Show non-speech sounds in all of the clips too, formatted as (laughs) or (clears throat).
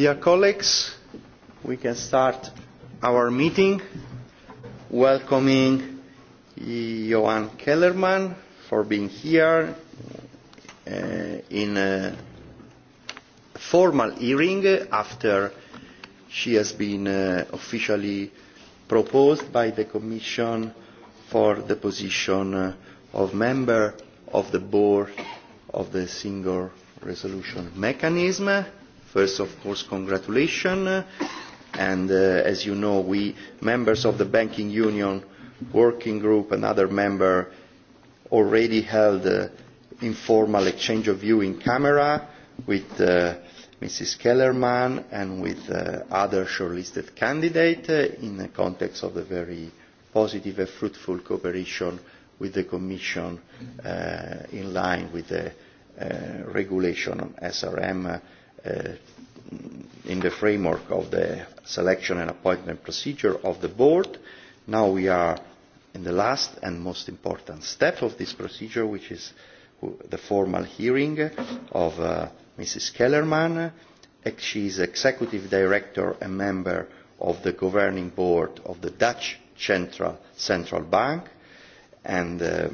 Dear colleagues, we can start our meeting welcoming Johan Kellerman for being here uh, in a formal hearing after she has been uh, officially proposed by the Commission for the position uh, of member of the board of the single resolution mechanism. First, of course, congratulations. And uh, as you know, we, members of the Banking Union Working Group, and other member, already held an uh, informal exchange of view in camera with uh, Mrs. Kellerman and with uh, other shortlisted candidates uh, in the context of the very positive and fruitful cooperation with the Commission uh, in line with the uh, regulation on SRM uh, uh, in the framework of the selection and appointment procedure of the board. Now we are in the last and most important step of this procedure, which is the formal hearing of uh, Mrs. Kellerman. She is executive director and member of the governing board of the Dutch Central, Central Bank. And uh,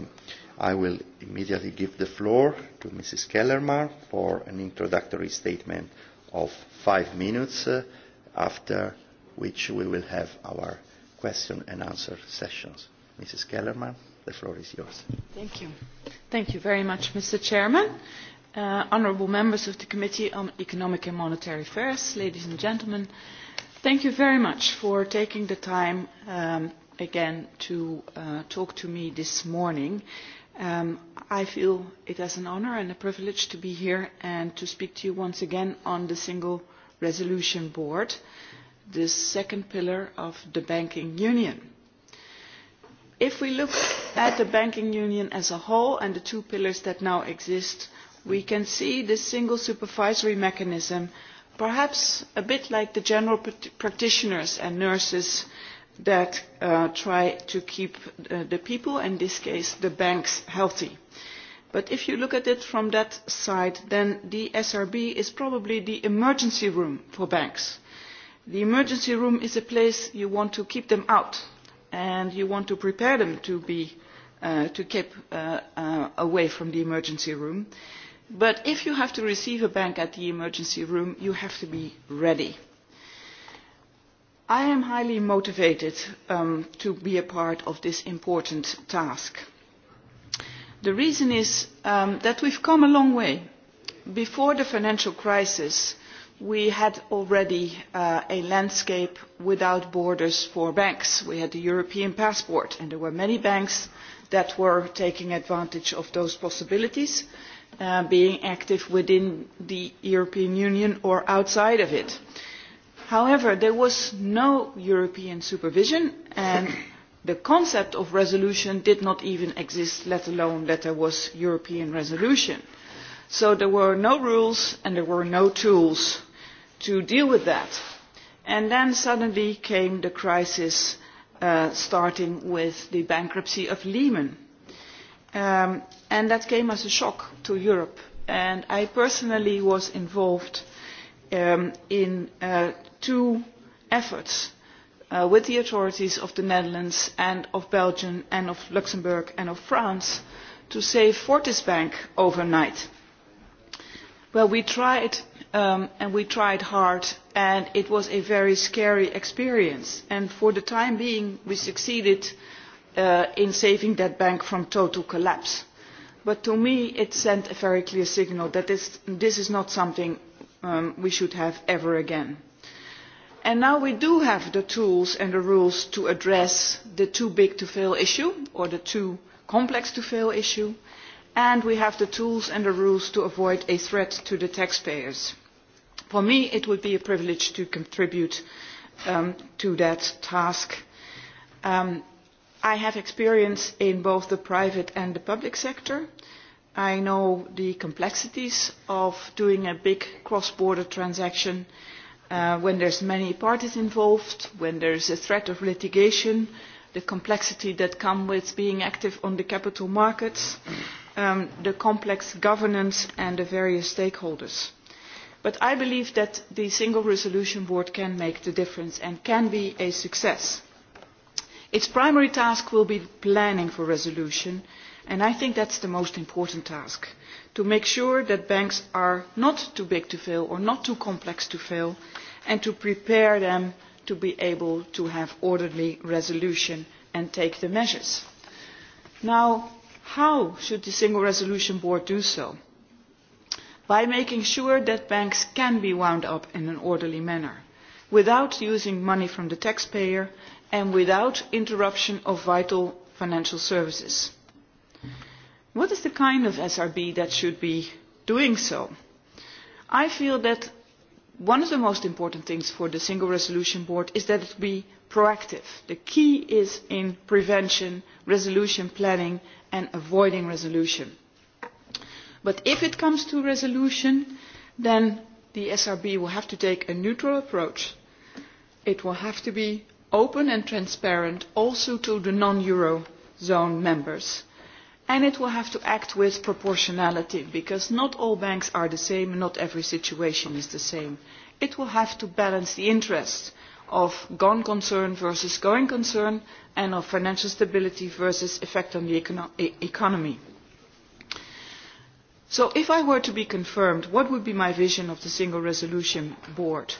I will immediately give the floor to Mrs. Kellermar for an introductory statement of five minutes, uh, after which we will have our question and answer sessions. Mrs. Kellerman, the floor is yours. Thank you. Thank you very much, Mr. Chairman. Uh, honourable members of the Committee on Economic and Monetary Affairs, ladies and gentlemen, thank you very much for taking the time um, again to uh, talk to me this morning. Uh, Um, I feel it as an honour and a privilege to be here and to speak to you once again on the Single Resolution Board, the second pillar of the banking union. If we look at the banking union as a whole and the two pillars that now exist, we can see the single supervisory mechanism, perhaps a bit like the general practitioners and nurses that uh, try to keep uh, the people, in this case the banks, healthy. But if you look at it from that side, then the SRB is probably the emergency room for banks. The emergency room is a place you want to keep them out and you want to prepare them to be uh, to keep uh, uh, away from the emergency room. But if you have to receive a bank at the emergency room, you have to be ready i am highly motivated um, to be a part of this important task. the reason is um, that we have come a long way. before the financial crisis we had already uh, a landscape without borders for banks. we had the european passport and there were many banks that were taking advantage of those possibilities uh, being active within the european union or outside of it however there was no european supervision and the concept of resolution did not even exist let alone that there was european resolution so there were no rules and there were no tools to deal with that and then suddenly came the crisis uh, starting with the bankruptcy of lehman um, and that came as a shock to europe and i personally was involved um, in uh, two efforts uh, with the authorities of the netherlands and of belgium and of luxembourg and of france to save fortis bank overnight. well we tried um, and we tried hard and it was a very scary experience and for the time being we succeeded uh, in saving that bank from total collapse but to me it sent a very clear signal that this, is not something um, we should have ever again and now we do have the tools and the rules to address the too big to fail issue or the too complex to fail issue and we have the tools and the rules to avoid a threat to the taxpayers. for me it would be a privilege to contribute um, to that task. Um, i have experience in both the private and the public sector. i know the complexities of doing a big cross border transaction and Uh, when there are many parties involved, when there is a threat of litigation, the complexity that comes with being active on the capital markets, um, the complex governance and the various stakeholders. But I believe that the Single Resolution Board can make the difference and can be a success. Its primary task will be planning for resolution And I think that is the most important task, to make sure that banks are not too big to fail or not too complex to fail, and to prepare them to be able to have orderly resolution and take the measures. Now, how should the Single Resolution Board do so? By making sure that banks can be wound up in an orderly manner, without using money from the taxpayer and without interruption of vital financial services what is the kind of SRB that should be doing so? I feel that one of the most important things for the Single Resolution Board is that it be proactive. The key is in prevention, resolution planning and avoiding resolution. But if it comes to resolution, then the SRB will have to take a neutral approach. It will have to be open and transparent also to the non-Eurozone members and it will have to act with proportionality because not all banks are the same and not every situation is the same. it will have to balance the interests of gone concern versus going concern and of financial stability versus effect on the econo e-, economy. so if i were to be confirmed what would be my vision of the single resolution board?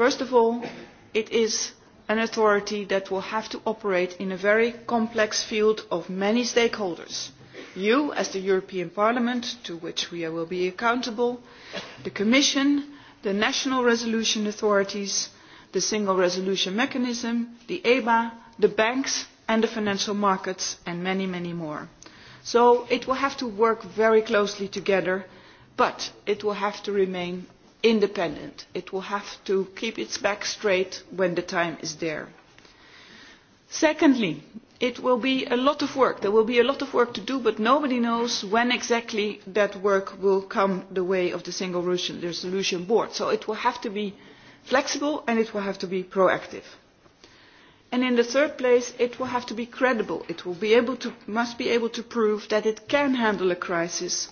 first of all it is an authority that will have to operate in a very complex field of many stakeholders you as the european parliament to which we will be accountable the commission the national resolution authorities the single resolution mechanism the eba the banks and the financial markets and many many more. so it will have to work very closely together but it will have to remain independent. It will have to keep its back straight when the time is there. Secondly, it will be a lot of work. There will be a lot of work to do, but nobody knows when exactly that work will come the way of the Single Resolution Board. So it will have to be flexible and it will have to be proactive. And in the third place, it will have to be credible. It will be able to, must be able to prove that it can handle a crisis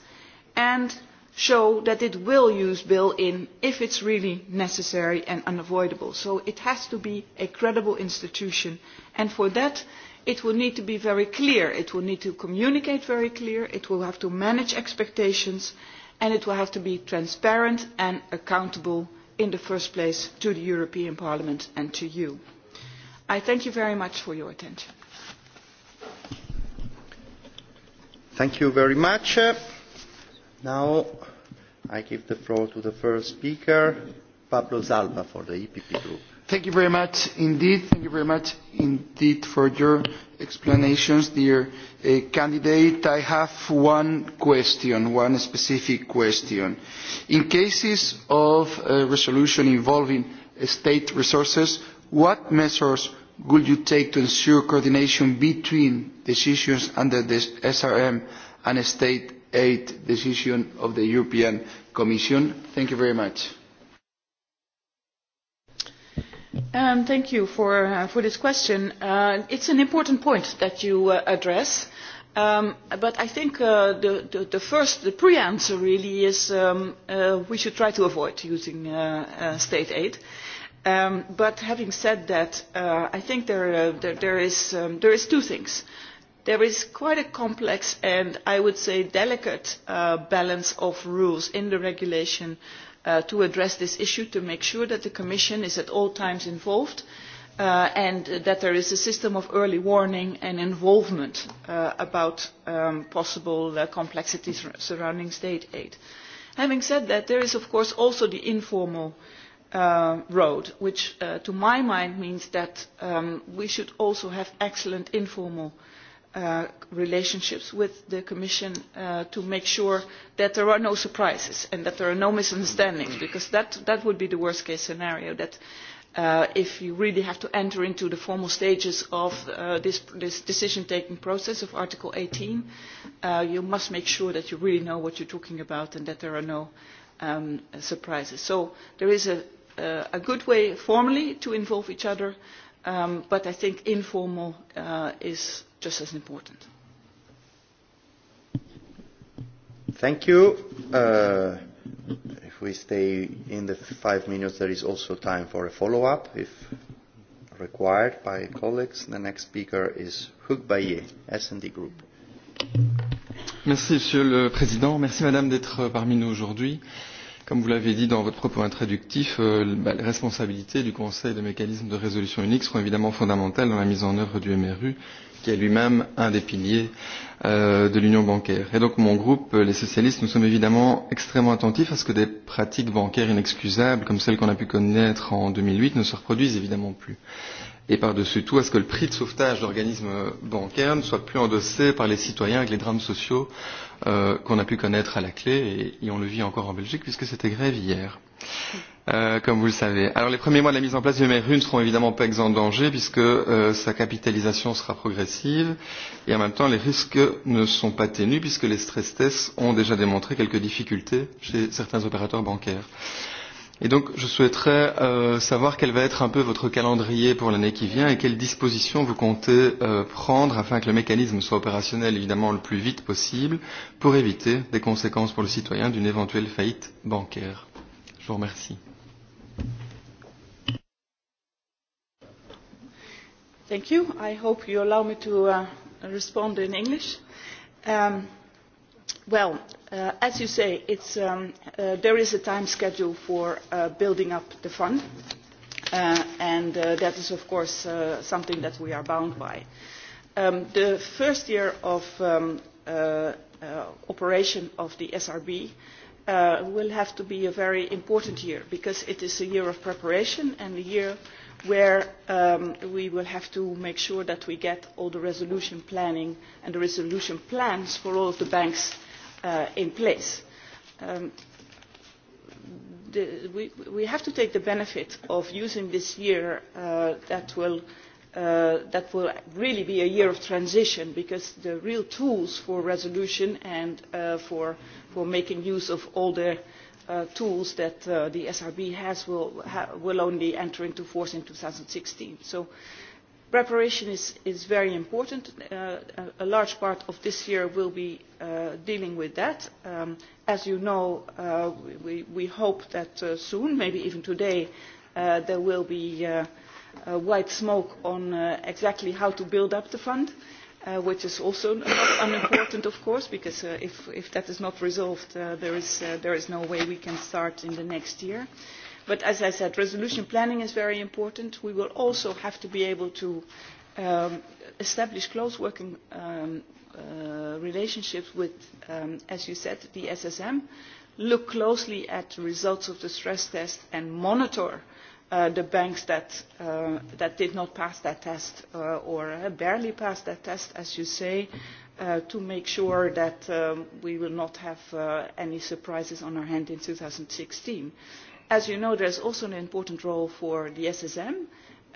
and show that it will use bail in if it is really necessary and unavoidable. so it has to be a credible institution and for that it will need to be very clear it will need to communicate very clearly it will have to manage expectations and it will have to be transparent and accountable in the first place to the european parliament and to you. i thank you very much for your attention. thank you very much. now I give the floor to the first speaker, Pablo Zalba for the EPP group. Thank you very much indeed. Thank you very much indeed for your explanations, dear uh, candidate. I have one question, one specific question. In cases of uh, resolution involving eh, state resources, what measures would you take to ensure coordination between decisions under the SRM and state eight decision of the European Commission. Thank you very much. Um, thank you for, uh, for this question. Uh, it's an important point that you uh, address. Um, but I think uh, the, the, the first, the pre-answer really is um, uh, we should try to avoid using uh, uh, state aid. Um, but having said that, uh, I think there, uh, there, there, is, um, there is two things there is quite a complex and i would say delicate uh, balance of rules in the regulation uh, to address this issue to make sure that the commission is at all times involved uh, and that there is a system of early warning and involvement about um, possible complexities surrounding state aid. having said that there is of course also the informal road which to my mind means that um, we should also have excellent informal Uh, relationships with the commission uh, to make sure that there are no surprises and that there are no misunderstandings because that, would be the worst case scenario uh, if you really have to enter into the formal stages of this, decision taking process of article eighteen you must make sure that you really know what you are talking about and that there are no um, surprises. so there is a, good way formally to involve each other um, but i think informal is just as important. Thank you. Uh, if we stay in the five minutes, there is also time for a follow-up if required by colleagues. The next speaker is Hug Bayer, S&D Group. Merci, Monsieur le Président. Merci, Madame, d'être parmi nous aujourd'hui. Comme vous l'avez dit dans votre propos introductif, euh, les responsabilités du Conseil de mécanismes de résolution unique seront évidemment fondamentales dans la mise en œuvre du MRU qui est lui-même un des piliers euh, de l'union bancaire. Et donc mon groupe, euh, les socialistes, nous sommes évidemment extrêmement attentifs à ce que des pratiques bancaires inexcusables comme celles qu'on a pu connaître en 2008 ne se reproduisent évidemment plus et par-dessus tout à ce que le prix de sauvetage d'organismes bancaires ne soit plus endossé par les citoyens avec les drames sociaux euh, qu'on a pu connaître à la clé et, et on le vit encore en Belgique puisque c'était grève hier. Euh, comme vous le savez. Alors les premiers mois de la mise en place du MRU ne seront évidemment pas exempts de danger puisque euh, sa capitalisation sera progressive et en même temps les risques ne sont pas ténus puisque les stress tests ont déjà démontré quelques difficultés chez certains opérateurs bancaires. Et donc, je souhaiterais euh, savoir quel va être un peu votre calendrier pour l'année qui vient et quelles dispositions vous comptez euh, prendre afin que le mécanisme soit opérationnel, évidemment, le plus vite possible pour éviter des conséquences pour le citoyen d'une éventuelle faillite bancaire. Je vous remercie. Thank you. I hope you allow me to uh, respond in English. Um, well, Uh, as you say, um, uh, there is a time schedule for uh, building up the fund, and that is, of course, something that we are bound by. Um, the first year of um, operation of the SRB will have to be a very important year because it is a year of preparation and a year where we will have to make sure that we get all the resolution planning and the resolution plans for all of the banks Uh, in place. Um, we, have to take the benefit of using this year uh, uh, that will really be a year of transition because the real tools for resolution and for, making use of all the tools that the SRB has will, will only enter into force in 2016. So preparation is, very important. Uh, a large part of this year will be uh, dealing with that. Um, as you know, uh, we, hope that soon, maybe even today, there will be white smoke on exactly how to build up the fund. which is also unimportant, of course, because if, that is not resolved, there, is, no way we can start in the next year but as i said resolution planning is very important. we will also have to be able to um, establish close working um, uh, relationships with um, as you said the ssm look closely at the results of the stress test and monitor uh, the banks uh, that, did not pass that test or barely passed that test as you say to make sure that we will not have any surprises on our hands in. two thousand and sixteen as you know there is also an important role for the ssm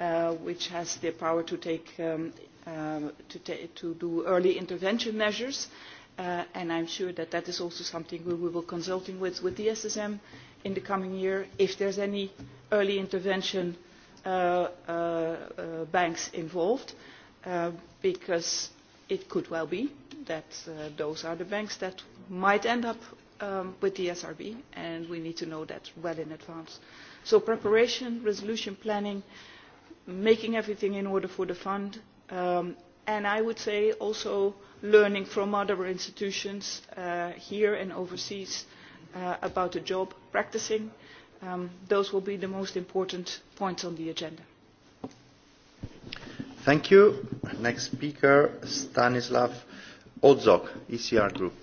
uh, which has the power to, take, um, uh, to, to do early intervention measures uh, and i am sure that that is also something we will be consulting with, with the ssm in the coming year if there are any early intervention uh, uh, banks involved because it could well be that those are the banks that might end up um, with the e SRB, and we need to know that well in advance. So preparation, resolution planning, making everything in order for the fund, um, and I would say also learning from other institutions uh, here and overseas uh, about the job, practicing. Um, those will be the most important points on the agenda. Thank you. Next speaker, Stanislav Odzok, ECR Group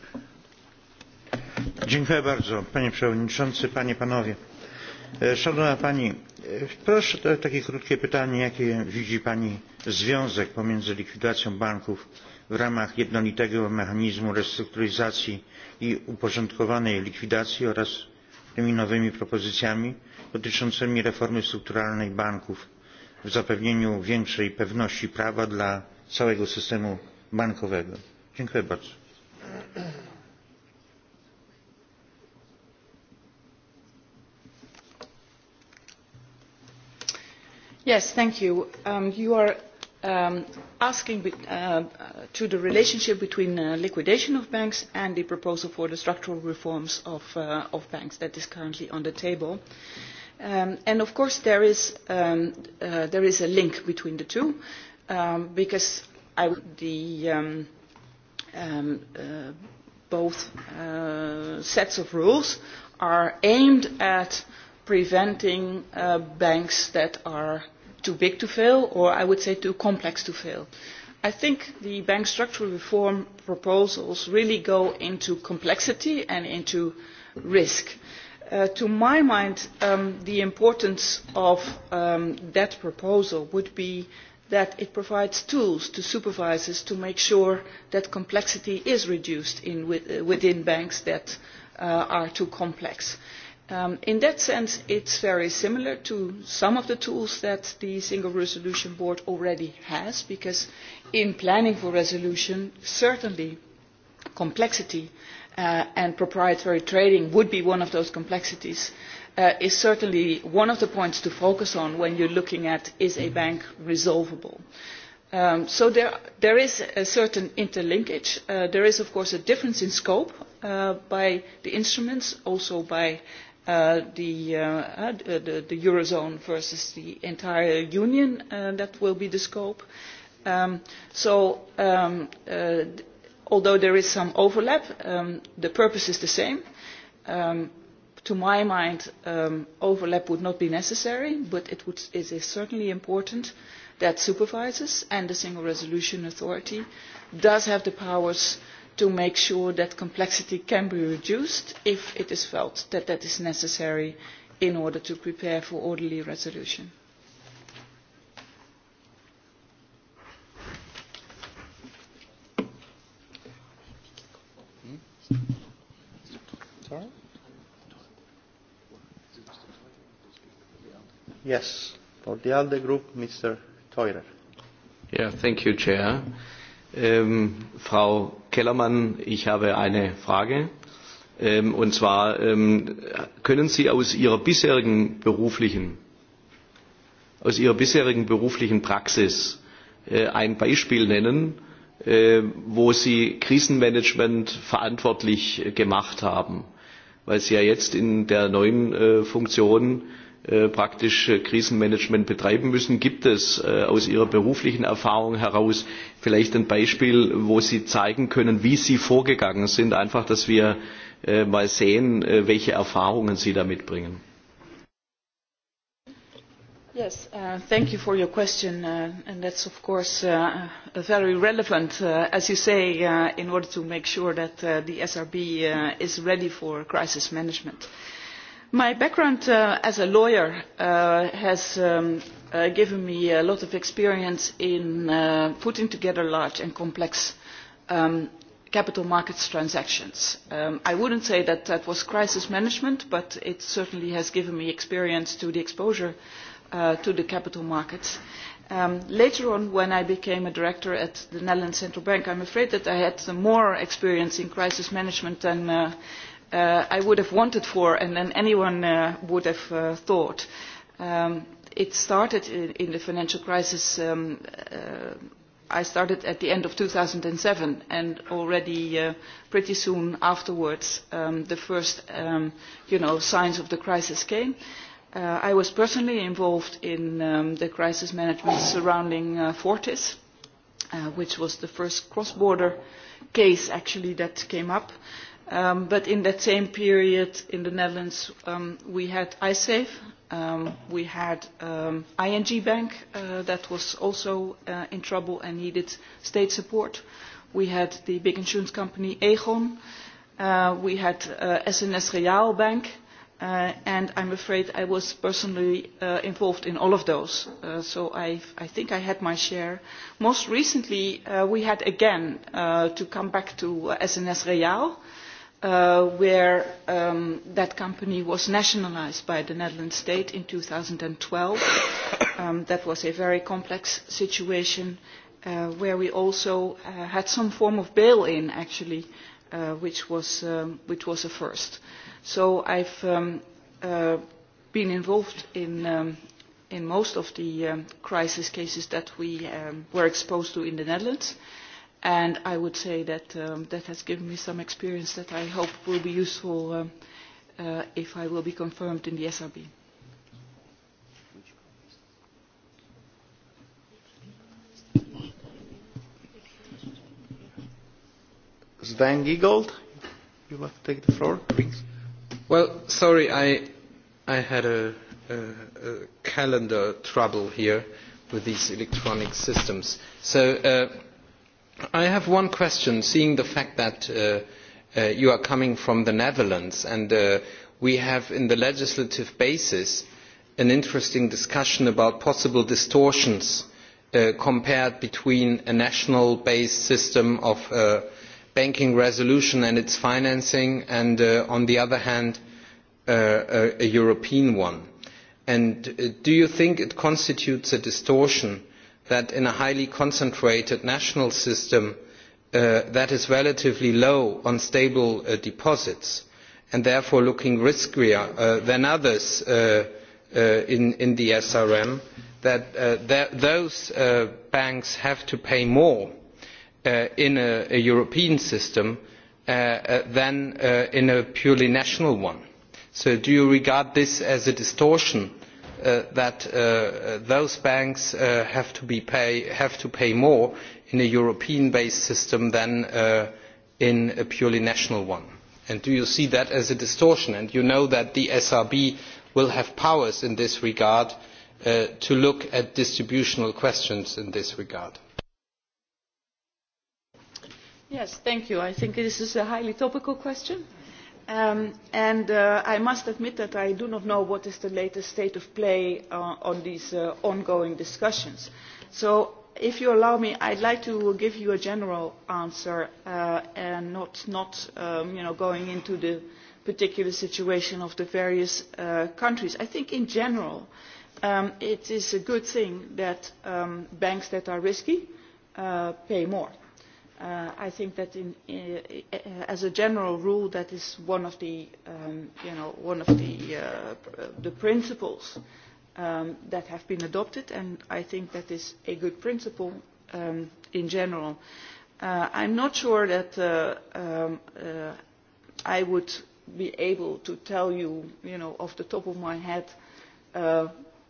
panie przewodniczący panie i panowie! E, szanowna pani e, proszę o takie krótkie pytanie jaki widzi pani związek pomiędzy likwidacją banków w ramach jednolitego mechanizmu restrukturyzacji i uporządkowanej likwidacji oraz tymi nowymi propozycjami dotyczącymi reformy strukturalnej banków w zapewnieniu większej pewności prawa dla całego systemu bankowego? dziękuję bardzo. Um, you. are um, asking about uh, the relationship between the uh, liquidation of banks and the proposal for the structural reforms of, uh, banks that is currently on the table. Um, and of course there is, a link between the two because both sets of rules are aimed at preventing banks that are too big to fail or i would say too complex to fail. i think the bank structural reform proposals really go into complexity and into risk. Uh, to my mind um, the importance of um, that proposal would be that it provides tools to supervisors to make sure that complexity is reduced uh, within banks that uh, are too complex. Um, in that sense, it's very similar to some of the tools that the Single Resolution Board already has, because in planning for resolution, certainly complexity uh, and proprietary trading would be one of those complexities. Uh, is certainly one of the points to focus on when you're looking at is a bank resolvable. Um, so there, there is a certain interlinkage. Uh, there is, of course, a difference in scope by the instruments, also by Uh, uh, uh, the, eurozone versus the entire union that will be the scope. Um, so um, although there is some overlap um, the purpose is the same. to my mind overlap would not be necessary but it, is certainly important that supervisors and the single resolution authority have the powers to make sure that complexity can be reduced if it is felt that that is necessary in order to prepare for orderly resolution. Hmm? Yes, for the ALDE group, Mr. Teurer. Yeah, thank you, Chair. Ähm, Frau Kellermann, ich habe eine Frage. Ähm, und zwar, ähm, können Sie aus Ihrer bisherigen beruflichen, aus Ihrer bisherigen beruflichen Praxis äh, ein Beispiel nennen, äh, wo Sie Krisenmanagement verantwortlich gemacht haben? Weil Sie ja jetzt in der neuen äh, Funktion Äh, praktisch äh, Krisenmanagement betreiben müssen. Gibt es äh, aus Ihrer beruflichen Erfahrung heraus vielleicht ein Beispiel, wo Sie zeigen können, wie Sie vorgegangen sind? Einfach, dass wir mal sehen, welche Erfahrungen Sie da mitbringen. Yes, uh, thank you for your question, uh, and that's of course uh, very relevant, uh, as you say, uh, in order to make sure that uh, the SRB uh, is ready for crisis management. Uh, my background uh, as a lawyer uh, has um, uh, given me a lot of experience in putting together large and complex um, capital markets transactions. Um, i would not say that that was crisis management but it certainly has given me experience to the exposure to the capital markets. later on when i became a director at the netherlands central bank i am afraid that i had more experience in crisis management than uh, I would have wanted for and then anyone uh, would have uh, thought. Um, it started in, in the financial crisis. Um, uh, I started at the end of 2007 and already uh, pretty soon afterwards um, the first um, you know, signs of the crisis came. Uh, I was personally involved in um, the crisis management surrounding uh, Fortis, uh, which was the first cross-border case actually that came up. Um, but in that same period in the Netherlands, we had icesave um, we had ING um, um, Bank uh, that was also uh, in trouble and needed state support. We had the big insurance company Aegon. Uh, we had SNS Real Bank. and i am afraid I was personally involved in all of those. so I think I had my share. Most recently, we had again to come back to SNS Real. Uh, where um, that company was nationalised by the Netherlands state in 2012. Um, that was a very complex situation uh, where we also uh, had some form of bail-in actually, uh, which, was, um, which was a first. So I've um, uh, been involved in, um, in most of the um, crisis cases that we um, were exposed to in the Netherlands. Uh, and I would say that um, that has given me some experience that I hope will be useful um, uh, if I will be confirmed in the SRB. Sven Giegold, you want to take the floor, please. Well, sorry, I, I had a, a, a calendar trouble here with these electronic systems. So. Uh, I have one question, seeing the fact that uh, uh, you are coming from the Netherlands and uh, we have in the legislative basis an interesting discussion about possible distortions uh, compared between a national based system of uh, banking resolution and its financing and uh, on the other hand uh, a, a, European one. And uh, do you think it constitutes a distortion that in a highly concentrated national system uh, that is relatively low on stable uh, deposits and therefore looking riskier uh, than others in, the srm that those banks have to pay more in a european system than in a purely national one. so do you regard this as a distortion Uh, that uh, those banks uh, have to, pay, more in a european based system than in a purely national one? And do you see that as a distortion? And you know that the SRB will have powers in this regard to look at distributional questions in this regard. I think this is a highly topical question Um, and uh, i must admit that i do not know what is the latest state of play uh, on these uh, ongoing discussions so if you allow me i would like to give you a general answer uh, and not, not um, going into the particular situation of the various countries. i think in general um, it is a good thing that banks that are risky pay more Uh, i think that as a general rule that is one of the, principles that have been adopted and i think that is a good principle um, in general. Uh, i am not sure that uh, um, i would be able to tell you, you know, off the top of my head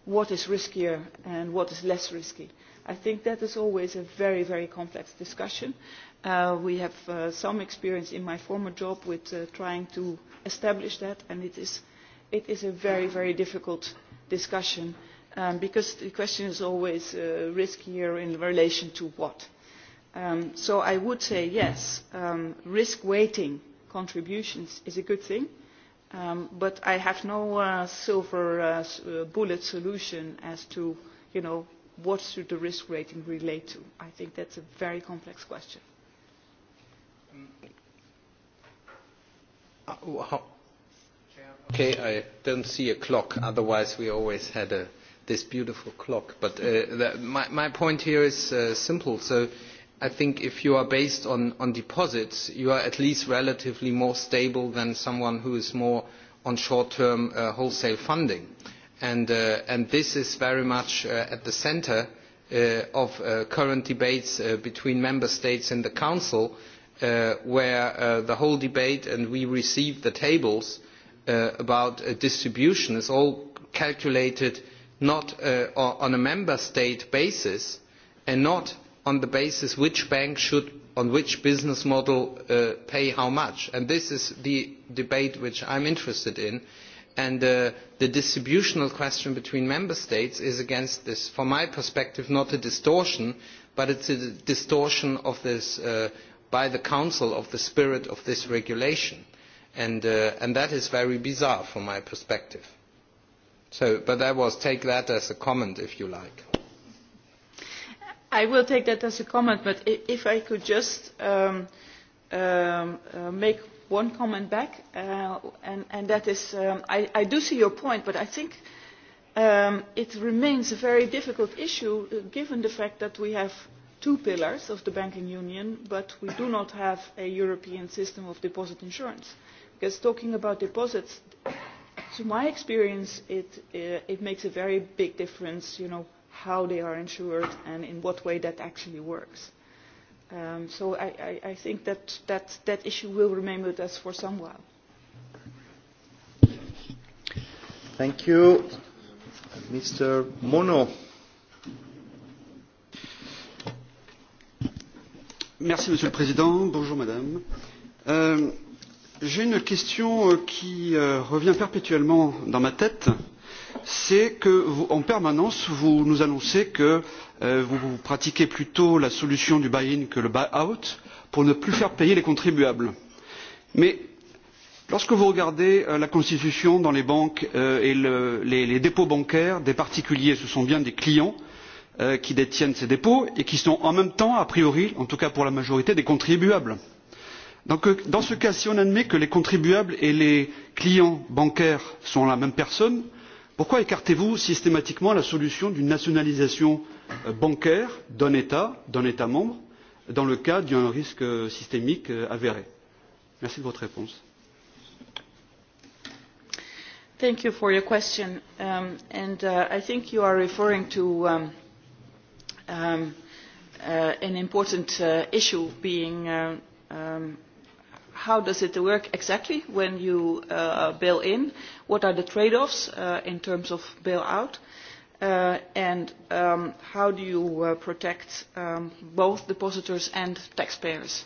what is riskier and what is less risky i think that is always a very very complex discussion. Uh, we have uh, some experience in my former job with uh, trying to establish that and it is, it is a very very difficult discussion um, because the question is always uh, riskier in relation to what? Um, so i would say yes um, risk weighting contributions is a good thing um, but i have no uh, silver uh, bullet solution as to you know, what should the risk rating relate to? I think that's a very complex question. Uh, okay, I don't see a clock, otherwise we always had a, this beautiful clock. But uh, the, my, my point here is uh, simple. So I think if you are based on, on deposits, you are at least relatively more stable than someone who is more on short-term uh, wholesale funding. Uh, and, this is very much uh, at the centre uh, of current debates between member states and the council where the whole debate and we receive the tables about distribution is all calculated not on a member state basis and not on the basis of which bank should on which business model pay how much and this is the debate which i am interested in and the distributional question between member states is against this from my perspective not a distortion but a distortion this, uh, by the council of the spirit of this regulation and, uh, that is very bizarre from my perspective. So, but take that as a comment if you like. i will take that as a comment but if i could just um, um, uh, make one comment back, uh, and, and that is, um, I, I do see your point, but I think um, it remains a very difficult issue uh, given the fact that we have two pillars of the banking union, but we do not have a European system of deposit insurance. Because talking about deposits, to my experience, it, uh, it makes a very big difference, you know, how they are insured and in what way that actually works Um, so I, I, I think that, that that issue will remain with us for some while. Thank you. Mr. Mono. Merci, Monsieur le Président. Bonjour, Madame. Euh, J'ai une question euh, qui euh, revient perpétuellement dans ma tête. C'est qu'en permanence, vous nous annoncez que Euh, vous pratiquez plutôt la solution du buy in que le buy out pour ne plus faire payer les contribuables. mais lorsque vous regardez euh, la constitution dans les banques euh, et le, les, les dépôts bancaires des particuliers ce sont bien des clients qui détiennent ces dépôts et qui sont en même temps a priori en tout cas pour la majorité des contribuables. Donc, dans ce cas si on admet que les contribuables et les clients bancaires sont la même personne pourquoi écartez vous systématiquement la solution d'une nationalisation euh, bancaire d'un état d'un état membre dans le cas d'un risque euh, systémique euh, avéré? merci de votre réponse. thank you for your question um, and uh, i think you are referring to um, um, uh, an important uh, issue being uh, um, how does it work exactly when you uh, bail in? What are the trade-offs uh, in terms of bail-out? Uh, and um, how do you uh, protect um, both depositors and taxpayers?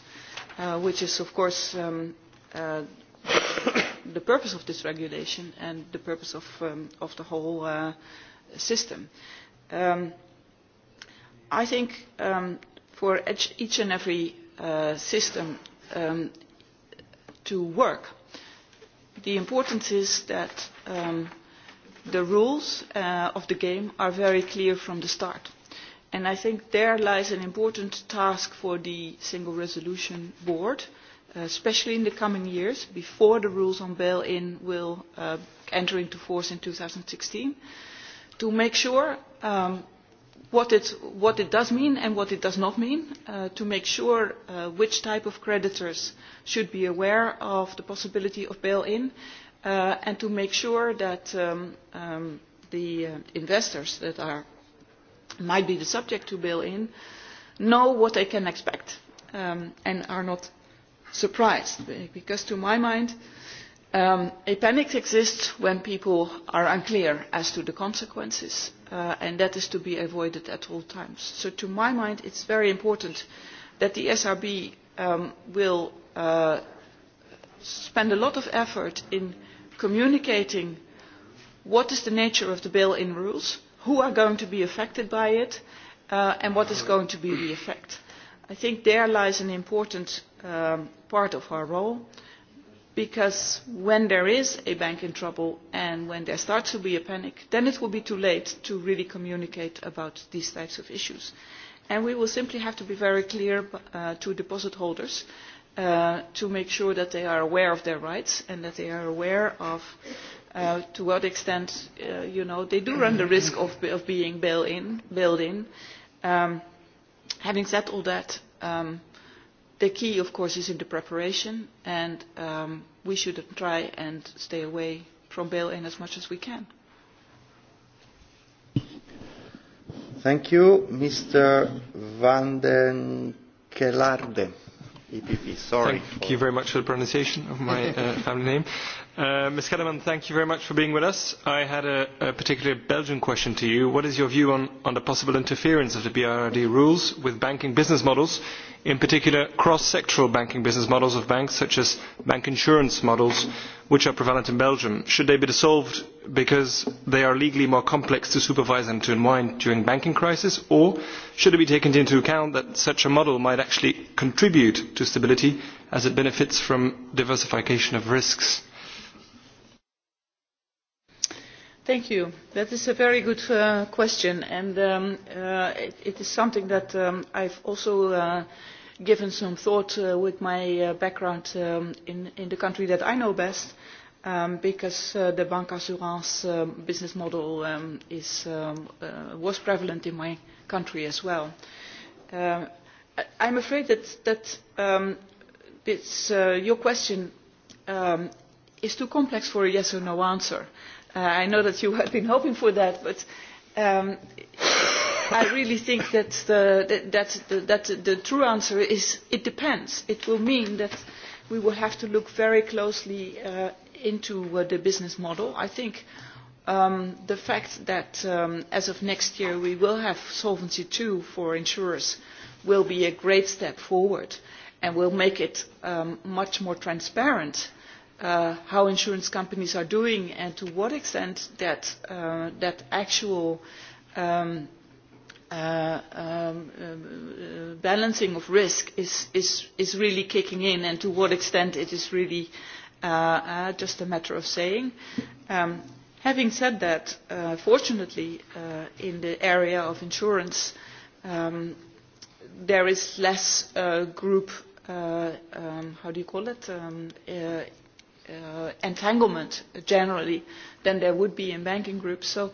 Uh, which is, of course, um, uh, (coughs) the purpose of this regulation and the purpose of, um, of the whole uh, system. Um, I think um, for each and every uh, system, um, to work. The importance is that um, the rules uh, of the game are very clear from the start. And I think there lies an important task for the Single Resolution Board, uh, especially in the coming years, before the rules on bail-in will uh, enter into force in 2016, to make sure um, what it, does mean and what it does not mean uh, to make sure uh, which type of creditors should be aware of the possibility of bail-in uh, and to make sure that um, um, the uh, investors that are, might be the subject to bail-in know what they can expect um, and are not surprised because to my mind um, a panic exists when people are unclear as to the consequences Uh, and that is to be avoided at all times. So to my mind it is very important that the SRB um, will uh, spend a lot of effort in communicating what is the nature of the bail-in rules, who are going to be affected by it, uh, and what is going to be the effect. I think there lies an important um, part of our role because when there is a bank in trouble and when there starts to be a panic then it will be too late to really communicate about these types of issues and we will simply have to be very clear uh, to deposit holders uh, to make sure that they are aware of their rights and that they are aware of uh, to what extent uh, you know they do run the risk of, of being bail in, bailed in. Um, having said all that um, the key, of course, is in the preparation, and um, we should try and stay away from bail-in as much as we can. Thank you, Mr. Van den Kelarde, EPP. Sorry. Thank you very much for the pronunciation of my uh, (laughs) family name. Uh, Ms. Kellerman, thank you very much for being with us. I had a, a particular Belgian question to you. What is your view on, on the possible interference of the BRRD rules with banking business models, in particular cross-sectoral banking business models of banks, such as bank insurance models, which are prevalent in Belgium? Should they be dissolved because they are legally more complex to supervise and to unwind during banking crisis, or should it be taken into account that such a model might actually contribute to stability as it benefits from diversification of risks? That is a very good uh, question, and um, uh, it, is something that um, i have also uh, given some thought to with my background um, in, the country that I know best, because the bancassurance business model was prevalent in my country as well. i am afraid that, your question is too complex for a yes or no answer. Uh, I know that you have been hoping for that, but um, I really think that the, that, that the true answer is it depends. It will mean that we will have to look very closely uh, into uh, the business model. I think um, the fact that um, as of next year we will have Solvency II for insurers will be a great step forward and will make it um, much more transparent Uh, how insurance companies are doing and to what extent that, uh, actual um, uh, um, balancing of risk is, really kicking in and to what extent it is really just a matter of saying. Um, having said that, fortunately, in the area of insurance, there is less group how do you call it, Uh, entanglement generally than there would be in banking groups. So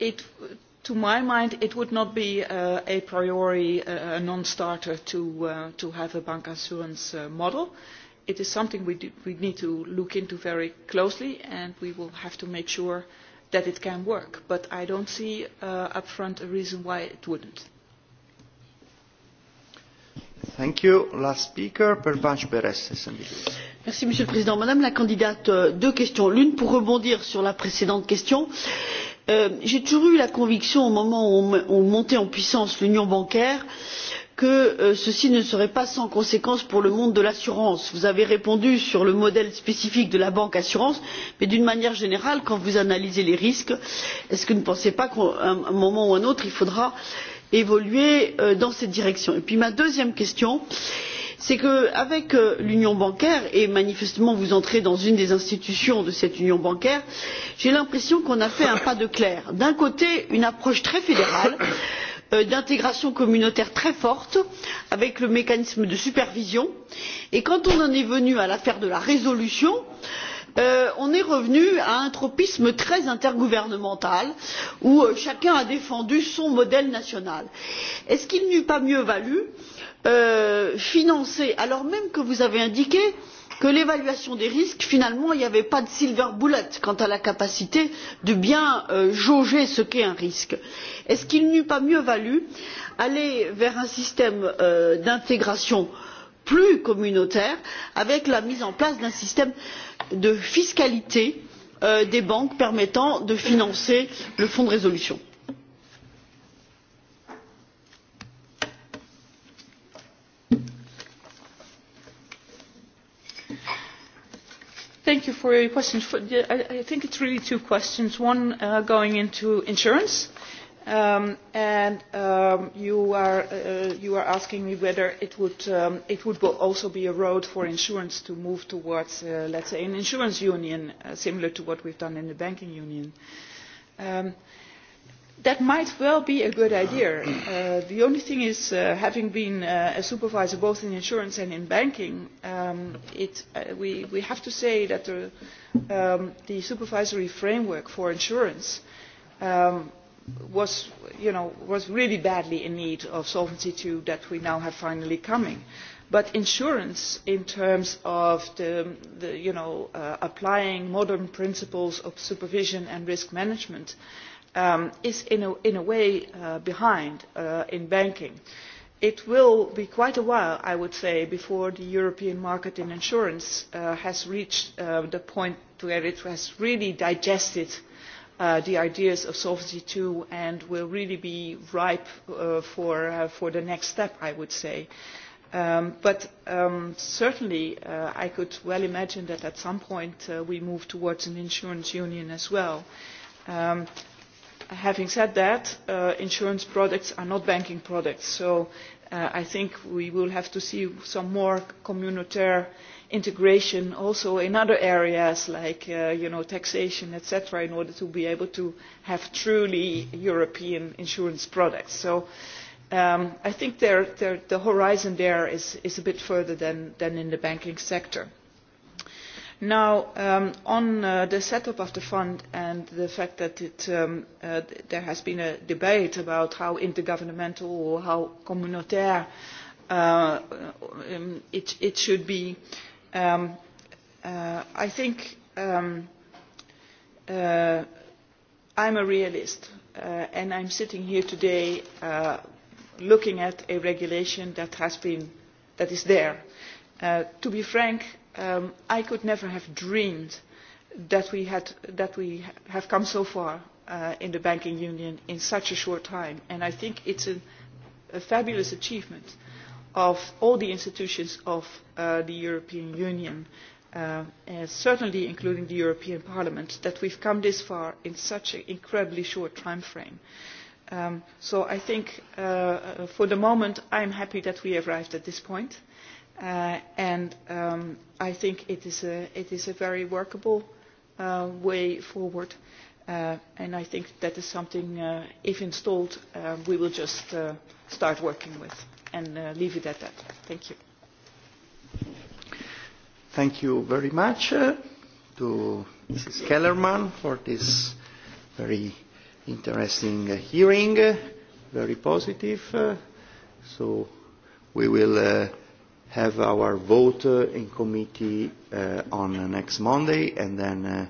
to my mind, it would not be uh, a priori uh, a non-starter to, to have a bancassurance model. It is something we, we need to look into very closely, and we will have to make sure that it can work. But I don't see up upfront a reason why it wouldn't monsieur le président madame la candidate euh, deux questions l'une pour rebondir sur la précédente question euh, j'ai toujours eu la conviction au moment où on montait en puissance l'union bancaire que euh, ceci ne serait pas sans conséquence pour le monde de l'assurance. vous avez répondu sur le modèle spécifique de la banque assurance mais d'une manière générale quand vous analysez les risques ne pensez vous pas qu'à un moment ou à un autre il faudra les également évoluer euh, dans cette direction. ma deuxième question c'est que avec euh, l'union bancaire et manifestement vous entrez dans une des institutions de cette union bancaire j'ai l'impression qu'on a fait un pas de clair d'un côté une approche très fédérale euh, d'intégration communautaire très forte avec le mécanisme de supervision et quand on en est venu à l'affaire de la résolution on Euh, on est revenu à un tropisme très intergouvernemental où chacun a défendu son modèle national. n'eût il pas mieux valu euh, financer alors même que vous avez indiqué que dans l'évaluation des risques finalement il n'y avait pas de silver bullet quant à la capacité de bien euh, jauger ce qu'est un risque n'eût il pas mieux valu aller vers un système d'intégration plus communautaire avec la mise en place d'un système de fiscalité euh, des banques permettant de financer le fonds de résolution. thank you for your question. i think it questions uh, Um, and um, uh, you, are, asking me whether it would, um, also be a road for insurance to move towards uh, let us say an insurance union uh, similar to what we have done in the banking union. that might well be a good idea. the only thing is having been a supervisor both in insurance and in banking we, have to say that the supervisory framework for insurance was, really badly in need of Solvency II that we now have finally coming. But insurance, in terms of uh, applying modern principles of supervision and risk management, um, is in a, way uh, behind uh, in banking. It will be quite a while, I would say, before the European market in insurance has reached the point where it has really digested Uh, the ideas of solvency ii and will really be ripe uh, uh, for, the next step i would say. Um, but um, certainly i could well imagine that at some point we move towards an insurance union as well. Um, having said that insurance products are not banking products so i think we will have to see some more communautaire integration also in other areas like uh, taxation, etc., in order to be able to have truly European insurance products. So um, I think the horizon there is, a bit further than, than in the banking sector. Now, um, on uh, the setup of the fund and the fact that it, um, uh, there has been a debate about how intergovernmental or how communautaire uh, um, it, it should be, uh, Um, uh, i think um, uh, am a realist uh, and i am sitting here today uh, looking at a regulation that, has been, that is there. Uh, to be frank um, i could never have dreamed that we, had, that we have come so far uh, in the banking union in such a short time and i think it is a fabulous achievement of all the institutions of uh, the European Union, uh, certainly including the European Parliament, that we've come this far in such an incredibly short time frame. Um, so I think uh, uh, for the moment I'm happy that we arrived at this point. Uh, and um, I think it is a, it is a very workable uh, way forward. Uh, and I think that is something, uh, if installed, uh, we will just uh, start working with and uh, leave it at that. Thank you. Thank you very much uh, to Mrs. Kellerman for this very interesting uh, hearing, uh, very positive. Uh, so we will uh, have our vote uh, in committee uh, on uh, next Monday and then uh,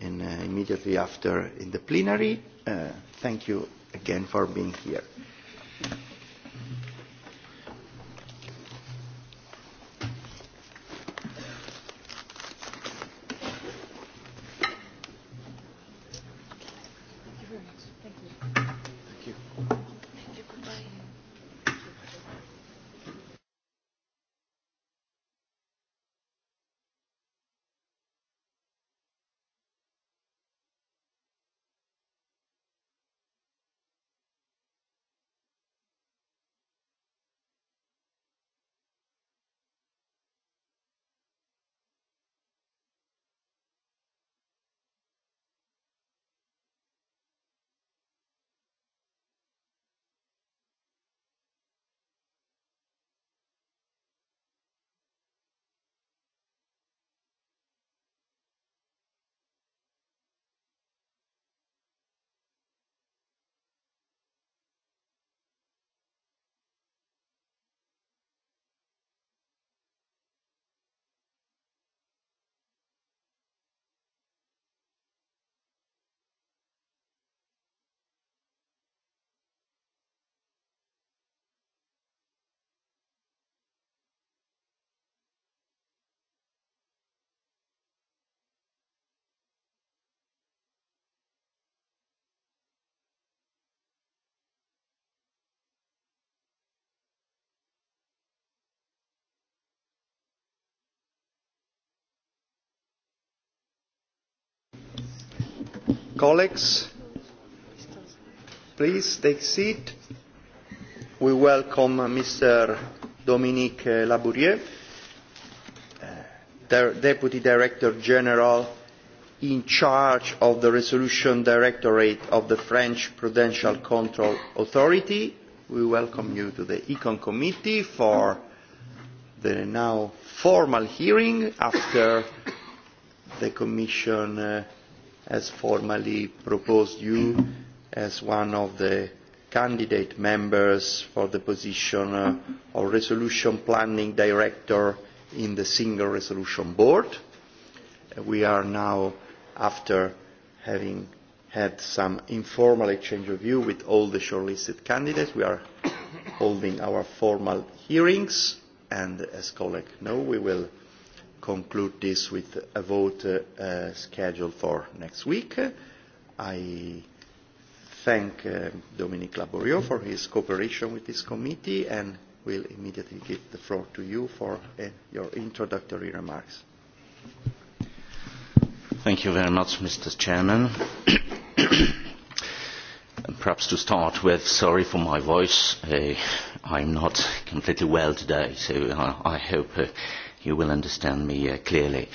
in, uh, immediately after in the plenary. Uh, thank you again for being here. Thank you. Colleagues, please take seat. We welcome Mr. Dominique Labourieux, uh, Deputy Director General in charge of the Resolution Directorate of the French Prudential Control Authority. We welcome you to the Econ Committee for the now formal hearing after the Commission uh, has formally proposed you as one of the candidate members for the position uh, of resolution planning director in the single resolution board. Uh, we are now, after having had some informal exchange of view with all the shortlisted candidates, we are holding our formal hearings and as colleagues know, we will conclude this with a vote uh, scheduled for next week. I thank uh, Dominique Laborio mm-hmm. for his cooperation with this committee and will immediately give the floor to you for uh, your introductory remarks. Thank you very much, Mr. Chairman. (coughs) Perhaps to start with, sorry for my voice. Uh, I'm not completely well today, so uh, I hope uh, you will understand me uh, clearly.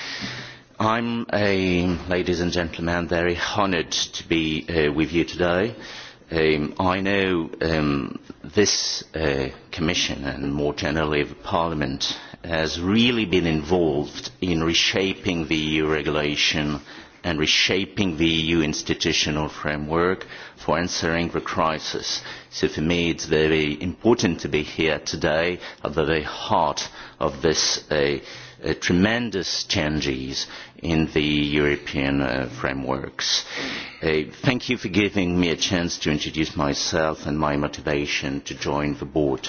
I'm, a, ladies and gentlemen, very honoured to be uh, with you today. Um, I know um, this uh, Commission and more generally the Parliament has really been involved in reshaping the EU regulation uh, and reshaping the EU institutional framework for answering the crisis. So for me it's very important to be here today at the very heart of this uh, uh, tremendous changes in the European uh, frameworks. Uh, thank you for giving me a chance to introduce myself and my motivation to join the board.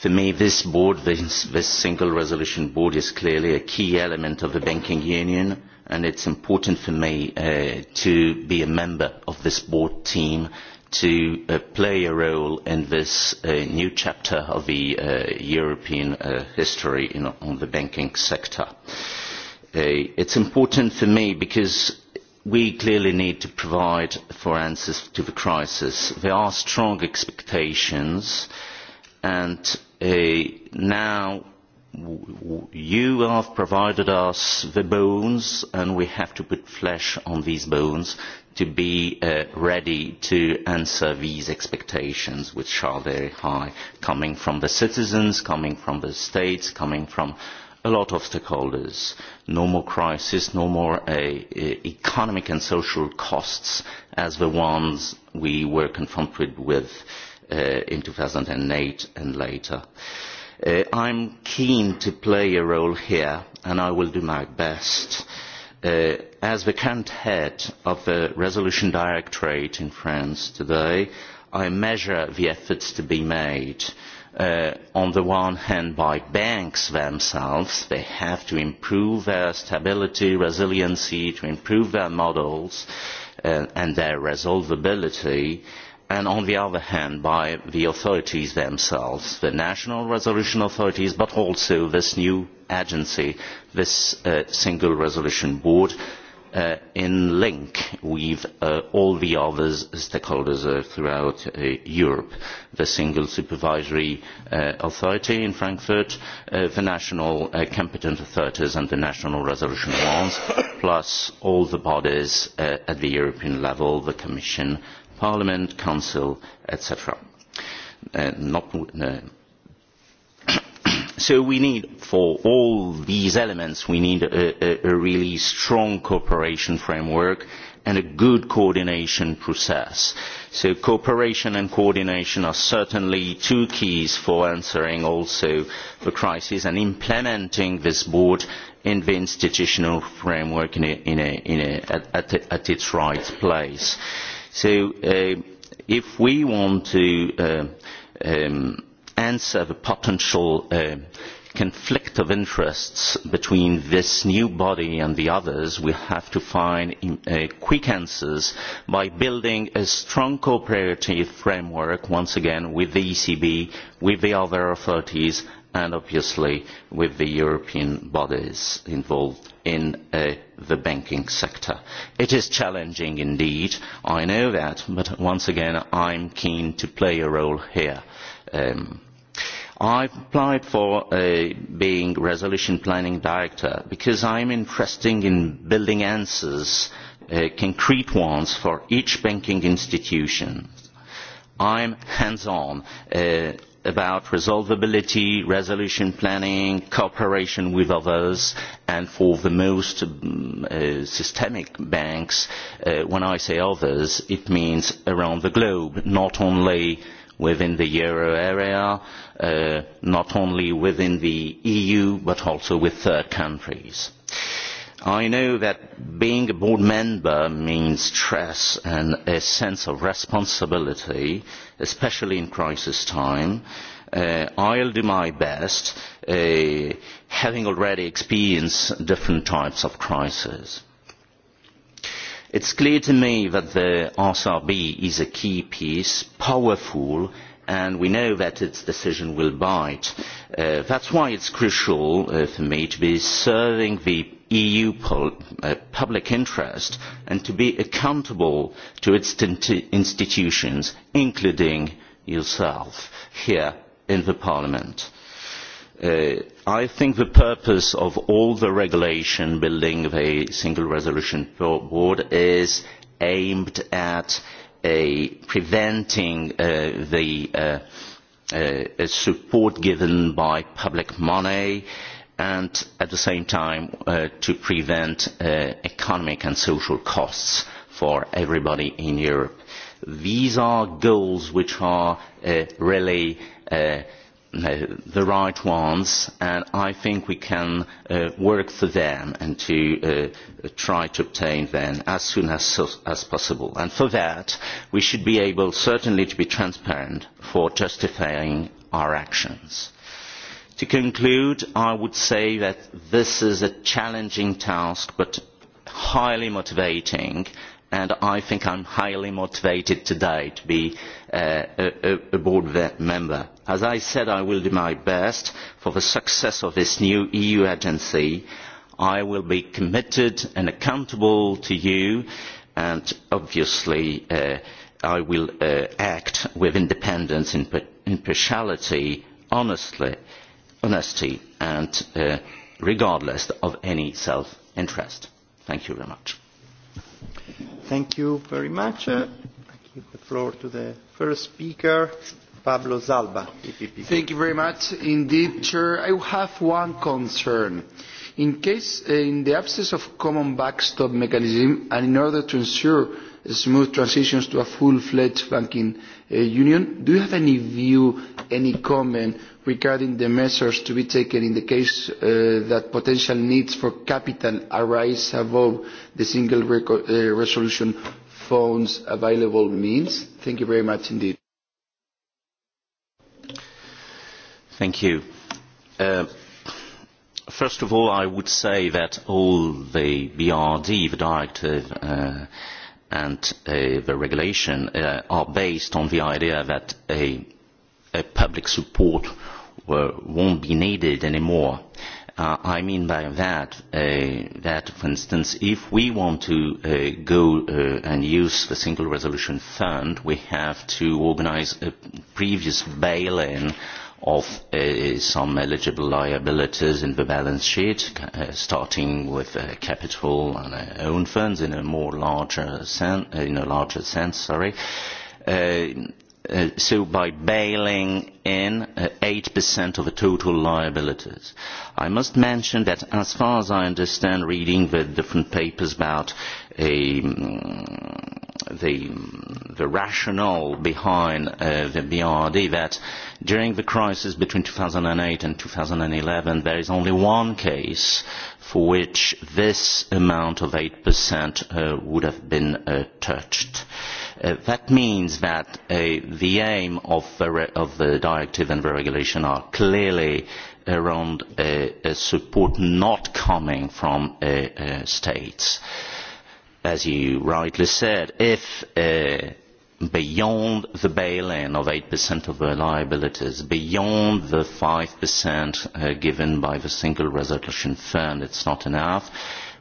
For me, this board, this, this single resolution board, is clearly a key element of the banking union and it's important for me uh, to be a member of this board team to uh, play a role in this uh, new chapter of the uh, European uh, history in, on the banking sector. Uh, it's important for me because we clearly need to provide for answers to the crisis. There are strong expectations and uh, now you have provided us the bones and we have to put flesh on these bones to be uh, ready to answer these expectations which are very high coming from the citizens, coming from the states, coming from a lot of stakeholders. No more crisis, no more uh, uh economic and social costs as the ones we were confronted with uh, in 2008 and later i uh, I'm keen to play a role here, and I will do my best. Uh, as the current head of the Resolution Directorate in France today, I measure the efforts to be made. Uh, on the one hand, by banks themselves, they have to improve their stability, resiliency, to improve their models uh, and their resolvability and on the other hand by the authorities themselves the national resolution authorities but also this new agency this uh, single resolution board uh, in link with uh, all the other stakeholders uh, throughout uh, Europe, the single supervisory uh, authority in Frankfurt, the national competent authorities and the national resolution ones, (coughs) plus all the bodies at the European level, the Commission, Parliament, Council, etc. Uh, not, uh, (coughs) so we need for all these elements we need a, a, a really strong cooperation framework and a good coordination process. So cooperation and coordination are certainly two keys for answering also the crisis and implementing this board in the institutional framework in a, in in at, at, at its right place. Uh, So uh, if we want to uh, um, answer the potential uh, conflict of interests between this new body and the others, we have to find quick answers by building a strong cooperative framework, once again, with the ECB, with the other authorities, and obviously with the European bodies involved in uh, the banking sector. It is challenging indeed, I know that, but once again I'm keen to play a role here. Um, I applied for uh, being resolution planning director because I'm interested in building answers, uh, concrete ones for each banking institution. I'm hands-on. Uh, about resolvability, resolution planning, cooperation with others, and for the most mm, uh, systemic banks, uh, when I say others, it means around the globe, not only within the euro area, uh, not only within the EU, but also with third countries. I know that being a board member means stress and a sense of responsibility, especially in crisis time. Uh, I'll do my best, uh, having already experienced different types of crises. It's clear to me that the SRB is a key piece, powerful, and we know that its decision will bite. Uh, that's why it's crucial uh, for me to be serving the eu uh, public interest and to be accountable to its institutions including yourself here in parliament. Uh, i think the purpose of all the regulation building the single resolution board is aimed at uh, preventing the support given by public money and and at the same time uh, to prevent uh, economic and social costs for everybody in Europe. These are goals which are uh, really the right ones and I think we can work for them and to try to obtain them as soon as, as possible. And for that we should be able certainly to be transparent for justifying our actions to conclude i would say that this is a challenging task but highly motivating and i think i am highly motivated today to be uh, a, board member. as i said i will do my best for the success of this new eu agency. i will be committed and accountable to you and obviously uh, i will uh, act with independence and impartiality honestly honesty and uh, regardless of any self-interest. Thank you very much. Thank you very much. Uh, I give the floor to the first speaker, Pablo Zalba, e Thank you very much. Indeed, Chair, I have one concern. In case, uh, in the absence of common backstop mechanism and in order to ensure smooth transitions to a full-fledged banking Uh, union. Do you have any view, any comment regarding the measures to be taken in the case uh, that potential needs for capital arise above the single uh, resolution funds available means? Thank you very much indeed. Thank you. Uh, first of all, I would say that all the BRD, the directive, uh, and uh, the regulation uh, are based on the idea that a, a public support uh, won't be needed anymore. Uh, I mean by that uh, that, for instance, if we want to uh, go uh, and use the Single Resolution Fund, we have to organize a previous bail-in uh, of uh, some eligible liabilities in the balance sheet, uh, starting with uh, capital and uh, own funds in a more larger sense. Uh, in a larger sense, sorry. Uh, uh, so by bailing in uh, 8% of the total liabilities. I must mention that as far as I understand reading the different papers about a um, the, the rationale behind uh, the BRD that during the crisis between 2008 and 2011 there is only one case for which this amount of 8% uh, would have been uh, touched. Uh, that means that uh, the aim of the, re- of the directive and the regulation are clearly around uh, uh, support not coming from uh, uh, states. Uh, as you rightly said, if uh, beyond the bail-in of 8% of the liabilities, beyond the 5% uh, given by the single resolution fund, it's not enough.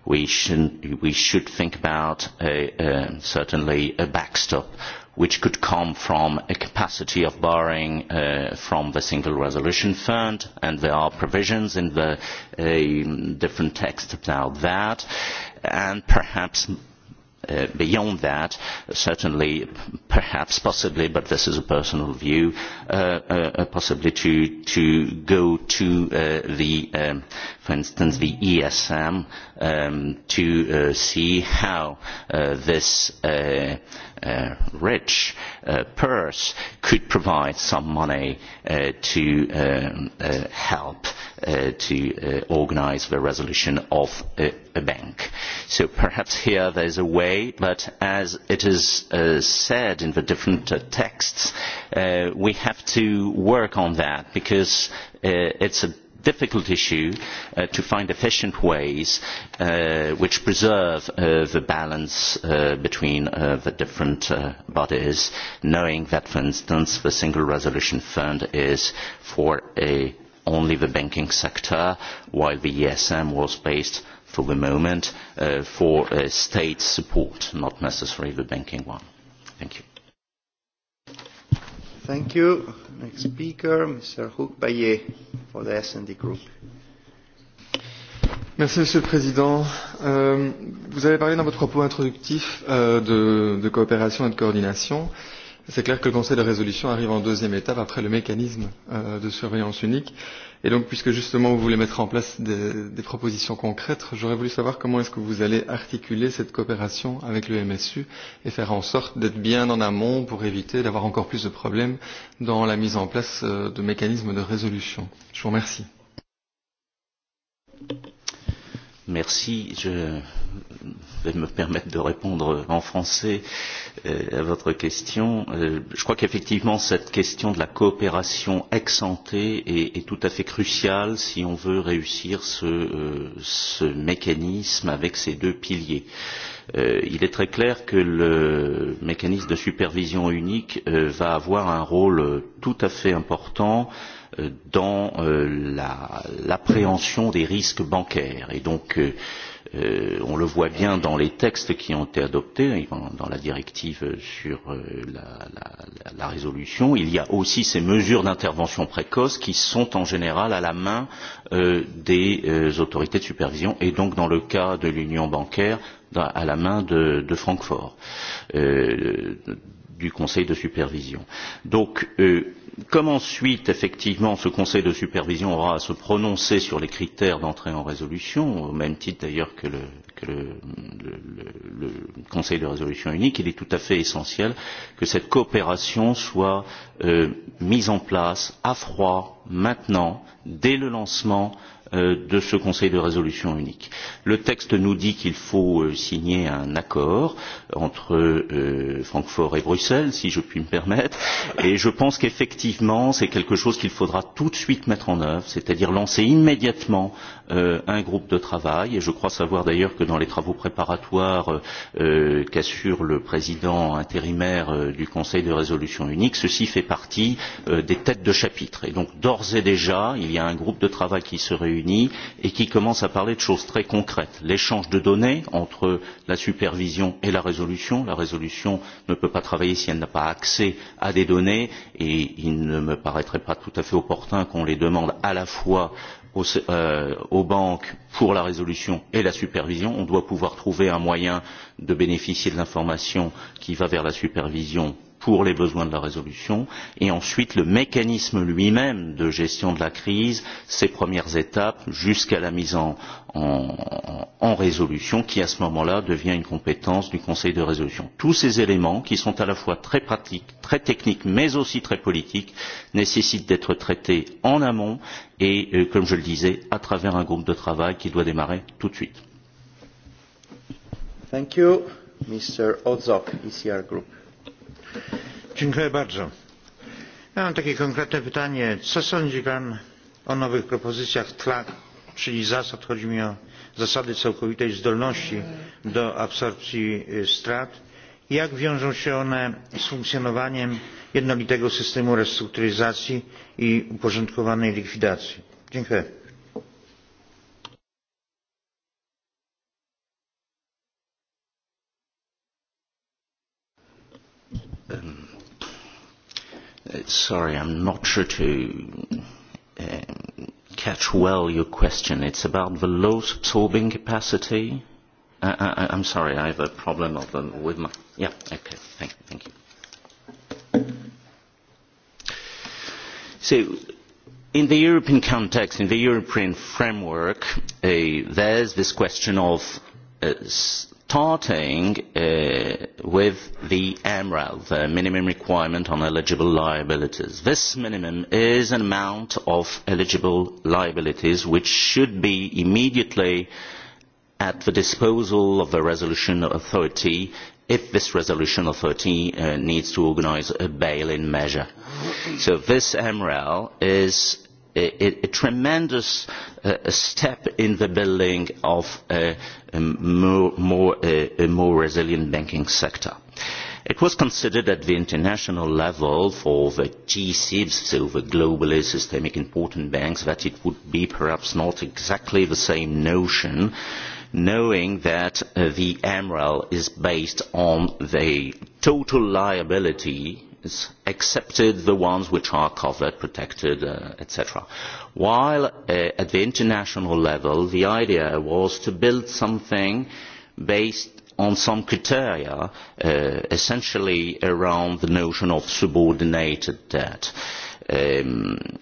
We should, we should think about a, certainly a backstop which could come from a capacity of borrowing uh, from the single resolution fund and there are provisions in the uh, different texts about that and perhaps Uh, beyond that, certainly, perhaps, possibly, but this is a personal view, uh, uh, uh possibly to, to go to uh, the, um, for instance, the ESM um, to see how this uh, rich uh, purse could provide some money uh, to um, uh, help uh, to uh, organize the resolution of a, a bank. So perhaps here there is a way, but as it is uh, said in the different uh, texts, uh, we have to work on that because uh, it's a difficult issue uh, to find efficient ways uh, which preserve uh, the balance uh, between uh, the different uh, bodies, knowing that, for instance, the Single Resolution Fund is for a, only the banking sector, while the ESM was based for the moment uh, for uh, state support, not necessarily the banking one. Thank you. Thank you. Next speaker, Mr. Houk Bayet for the S&D Group. Merci Monsieur le Président. Euh, vous avez parlé dans votre propos introductif euh, de, de coopération et de coordination. Euh, C'est clair que le Conseil de résolution arrive en deuxième étape après le mécanisme euh, de surveillance unique. Et donc, puisque justement vous voulez mettre en place des, des propositions concrètes, j'aurais voulu savoir comment est-ce que vous allez articuler cette coopération avec le MSU et faire en sorte d'être bien en amont pour éviter d'avoir encore plus de problèmes dans la mise en place euh, de mécanismes de résolution. Je vous remercie. Merci. Je vais me permettre de répondre en français euh, à votre question. Euh, je crois qu'effectivement, cette question de la coopération ex ante est, est tout à fait cruciale si on veut réussir ce, euh, ce mécanisme avec ces deux piliers. Il est très clair que le mécanisme de supervision unique va avoir un rôle tout à fait important euh, dans euh, l'appréhension la, des risques bancaires et donc euh, euh, on le voit bien dans les textes qui ont été adoptés dans la directive sur euh, la, la, la résolution il y a aussi ces mesures d'intervention précoce qui sont en général à la main euh, des euh, autorités de supervision et donc dans le cas de l'union bancaire à la main de, de Francfort euh, du conseil de supervision. Donc euh, comme ensuite effectivement ce conseil de supervision aura à se prononcer sur les critères d'entrée en résolution au même titre d'ailleurs que, le, que le, le, le conseil de résolution unique il est tout à fait essentiel que cette coopération soit euh, mise en place à froid maintenant dès le lancement euh, Euh, de ce conseil de résolution unique. le texte nous dit qu'il faut euh, signer un accord entre euh, francfort et bruxelles si je puis me permettre et je pense qu'effectivement c'est quelque chose qu'il faudra tout de suite mettre en œuvre c'est à dire lancer immédiatement euh, un groupe de travail et je crois savoir d'ailleurs que dans les travaux préparatoires euh, qu'assure le président intérimaire euh, du conseil de résolution unique ceci fait partie des têtes de chapitre et donc d'ores et déjà il y a un groupe de travail qui se réunit unis et qui commence à parler de choses très concrètes. L'échange de données entre la supervision et la résolution. La résolution ne peut pas travailler si elle n'a pas accès à des données et il ne me paraîtrait pas tout à fait opportun qu'on les demande à la fois aux, euh, aux banques pour la résolution et la supervision. On doit pouvoir trouver un moyen de bénéficier de l'information qui va vers la supervision pour les besoins de la résolution et ensuite le mécanisme lui même de gestion de la crise ses premières étapes jusqu'à la mise en, en, en résolution qui à ce moment là devient une compétence du conseil de résolution. tous ces éléments qui sont à la fois très pratiques très techniques mais aussi très politiques nécessitent d'être traités en amont et euh, comme je le disais à travers un groupe de travail qui doit démarrer tout de suite. Thank you. Mr. Ozok, ECR Group mam takie konkretne pytanie. Co sądzi Pan o nowych propozycjach tlak, czyli zasad, chodzi mi o zasady całkowitej zdolności do absorpcji strat? i Jak wiążą się one z funkcjonowaniem jednolitego systemu restrukturyzacji i uporządkowanej likwidacji? Dziękuję. sorry, I'm not sure to uh, catch well your question. It's about the loss absorbing capacity. Uh, I, uh, uh, I'm sorry, I have a problem of, um, with my. Yeah, okay, thank, thank you. So, in the European context, in the European framework, uh, there's this question of uh, starting uh, with the MREL, the minimum requirement on eligible liabilities. This minimum is an amount of eligible liabilities which should be immediately at the disposal of the resolution authority if this resolution authority uh, needs to organise a bail-in measure. So this MREL is a, a tremendous uh, step in the building of a, a more, more, a, a more resilient banking sector. It was considered at the international level for the G-SIBs, so the globally systemic important banks, that it would be perhaps not exactly the same notion, knowing that uh, the MREL is based on the total liability accepted the ones which are covered, protected, uh, etc. While uh, at the international level, the idea was to build something based on some criteria, uh, essentially around the notion of subordinated debt. Um,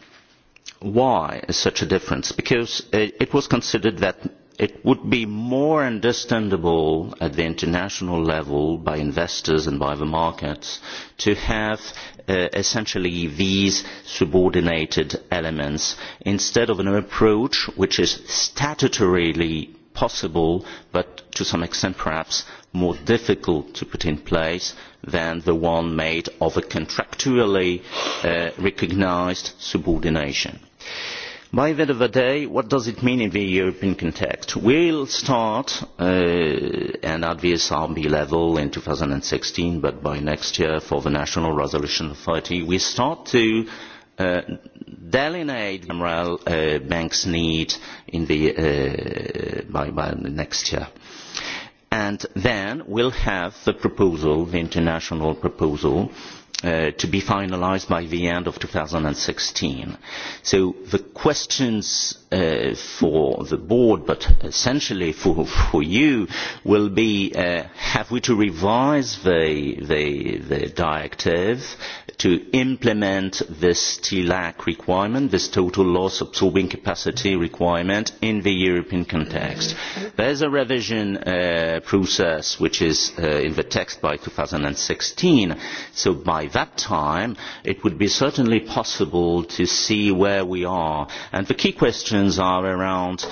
why such a difference? Because uh, it was considered that it would be more understandable at the international level by investors and by the markets to have uh, essentially these subordinated elements instead of an approach which is statutorily possible but to some extent perhaps more difficult to put in place than the one made of a contractually uh, recognised subordination. Uh, by the end of the day what does it mean in the european context? we will start and at the srb level in two thousand and sixteen but by next year for the national resolution authority we start to uh, delineate MREL uh, banks need in the, uh, by, by next year and then we'll have the proposal the international proposal uh, Uh, to be finalised by the end of 2016. So the questions Uh, for the board, but essentially for, you, will be uh, have we to revise the, directive to implement this TLAC requirement, this total loss absorbing capacity requirement in the European context. There is a revision uh, process which is in the text by 2016, so by that time it would be certainly possible to see where we are. And the key question questions are around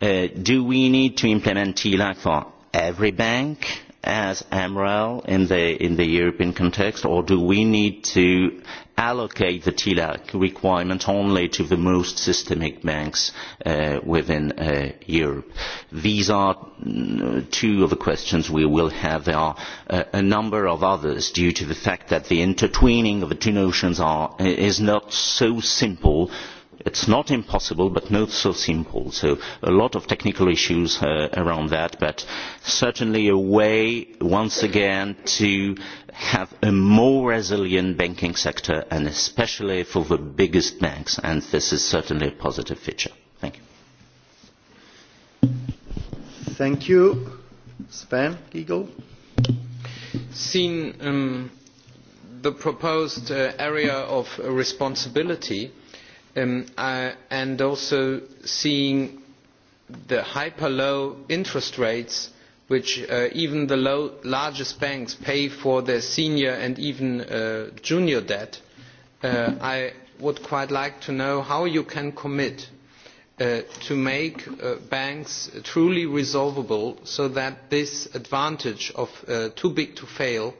uh, do we need to implement TLAC for every bank as MREL in the, in the European context, or do we need to allocate the TLAC requirement only to the most systemic banks uh, within uh, Europe? These are mm, two of the questions we will have. There are a, uh, a number of others due to the fact that the intertwining of the two notions are, is not so simple it's not impossible but not so simple so a lot of technical issues uh, around that but certainly a way once again to have a more resilient banking sector and especially for the biggest banks and this is certainly a positive feature thank you thank you sven Giegel. seen um, the proposed uh, area of responsibility Um, and also seeing the hyper low interest rates which uh, even the largest banks pay for their senior and even uh, junior debt, uh, I would quite like to know how you can commit to make banks truly resolvable so that this advantage of too big to fail,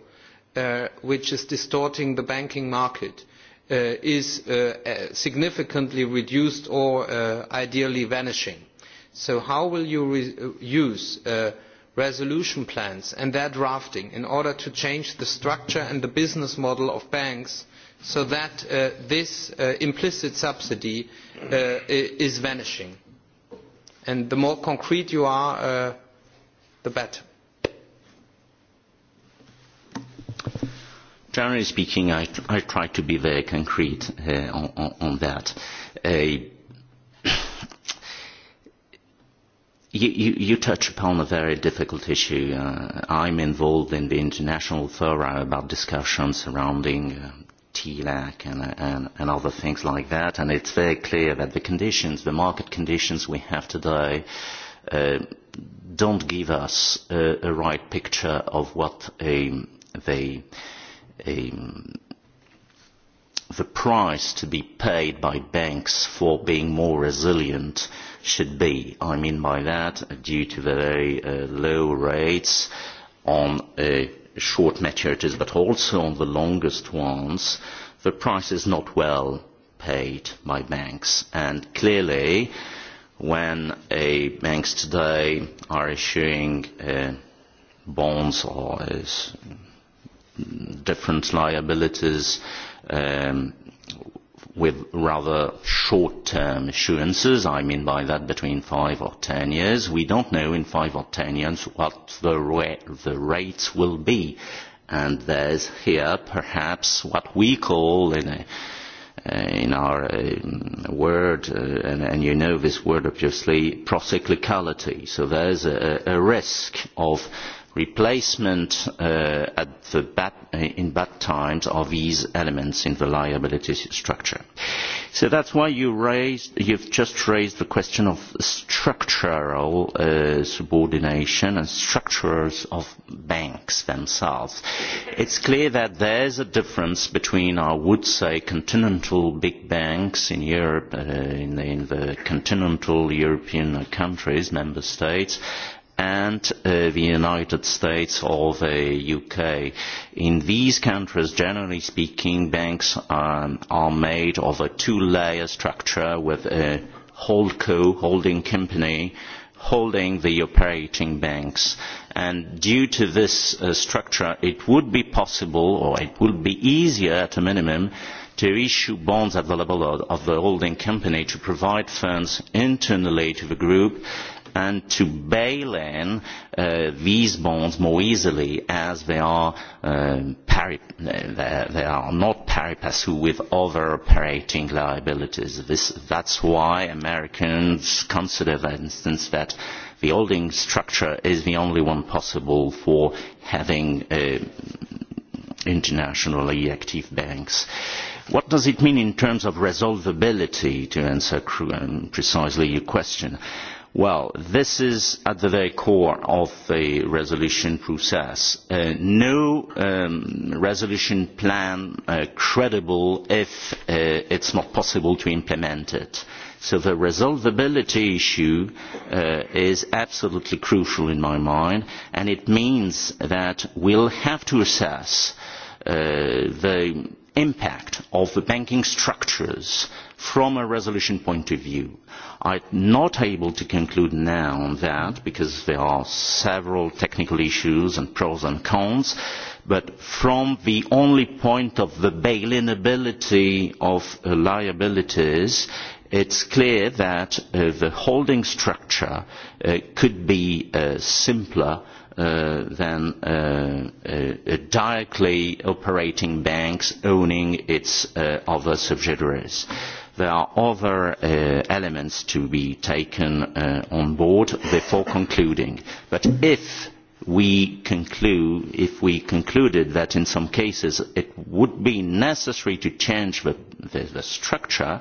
which is distorting the banking market, Uh, is uh, uh, significantly reduced or ideally vanishing. so how will you use resolution plans and their drafting in order to change the structure and the business model of banks so that this implicit subsidy is vanishing. And the more concrete you are, the better. Generally speaking, I, I try to be very concrete uh, on, on, on that. Uh, You, you, you touch upon a very difficult issue. Uh, I'm involved in the international fora about discussions surrounding uh, TLAC and, and, and other things like that, and it's very clear that the conditions, the market conditions we have today, uh, don't give us a, a right picture of what a, the uh, um, the price to be paid by banks for being more resilient should be. I mean by that, due to the very uh, low rates on uh, short maturities, but also on the longest ones, the price is not well paid by banks. And clearly, when a banks today are issuing uh, bonds or uh, different liabilities um, with rather short-term assurances. I mean by that between five or ten years. We don't know in five or ten years what the, ra the rates will be. And there's here perhaps what we call in a, uh, in our uh, word, uh, and, and you know this word obviously, procyclicality. So there's a, a risk of replacement uh, uh, in bad times of these elements in the liability structure. So that's why you raised, you've just raised the question of structural uh, subordination and structures of banks themselves. It's clear that there's a difference between, I would say, continental big banks in Europe, uh, in, the, in the continental European countries, member states, and uh, the United States or the UK. Uh, In these countries, generally speaking, banks um, are made of a two-layer structure with a holdco, holding company, holding the operating banks. And due to this uh, structure, it would be possible, or it would be easier at a minimum, to issue bonds at the level of the holding company to provide funds internally to the group and to bail in uh, these bonds more easily as they are, um, pari they are not pari passu with other operating liabilities. This, that's why Americans consider, for instance, that the holding structure is the only one possible for having uh, internationally active banks. What does it mean in terms of resolvability, to answer um, precisely your question? Well, this is at the very core of the resolution process. Uh, no um, resolution plan uh, credible if uh, it's not possible to implement it. So the resolvability issue uh, is absolutely crucial in my mind, and it means that we'll have to assess uh, the impact of the banking structures from a resolution point of view I'm not able to conclude now on that because there are several technical issues and pros and cons, but from the only point of the bail in ability of uh, liabilities, it's clear that uh, the holding structure uh, could be uh, simpler Uh, than uh, uh, directly operating banks owning its uh, other subsidiaries. Uh, there are other uh, elements to be taken uh, on board before concluding. But if we conclude, if we concluded that in some cases it would be necessary to change the, the, the structure, uh,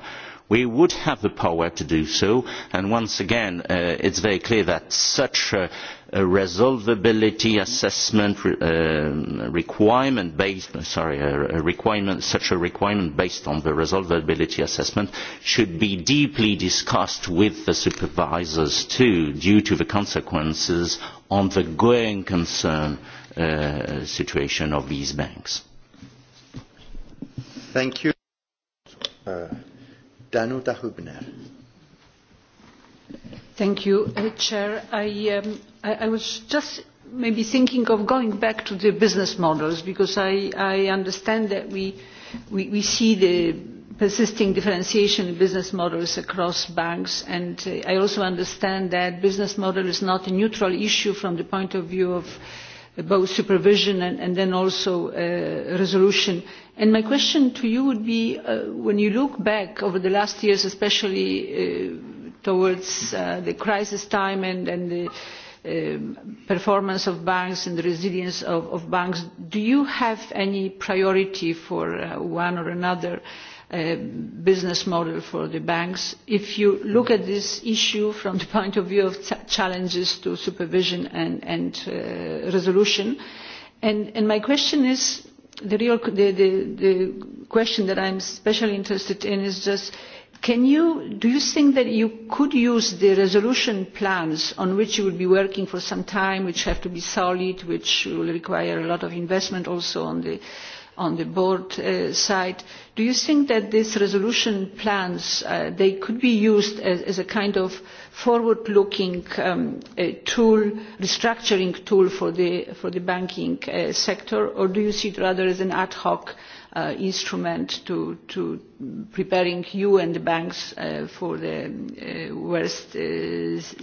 we would have the power to do so and once again uh, it is very clear that such a, resolvability assessment um, requirement uh, sorry a requirement such a requirement based on the resolvability assessment should be deeply discussed with the supervisors too due to the consequences on the going concern uh, situation of these banks. Thank you. Danuta Hübner. Thank you, uh, Chair. I, um, I, I was just maybe thinking of going back to the business models because I, I understand that we, we, we see the persisting differentiation in business models across banks and uh, I also understand that business model is not a neutral issue from the point of view of uh, both supervision and, then also uh, resolution. And my question to you would be, uh, when you look back over the last years, especially uh, towards the crisis time and, the um, performance of banks and the resilience of, banks, do you have any priority for one or another? business model for the banks if you look at this issue from the point of view of challenges to supervision and, and uh, resolution. And, and my question is the, real, the, the, the question that I'm especially interested in is just can you, do you think that you could use the resolution plans on which you will be working for some time, which have to be solid, which will require a lot of investment also on the, on the board uh, side, uh, do you think that these resolution plans uh, they could be used as, as a kind of forward looking um, uh, tool restructuring tool for the, for the banking uh, sector or do you see it rather as an ad hoc Uh, instrument to, preparing you and the banks uh, for the uh, worst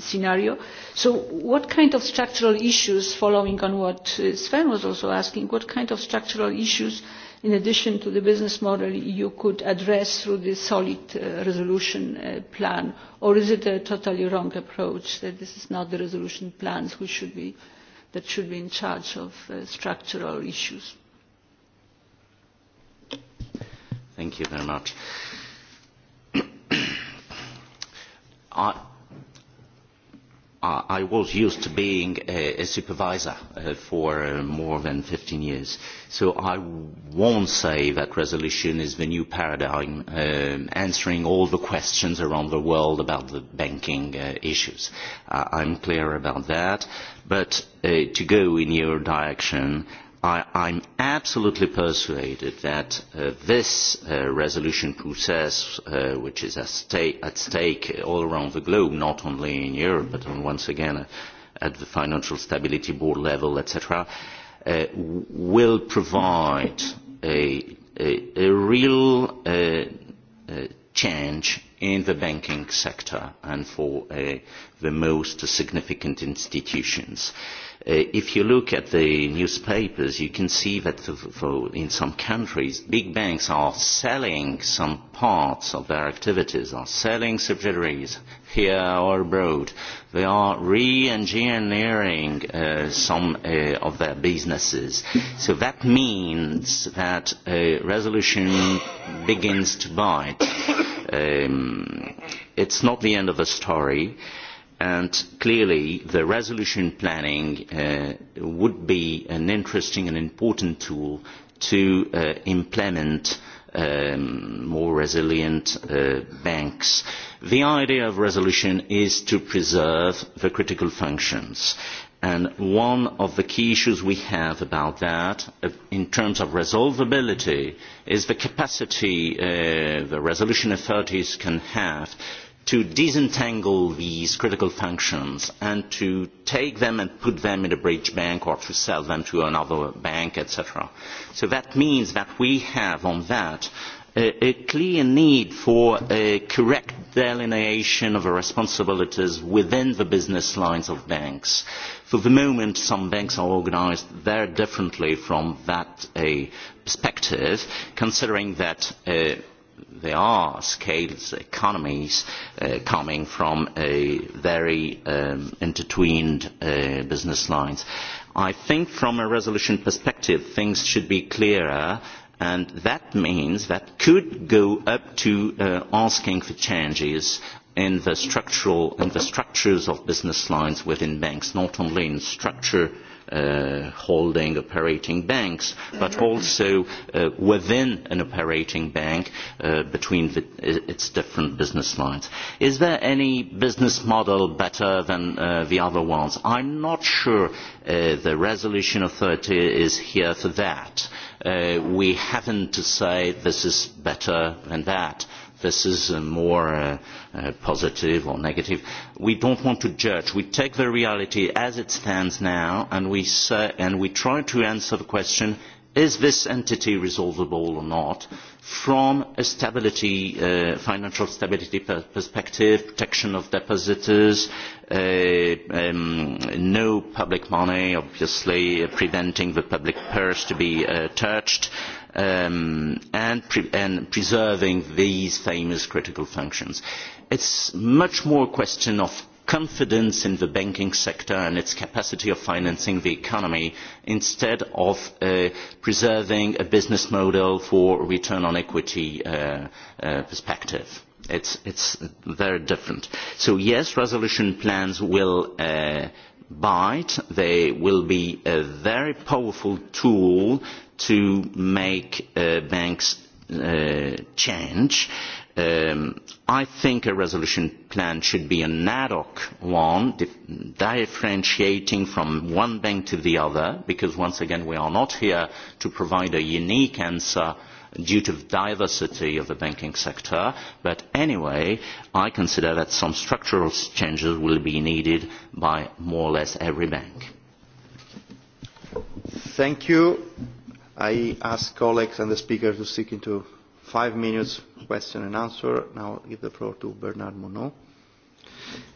scenario. So what kind of structural issues, following on what Sven was also asking, what kind of structural issues in addition to the business model you could address through the solid resolution plan? Or is it a totally wrong approach that this is not the resolution plans which should be, that should be in charge of structural issues? Thank you very much. (clears throat) I, I was used to being a, a supervisor uh, for uh, more than 15 years, so I won't say that resolution is the new paradigm uh, answering all the questions around the world about the banking uh, issues. Uh, I'm clear about that, but uh, to go in your direction, I, I'm absolutely persuaded that uh, this uh, resolution process, uh, which is at stake, at stake all around the globe, not only in Europe, but once again uh, at the Financial Stability Board level, etc., uh, will provide a, a, a real uh, uh, change in the banking sector and for uh, the most significant institutions. Uh, Uh, if you look at the newspapers, you can see that for in some countries, big banks are selling some parts of their activities, are selling subsidiaries here or abroad. They are re-engineering uh, some uh, of their businesses. So that means that a uh, resolution begins to bite. Um, it's not the end of the story. Uh, and clearly the resolution planning uh, would be an interesting and important tool to uh, implement um, more resilient uh, banks. The idea of resolution is to preserve the critical functions. And one of the key issues we have about that, uh, in terms of resolvability, is the capacity uh, the resolution authorities can have to disentangle these critical functions and to take them and put them in a bridge bank or to sell them to another bank, etc. So that means that we have on that a, a clear need for a correct delineation of the responsibilities within the business lines of banks. For the moment, some banks are organised very differently from that a perspective, considering that uh, there are scales, economies uh, coming from a very um, intertwined uh, business lines. I think from a resolution perspective, things should be clearer, and that means that could go up to uh, asking for changes in the structural in the structures of business lines within banks, not only in structure uh, holding operating banks, but also uh, within an operating bank uh, between the, its different business lines. Is there any business model better than uh, the other ones? I'm not sure uh, the resolution authority is here for that. Uh, we haven't to say this is better than that this is more uh, uh, positive or negative. We don't want to judge. We take the reality as it stands now and we, say, and we try to answer the question, is this entity resolvable or not from a stability, uh, financial stability per perspective, protection of depositors, uh, um, no public money, obviously, uh, preventing the public purse to be uh, touched, uh, Um, and, preserving these famous critical functions. it is much more a question of confidence in the banking sector and its capacity to finance the economy instead of uh, preserving a business model for a return on equity uh, uh, perspective. it is very different. So yes, resolution plans will bite. They will be a very powerful tool to make uh, banks uh, change. Um, I think a resolution plan should be an ad hoc one, dif- differentiating from one bank to the other, because once again we are not here to provide a unique answer due to the diversity of the banking sector. But anyway, I consider that some structural changes will be needed by more or less every bank. Thank you. I ask colleagues and the speaker to stick to five minutes question and answer. Now give the floor to Bernard Monod.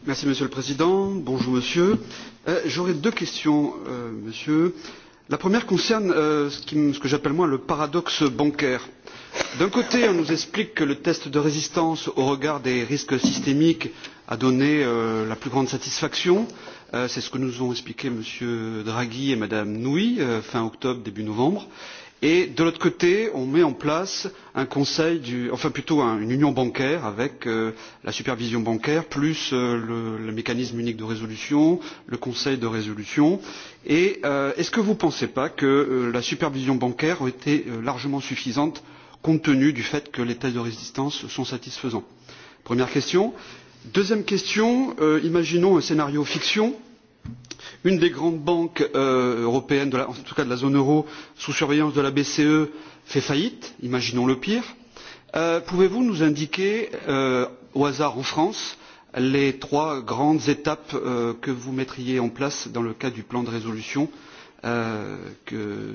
Monsieur le Président. Monsieur. Euh, j'aurais deux questions, euh, La première concerne euh, ce, que j'appelle le paradoxe bancaire. D'un côté, on nous explique que le test de résistance au regard des risques systémiques a donné la plus grande satisfaction. Euh, c'est ce que nous ont expliqué M. Draghi et Mme Nouy euh, fin octobre, début novembre. Et de l'autre côté, on met en place un conseil, du, enfin plutôt une union bancaire avec euh, la supervision bancaire, plus le, le mécanisme unique de résolution, le conseil de résolution. Et est-ce que vous ne pensez pas que la supervision bancaire a été largement suffisante compte tenu du fait que les tests de résistance sont satisfaisants Première question. Deuxième question, euh, imaginons un scénario fiction une des grandes banques euh, européennes de la, en tout cas de la zone euro sous surveillance de la bce fait faillite imaginons le pire euh, pouvez vous nous indiquer euh, au hasard en france les trois grandes étapes euh, que vous mettriez en place dans le cadre du plan de résolution euh, que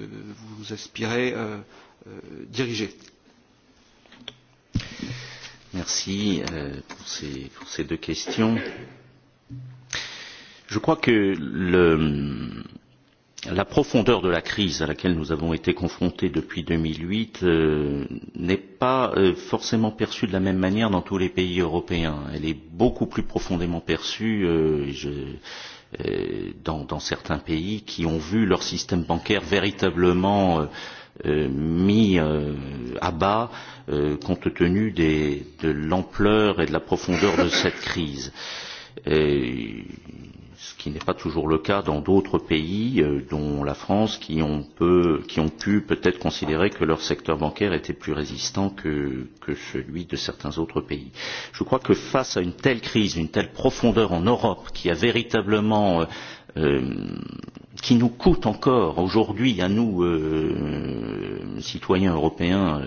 vous aspirez euh, diriger? merci pour ces, pour ces deux questions. Euh, je crois que le, la profondeur de la crise à laquelle nous avons été confrontés depuis deux mille huit euh, n'est pas euh, forcément perçue de la même manière dans tous les pays européens. Elle est beaucoup plus profondément perçue euh, je, euh, dans, dans certains pays qui ont vu leur système bancaire véritablement euh, euh, mis euh, à bas euh, compte tenu des, de l'ampleur et de la profondeur de cette crise. Euh, ce qui n'est pas toujours le cas dans d'autres pays, euh, dont la France, qui ont, peu, qui ont pu peut-être considérer que leur secteur bancaire était plus résistant que, que celui de certains autres pays. Je crois que face à une telle crise, une telle profondeur en Europe, qui a véritablement euh, euh, qui nous coûte encore aujourd'hui à nous euh, citoyens européens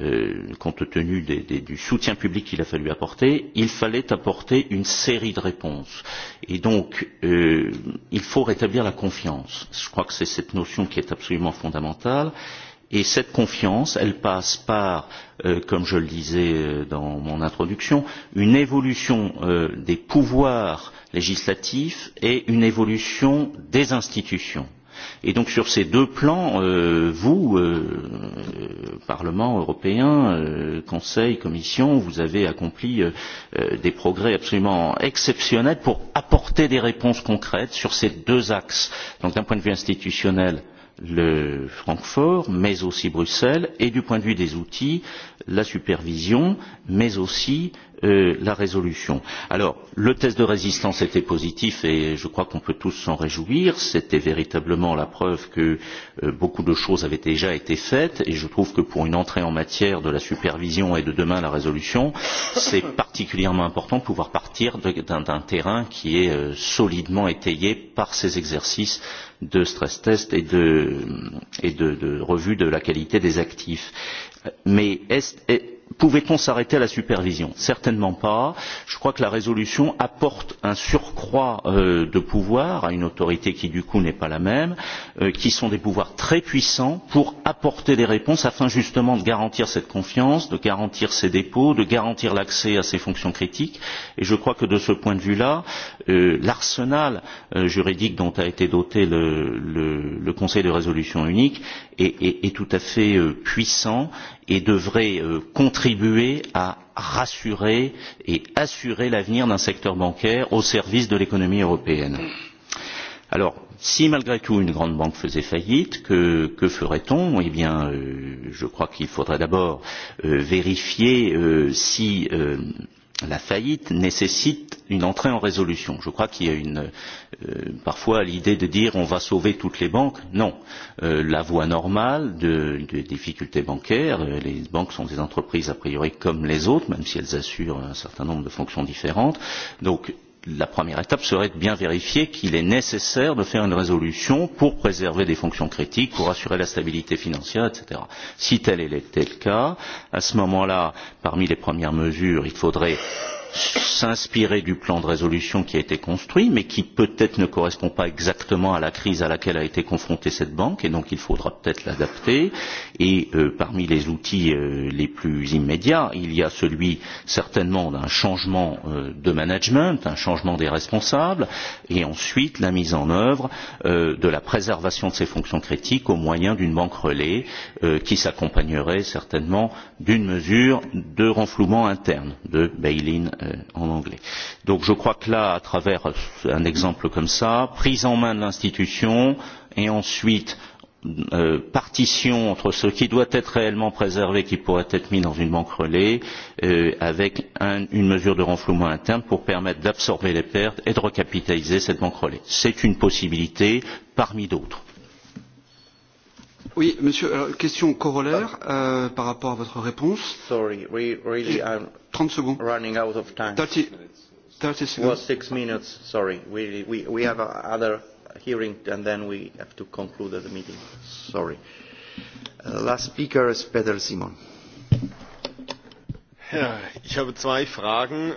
Euh, compte tenu des, des, du soutien public qu'il a fallu apporter, il fallait apporter une série de réponses. Et donc, euh, il faut rétablir la confiance. Je crois que c'est cette notion qui est absolument fondamentale. Et cette confiance, elle passe par, euh, comme je le disais euh, dans mon introduction, une évolution euh, des pouvoirs législatifs et une évolution des institutions Et donc sur ces deux plans, euh, vous, euh, euh Parlement européen, euh, Conseil, Commission, vous avez accompli euh, euh, des progrès absolument exceptionnels pour apporter des réponses concrètes sur ces deux axes. Donc d'un point de vue institutionnel, le Francfort, mais aussi Bruxelles, et du point de vue des outils, la supervision, mais aussi Euh, la résolution. le test de résistance était positif et je crois qu'on peut tous s'en réjouir. C'était véritablement la preuve que euh, beaucoup de choses avaient déjà été faites et je trouve que pour une entrée en matière de la supervision et de demain la résolution, c'est particulièrement important de pouvoir partir d'un terrain qui est euh, solidement étayé par ces exercices de stress test et de, et de, de revue de la qualité des actifs. Mais est, est, pouvait on s'arrêter à la supervision? certainement pas. je crois que la résolution apporte un surcroît euh, de pouvoirs à une autorité qui du coup n'est pas la même euh, qui sont des pouvoirs très puissants pour apporter des réponses afin justement de garantir cette confiance de garantir ces dépôts de garantir l'accès à ces fonctions critiques et je crois que de ce point de vue là euh, l'arsenal juridique dont a été doté le, le, le conseil de résolution unique est, est, est tout à fait puissant et devrait euh, contribuer à rassurer et assurer l'avenir d'un secteur bancaire au service de l'économie européenne. Alors, si malgré tout une grande banque faisait faillite, que, que ferait-on Eh bien, euh, je crois qu'il faudrait d'abord euh, vérifier euh, si euh, la faillite nécessite une entrée en résolution. Je crois qu'il y a une, euh, parfois l'idée de dire on va sauver toutes les banques. Non. Euh, la voie normale de, de difficultés bancaires, euh, les banques sont des entreprises a priori comme les autres, même si elles assurent un certain nombre de fonctions différentes. Donc la première étape serait de bien vérifier qu'il est nécessaire de faire une résolution pour préserver des fonctions critiques, pour assurer la stabilité financière, etc. Si tel était le cas, à ce moment-là, parmi les premières mesures, il faudrait s'inspirer du plan de résolution qui a été construit, mais qui peut-être ne correspond pas exactement à la crise à laquelle a été confrontée cette banque, et donc il faudra peut-être l'adapter. Et euh, parmi les outils euh, les plus immédiats, il y a celui certainement d'un changement euh, de management, un changement des responsables, et ensuite la mise en œuvre euh, de la préservation de ces fonctions critiques au moyen d'une banque relais euh, qui s'accompagnerait certainement d'une mesure de renflouement interne, de bail-in Euh, en anglais. donc je crois que là à travers un exemple comme ça prise en main de l'institution et ensuite euh, partition entre ce qui doit être réellement préservé qui pourrait être mis dans une banque relais euh, avec un, une mesure de renflouement interne pour permettre d'absorber les pertes et de recapitaliser cette banque relais. c'est une possibilité parmi d'autres Oui, monsieur, alors, question corollaire euh, par rapport à votre réponse. Sorry, we really I'm 30 secondes. running out of time. 30, 30 seconds. Well, six minutes, sorry. We, we, we have another hearing and then we have to conclude the meeting. Sorry. Uh, last speaker is Peter Simon. Ja, ich habe zwei Fragen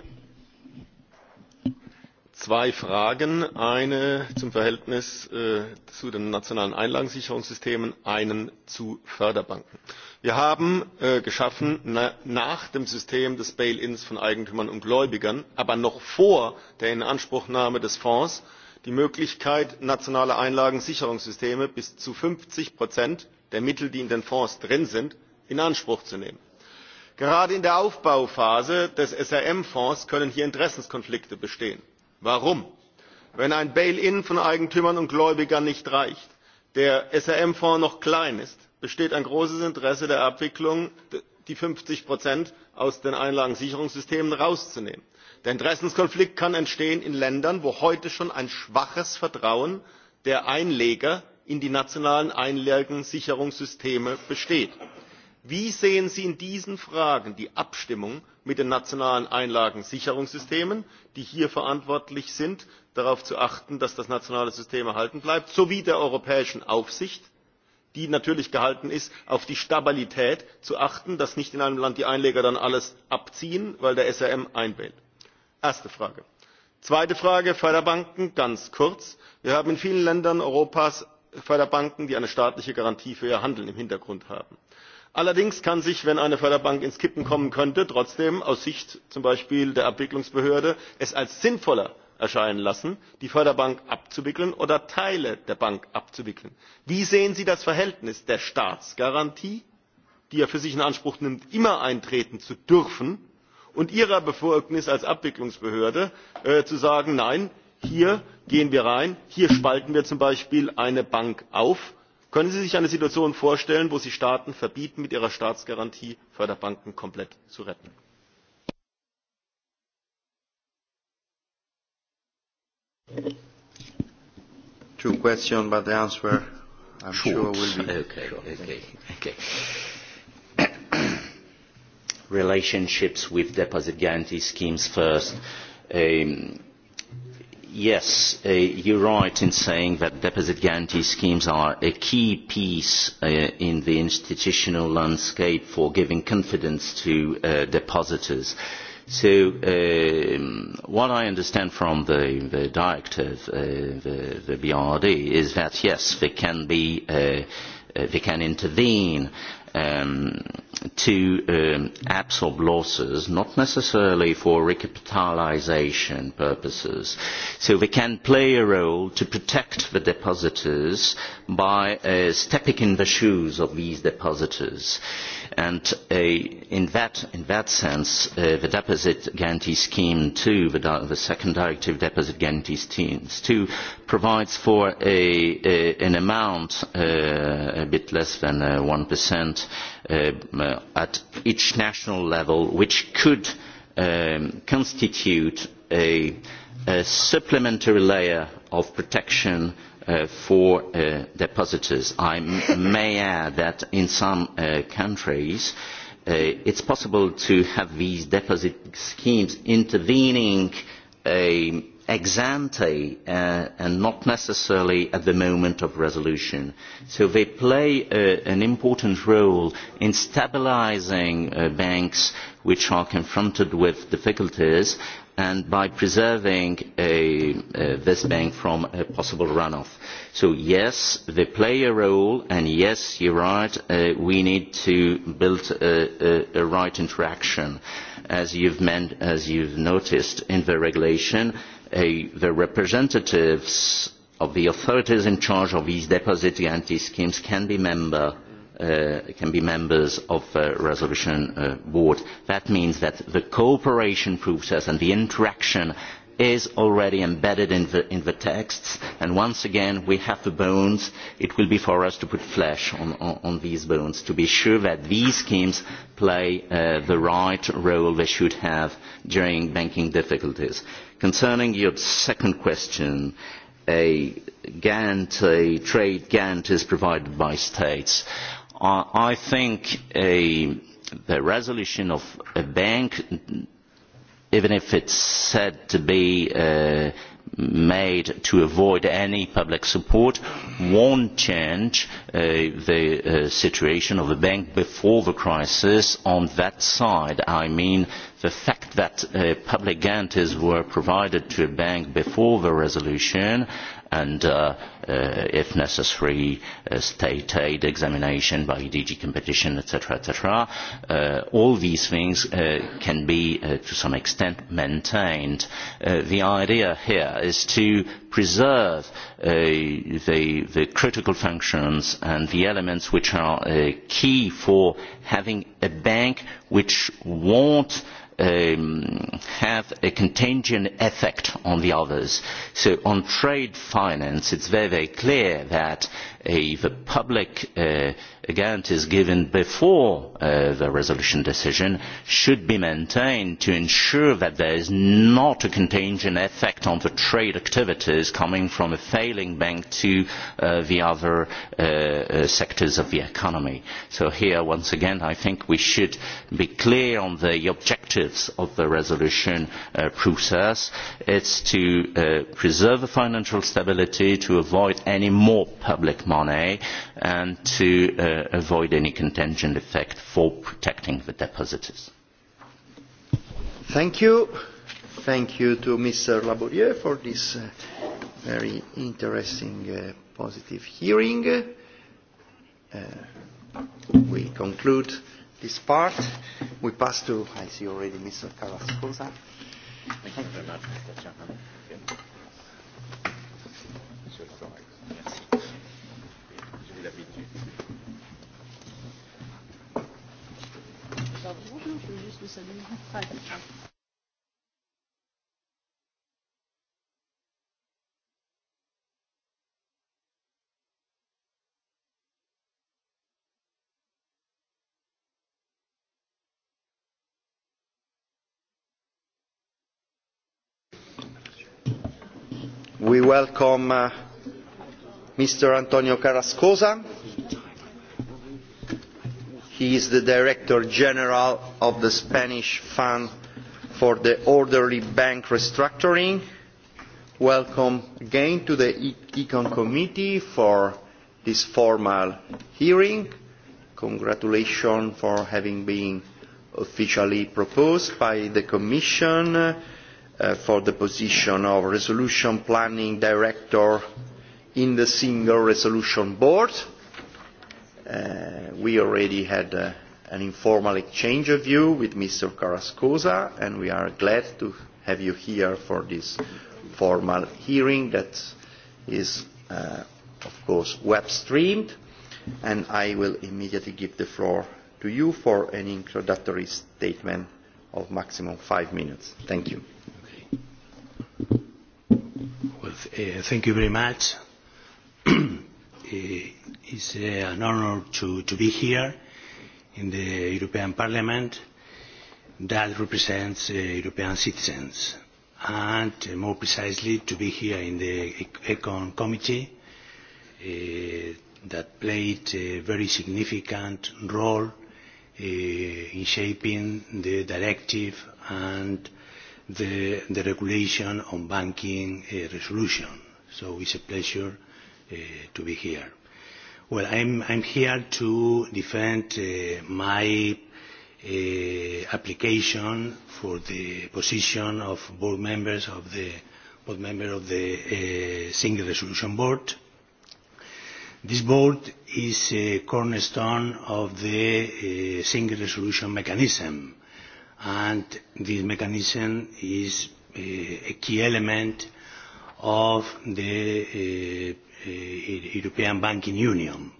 zwei fragen eine zum verhältnis äh, zu den nationalen einlagensicherungssystemen eine zu förderbanken. wir haben äh, geschaffen nach dem system des bail ins von eigentümern und gläubigern aber noch vor der inanspruchnahme des fonds die möglichkeit nationale einlagensicherungssysteme bis zu fünfzig der mittel die in den fonds drin sind in anspruch zu nehmen gerade in der aufbauphase des srm fonds können hier interessenkonflikte bestehen warum? wenn ein bail in von eigentümern und gläubigern nicht reicht der srm fonds noch klein ist besteht ein großes interesse der abwicklung die fünfzig aus den einlagensicherungssystemen herauszunehmen. der interessenkonflikt kann entstehen in ländern wo heute schon ein schwaches vertrauen der einleger in die nationalen einlagensicherungssysteme besteht. wie sehen sie in diesen fragen die abstimmung mit den nationalen einlagensicherungssystemen die hier verantwortlich sind darauf zu achten dass das nationale system erhalten bleibt sowie der europäischen aufsicht die natürlich gehalten ist auf die stabilität zu achten dass nicht in einem land die einleger dann alles abziehen weil der srm einbellt. erste frage. zweite frage förderbanken ganz kurz wir haben in vielen ländern europas förderbanken die eine staatliche garantie für ihr handeln im hintergrund haben allerdings kann sich wenn eine förderbank ins kippen kommen könnte trotzdem aus sicht zum beispiel der abwicklungsbehörde es als sinnvoller erscheinen lassen die förderbank abzuwickeln oder teile der bank abzuwickeln. wie sehen sie das verhältnis der staatsgarantie die er für sich in anspruch nimmt immer eintreten zu dürfen und ihrer befugnis als abwicklungsbehörde äh, zu sagen nein hier gehen wir rein hier spalten wir zum beispiel eine bank auf können sie sich eine situation vorstellen wo sie staaten verbieten mit ihrer staatsgarantie förderbanken komplett zu retten? (coughs) Relationships with deposit guarantee schemes first. Um, Yes, uh, you're right in saying that deposit guarantee schemes are a key piece uh, in the institutional landscape for giving confidence to uh, depositors. So um, what I understand from the, the uh, the, the BRD, is that yes, there can be uh, Uh, they can intervene um, to um, absorb losses, not necessarily for recapitalisation purposes. So they can play a role to protect the depositors by uh, stepping in the shoes of these depositors. Uh, and in, that, in that sense uh, the deposit guarantee scheme two the, the second directive deposit guarantee schemes two provides for a, a, an amount uh, a bit less than uh, 1% uh, uh, at each national level which could um, constitute a, a supplementary layer of protection Uh, for uh, depositors. I (laughs) may add that in some uh, countries it it's possible to have these deposit schemes intervening um, ex ante and not necessarily at the moment of resolution. So they play an important role in stabilising banks which are confronted with difficulties and by preserving this Bank from a possible run off. So yes, they play a role, and yes, you are right, uh, we need to build a, right interaction. As you have noticed in the regulation, the representatives of the authorities in charge of these deposit guarantee schemes can be members Uh, can be members of the resolution uh, board. that means that the cooperation process and the interaction is already embedded in the, in the texts and once again we have the bones it will be for us to put flesh on, on, on these bones to be sure that these schemes play uh, the right role they should have during banking difficulties. concerning your second question a guarantee, trade guarantees provided by states I think the resolution of a bank, even if it's said to be uh, made to avoid any public support won't change uh, the uh, situation of the bank before the crisis on that side. I mean the fact that public guarantees were provided to a bank before the resolution and uh, uh, if necessary uh, state aid examination by DG competition etc etc uh, all these things uh, can be uh, to some extent maintained uh, the idea here is to preserve uh, the, the critical functions and the elements which are uh, key for having a bank which won't uh, um, have a contagion effect on the others. So on trade finance, it's very, very clear that if a public uh, guarantee is given before uh, the resolution decision should be maintained to ensure that there is not a contagion effect on the trade activities coming from a failing bank to uh, the other uh, uh, sectors of the economy. So here, once again, I think we should be clear on the objectives of the resolution uh, process. It's to preserve financial stability, to avoid any more public market money and to uh, avoid any contingent effect for protecting the depositors. Thank you. Thank you to Mr. Laborieux for this uh, very interesting, uh, positive hearing. Uh, we conclude this part. We pass to, I see already Mr. Carrascosa. Thank you very much, Mr. Chairman. We welcome uh, Mr. Antonio Carrascosa He is the Director General of the Spanish Fund for the Orderly Bank Restructuring. Welcome again to the e-, Econ Committee for this formal hearing. Congratulations for having been officially proposed by the Commission uh, for the position of Resolution Planning Director in the Single Resolution Board. Uh, we already had uh, an informal exchange of view with Mr. Carrascosa, and we are glad to have you here for this formal hearing that is, uh, of course, web-streamed. And I will immediately give the floor to you for an introductory statement of maximum five minutes. Thank you. Okay. Well, uh, thank you very much. (clears throat) Eh, it's eh, an honour to, to be here in the European Parliament that represents eh, European citizens and more precisely to be here in the Econ Committee that played a very significant role in shaping the directive and the, the regulation on banking resolution. So it's a pleasure uh, to be here. Well, I'm, I'm here to defend uh, my uh, application for the position of board members of the board member of the uh, Single Resolution Board. This board is a cornerstone of the uh, Single Resolution Mechanism, and this mechanism is uh, a key element of the uh, uh, European Banking Union.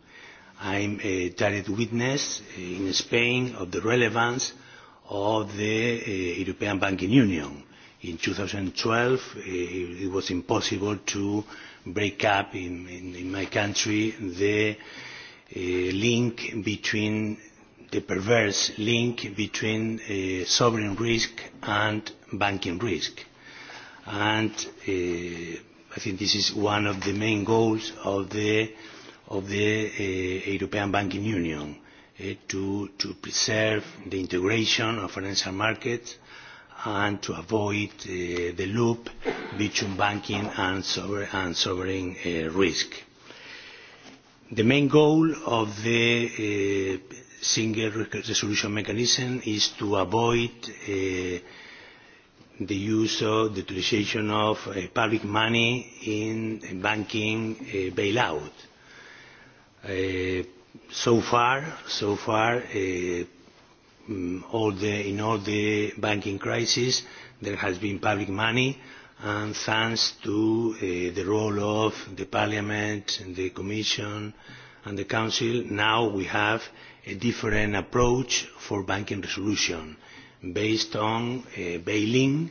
I'm a direct witness eh, in Spain of the relevance of the uh, European Banking Union. In 2012, uh, it was impossible to break up in, in, in my country the uh, link between the perverse link between uh, sovereign risk and banking risk. And uh, I think this is one of the main goals of the, of the uh, European Banking Union, uh, to, to preserve the integration of financial markets and to avoid uh, the loop between banking and sovereign, and sovereign uh, risk. The main goal of the uh, single resolution mechanism is to avoid uh, the use of the utilization of uh, public money in a banking uh, bailout. Uh, so far, so far, uh, mm, all the, in all the banking crises, there has been public money, and thanks to uh, the role of the Parliament, and the Commission, and the Council, now we have a different approach for banking resolution based on a bail-in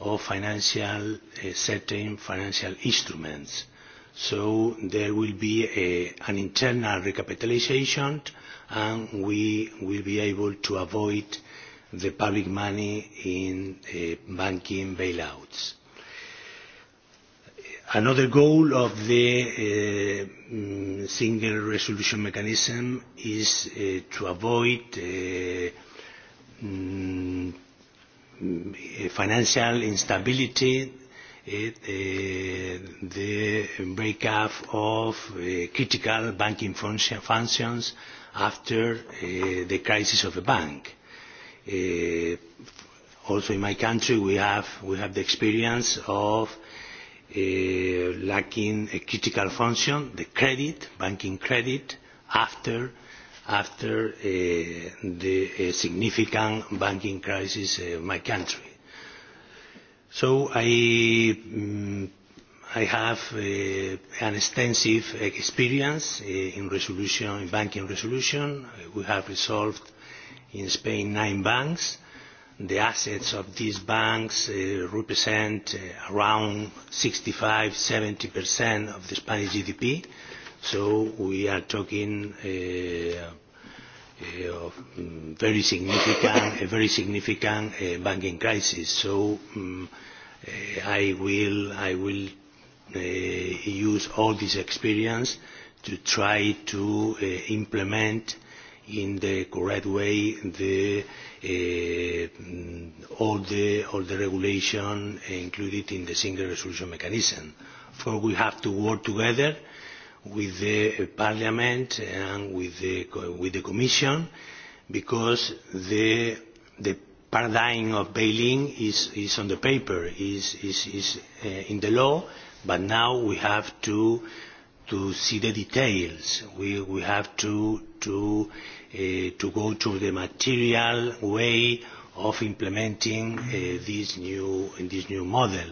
of financial uh, certain financial instruments. So there will be a, an internal recapitalization, and we will be able to avoid the public money in uh, banking bailouts. Another goal of the uh, mm, single resolution mechanism is uh, to avoid uh, Mm, mm, financial instability, it, uh, eh, eh, the breakup of uh, critical banking function, functions after uh, the crisis of a bank. Uh, also in my country we have, we have the experience of uh, lacking a critical function, the credit, banking credit, after after uh, the uh, significant banking crisis in uh, my country. So I, um, I have uh, an extensive experience uh, in resolution, in banking resolution. Uh, we have resolved in Spain nine banks. The assets of these banks uh, represent uh, around 65-70% of the Spanish GDP. So we are talking uh, Uh, of mm, very significant, a very significant uh, banking crisis. So um, I will, I will uh, use all this experience to try to uh, implement in the correct way the, uh, mm, all, the, all the regulation included in the single resolution mechanism. For we have to work together with the uh, Parliament and with the, with the Commission because the, the paradigm of bail-in is, is on the paper, is, is, is uh, in the law, but now we have to, to see the details. We, we have to, to, uh, to go to the material way of implementing uh, this, new, this new model.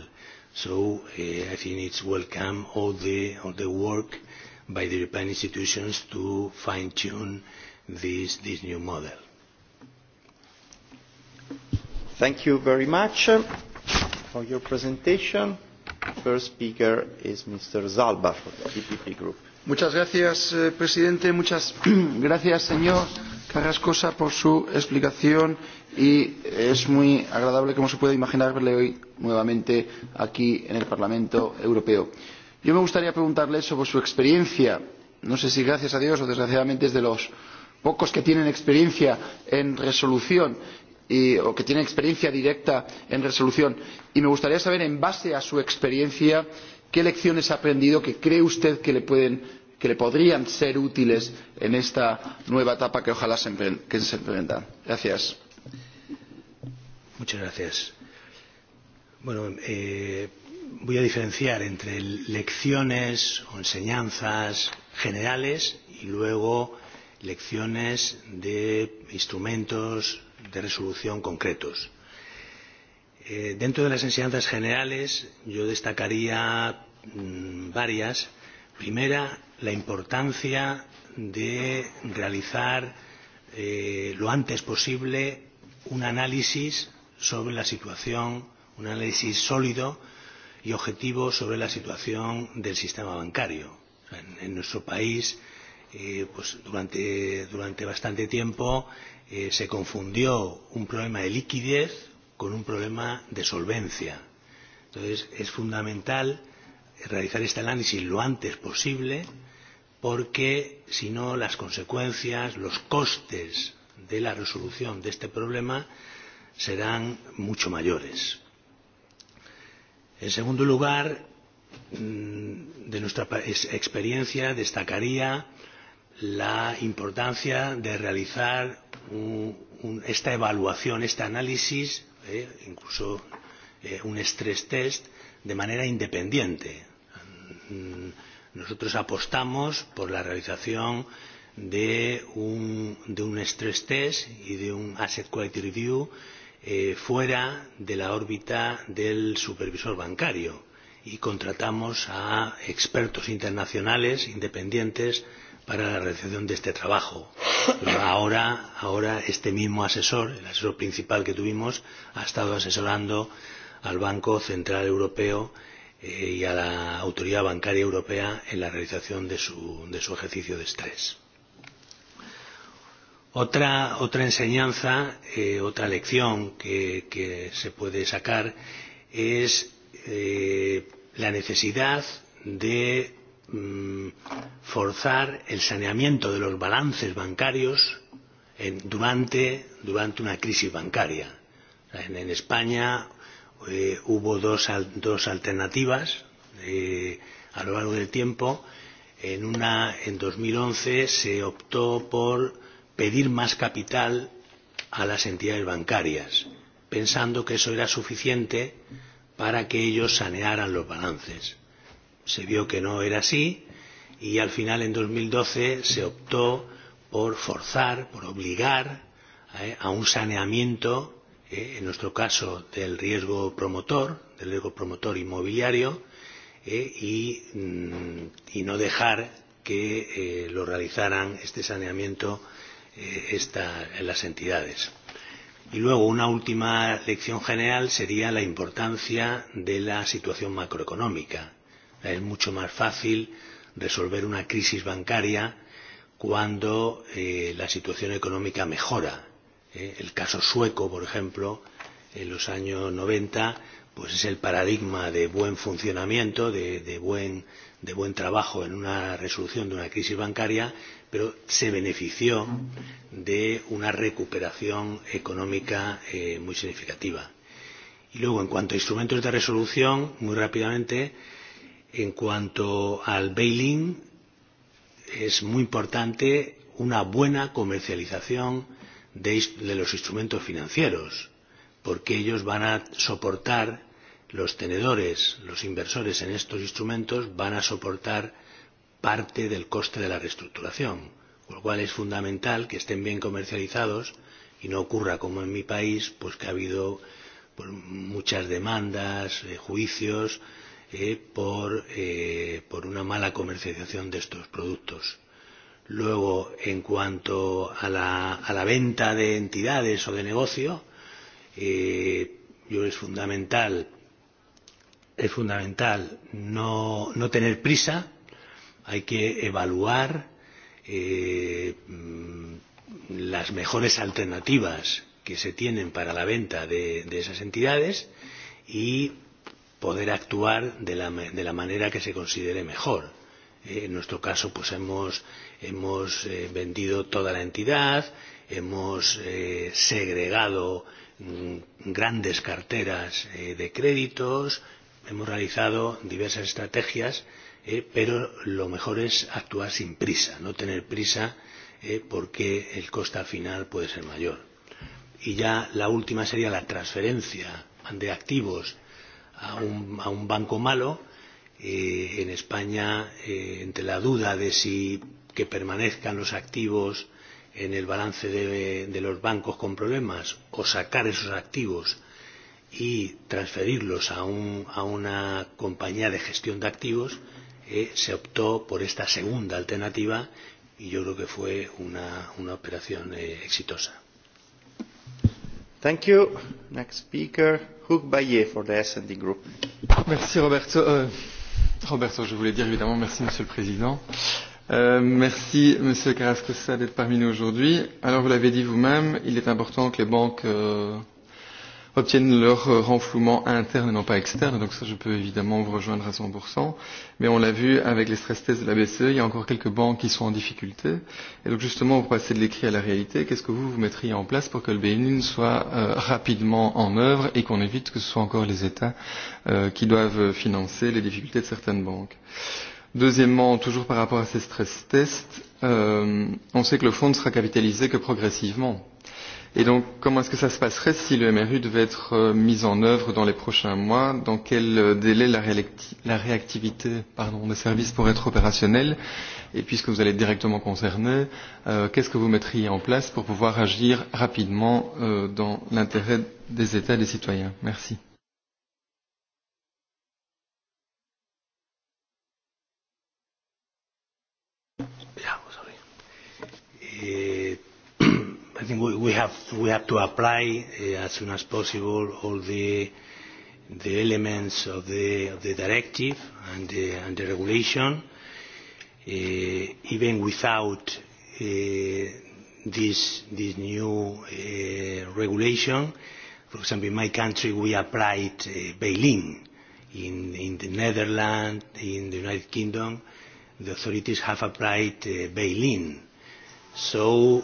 So uh, I think it's welcome all the, all the work by the European institutions to fine-tune this, this new model. Thank you very much uh, for your presentation. First speaker is Mr. Zalba for the EPP Group. Muchas gracias, eh, presidente. Muchas (clears throat) gracias, señor Carrascosa, por su explicación y es muy agradable, como se puede imaginar, verle hoy nuevamente aquí en el Parlamento Europeo. Eh, yo me gustaría preguntarle sobre su experiencia no sé si gracias a dios o desgraciadamente es de los pocos que tienen experiencia en resolución o que tienen experiencia directa en resolución y me gustaría saber en base a su experiencia qué lecciones ha aprendido que cree usted que le, pueden, que le podrían ser útiles en esta nueva etapa que ojalá se emprenda. Gracias. Muchas gracias. Bueno, eh, voy a diferenciar entre lecciones o enseñanzas generales y luego lecciones de instrumentos de resolución concretos. Eh, dentro de las enseñanzas generales yo destacaría mmm, varias. Primera, la importancia de realizar eh, lo antes posible un análisis sobre la situación, un análisis sólido y objetivo sobre la situación del sistema bancario. En, en nuestro país, eh, pues durante, durante bastante tiempo, eh, se confundió un problema de liquidez con un problema de solvencia. Entonces, es fundamental realizar este análisis lo antes posible porque, si no, las consecuencias, los costes de la resolución de este problema serán mucho mayores en segundo lugar mm, de nuestra experiencia destacaría la importancia de realizar un, un, esta evaluación este análisis eh, incluso eh, un stress test de manera independiente. Mm, nosotros apostamos por la realización de un, de un stress test y de un asset quality review eh, Eh, fuera de la órbita del supervisor bancario y contratamos a expertos internacionales independientes para la realización de este trabajo. Pero ahora, ahora este mismo asesor, el asesor principal que tuvimos, ha estado asesorando al Banco Central Europeo eh, y a la Autoridad Bancaria Europea en la realización de su, de su ejercicio de estrés. Otra, otra enseñanza, eh, otra lección que, que se puede sacar es eh, la necesidad de mm, forzar el saneamiento de los balances bancarios en, durante, durante una crisis bancaria. En, en España eh, hubo dos, dos alternativas eh, a lo largo del tiempo. En, una, en 2011 se optó por pedir más capital a las entidades bancarias, pensando que eso era suficiente para que ellos sanearan los balances. Se vio que no era así y al final, en 2012, se optó por forzar, por obligar eh, a un saneamiento, eh, en nuestro caso, del riesgo promotor, del riesgo promotor inmobiliario, eh, y, mm, y no dejar que eh, lo realizaran este saneamiento Eh, esta, las entidades. Y luego una última lección general sería la importancia de la situación macroeconómica. Es mucho más fácil resolver una crisis bancaria cuando eh, la situación económica mejora. Eh, el caso sueco, por ejemplo, en los años 90, pues es el paradigma de buen funcionamiento, de, de, buen, de buen trabajo en una resolución de una crisis bancaria pero se benefició de una recuperación económica eh, muy significativa. Y luego, en cuanto a instrumentos de resolución, muy rápidamente, en cuanto al bail-in, es muy importante una buena comercialización de, de los instrumentos financieros, porque ellos van a soportar, los tenedores, los inversores en estos instrumentos van a soportar parte del coste de la reestructuración, con lo cual es fundamental que estén bien comercializados y no ocurra como en mi país, pues que ha habido pues, muchas demandas, eh, juicios eh, por, eh, por una mala comercialización de estos productos. Luego, en cuanto a la, a la venta de entidades o de negocio, eh, yo es fundamental es fundamental no, no tener prisa hay que evaluar eh, mm, las mejores alternativas que se tienen para la venta de, de esas entidades y poder actuar de la, de la manera que se considere mejor. Eh, en nuestro caso, pues hemos, hemos eh, vendido toda la entidad, hemos eh, segregado mm, grandes carteras eh, de créditos, hemos realizado diversas estrategias Eh, pero lo mejor es actuar sin prisa, no tener prisa eh, porque el coste al final puede ser mayor. Y ya la última sería la transferencia de activos a un, a un banco malo. Eh, en España, eh, entre la duda de si que permanezcan los activos en el balance de, de los bancos con problemas o sacar esos activos y transferirlos a, un, a una compañía de gestión de activos, eh, se optó por esta segunda alternativa y yo creo que fue una, una operación eh, exitosa. Thank you. Next speaker, Hug Bayer for the S&D Group. Merci Roberto. Euh, Roberto, je voulais dire évidemment merci Monsieur le Président. Euh, merci Monsieur Carrascosa d'être parmi nous aujourd'hui. Alors vous l'avez dit vous-même, il est important que les banques euh, obtiennent leur euh, renflouement interne et non pas externe. Donc ça, je peux évidemment vous rejoindre à 100%. Mais on l'a vu avec les stress tests de la BCE, il y a encore quelques banques qui sont en difficulté. Et donc justement, pour passer de l'écrit à la réalité, qu'est-ce que vous, vous mettriez en place pour que le BNU soit euh, rapidement en œuvre et qu'on évite que ce soit encore les États euh, qui doivent financer les difficultés de certaines banques Deuxièmement, toujours par rapport à ces stress tests, euh, on sait que le fonds ne sera capitalisé que progressivement Et donc, comment est-ce que ça se passerait si le MRU devait être euh, mis en œuvre dans les prochains mois Dans quel euh, délai la, réacti la réactivité pardon, des services pourrait être opérationnelle Et puisque vous allez être directement concerné, euh, qu'est-ce que vous mettriez en place pour pouvoir agir rapidement euh, dans l'intérêt des États et des citoyens Merci. Et I think we, we, have, we have to apply uh, as soon as possible all the, the elements of the, of the directive and the, and the regulation, uh, even without uh, this, this new uh, regulation. For example, in my country we applied uh, bail-in. In, in the Netherlands, in the United Kingdom, the authorities have applied uh, bail-in. So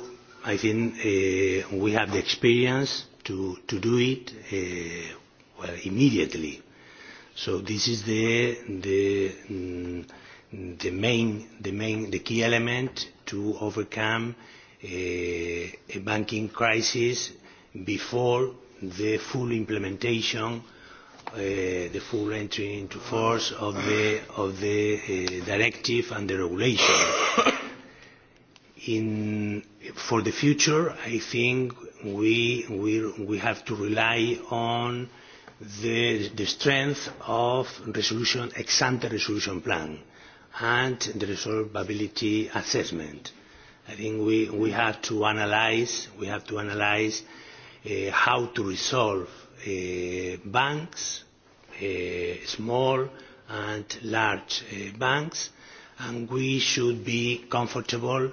I think uh, we have the experience to, to do it uh, well, immediately. So this is the, the, mm, the, main, the, main, the key element to overcome uh, a banking crisis before the full implementation, uh, the full entry into force of the, of the uh, directive and the regulation in, for the future, I think we, we, we have to rely on the, the strength of resolution, ex-ante resolution plan and the resolvability assessment. I think we, we have to analyze, we have to analyze uh, how to resolve uh, banks, uh, small and large uh, banks, and we should be comfortable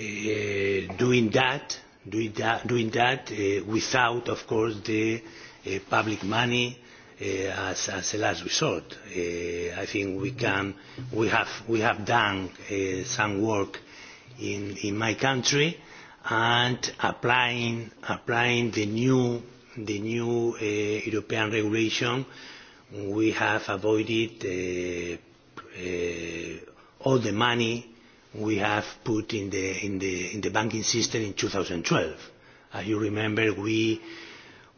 Eh, doing that, doing that, doing that eh, without, of course, the eh, public money as, as a last resort. I think we can, we have, we have done some work in, in my country and applying, applying the new, the new uh, European regulation, we have avoided uh, uh, all the money we have put in the, in the, in the banking system in 2012. As you remember, we,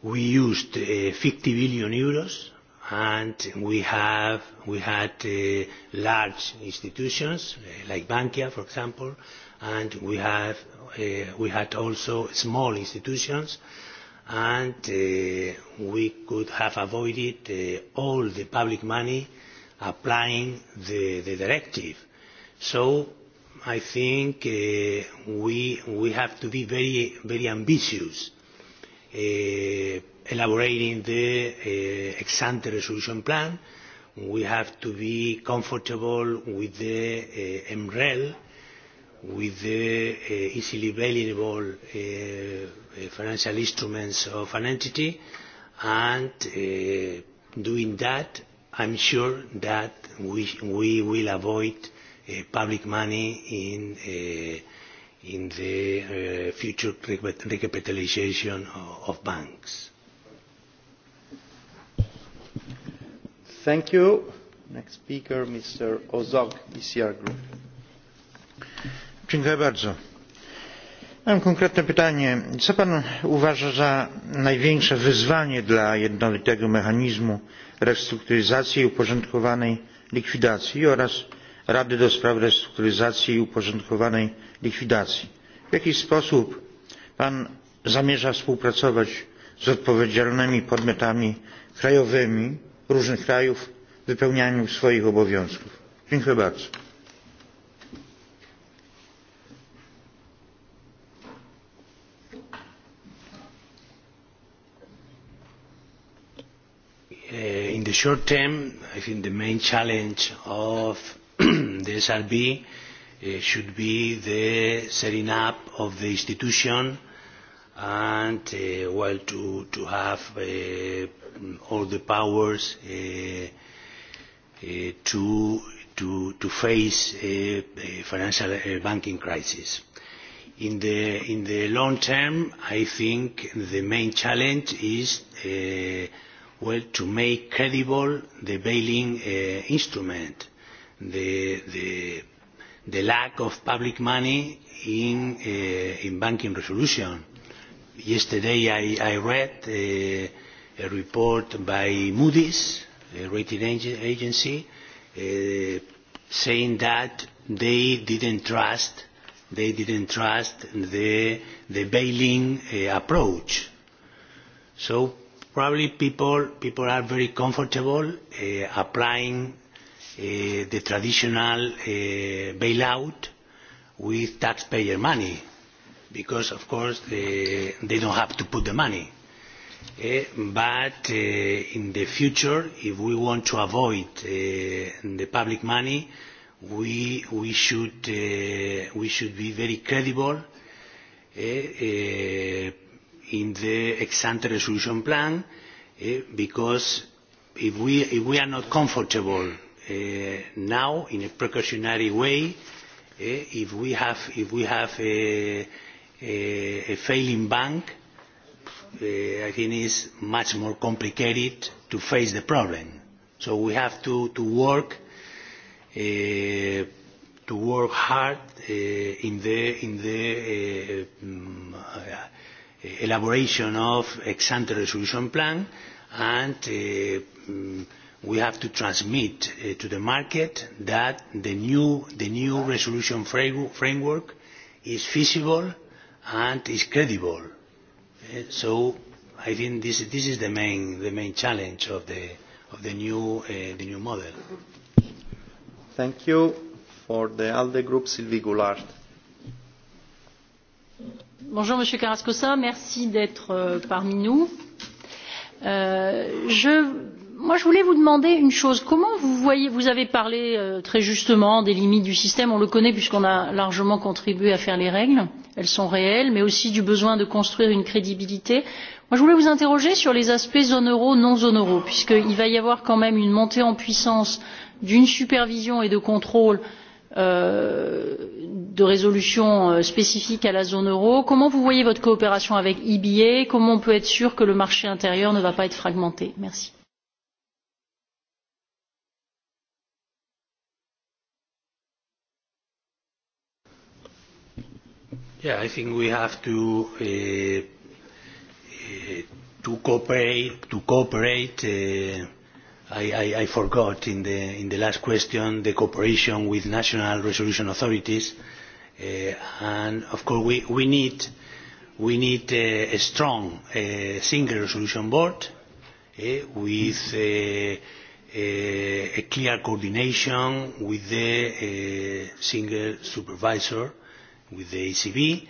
we used uh, 50 billion euros and we, have, we had uh, large institutions uh, like Bankia, for example, and we, have, uh, we had also small institutions and uh, we could have avoided uh, all the public money applying the, the directive. So I think uh, we, we have to be very, very ambitious uh, elaborating the uh, ex-ante resolution plan. We have to be comfortable with the uh, MREL, with the uh, easily available uh, financial instruments of an entity, and uh, doing that, I'm sure that we, we will avoid Eh, public money in uh, in the uh, future recapitalization of banks. Thank you. Next speaker, Mr. Ozog, ECR Group. Dziękuję bardzo. Mam konkretne pytanie. Co Pan uważa za największe wyzwanie dla jednolitego mechanizmu restrukturyzacji i uporządkowanej likwidacji oraz Rady do Spraw Restrukturyzacji i Uporządkowanej Likwidacji. W jaki sposób Pan zamierza współpracować z odpowiedzialnymi podmiotami krajowymi różnych krajów w wypełnianiu swoich obowiązków? Dziękuję bardzo. Uh, in the short term, I think the main challenge of the SRB uh, should be the setting up of the institution and uh, well to to have uh, all the powers uh, uh, to to to face a, a financial a banking crisis. In the in the long term, I think the main challenge is. Uh, well, to make credible the bailing uh, instrument the, lack of public money in, uh, in banking resolution. Yesterday I, I read uh, a report by Moody's, a rating agency, uh, saying that they didn't trust they didn't trust the, the bailing uh, approach. So probably people, people are very comfortable uh, applying Eh, the traditional eh, bailout with taxpayer money because of course they, eh, they don't have to put the money. uh, but uh, in the future, if we want to avoid uh, the public money, we, we, should, uh, we should be very credible in the ex-ante resolution plan because if we, if we are not comfortable Uh, now in a precautionary way uh, if we have, if we have a, a, a failing bank uh, I think it's much more complicated to face the problem. So we have to, to work to work hard uh, in the, in the uh, um, uh, elaboration of ex-ante resolution plan and uh, um, we have to transmit uh, to the market that the new, resolution framework is feasible and is credible. Eh, so I think this, this is the main, the main challenge of the, of the, new, uh, the new model. Thank you. For the ALDE group, Sylvie Bonjour Monsieur Carrascosa, merci d'être euh, parmi nous. Euh, je moi, je voulais vous demander une chose comment vous voyez vous avez parlé euh, très justement des limites du système on le connaît puisqu'on a largement contribué à faire les règles elles sont réelles mais aussi du besoin de construire une crédibilité. Moi, je voulais vous interroger sur les aspects zone euro non zone euro puisqu'il va y avoir quand même une montée en puissance d'une supervision et de contrôle euh, de résolution euh, spécifique à la zone euro. comment vous voyez votre coopération avec eba comment on peut être sûr que le marché intérieur ne va pas être fragmenté? merci. Yeah, I think we have to uh, uh, to cooperate. To cooperate, uh, I, I, I forgot in the in the last question the cooperation with national resolution authorities, uh, and of course we we need we need uh, a strong uh, single resolution board uh, with. Uh, a, uh, a clear coordination with the uh, single supervisor with the ECB,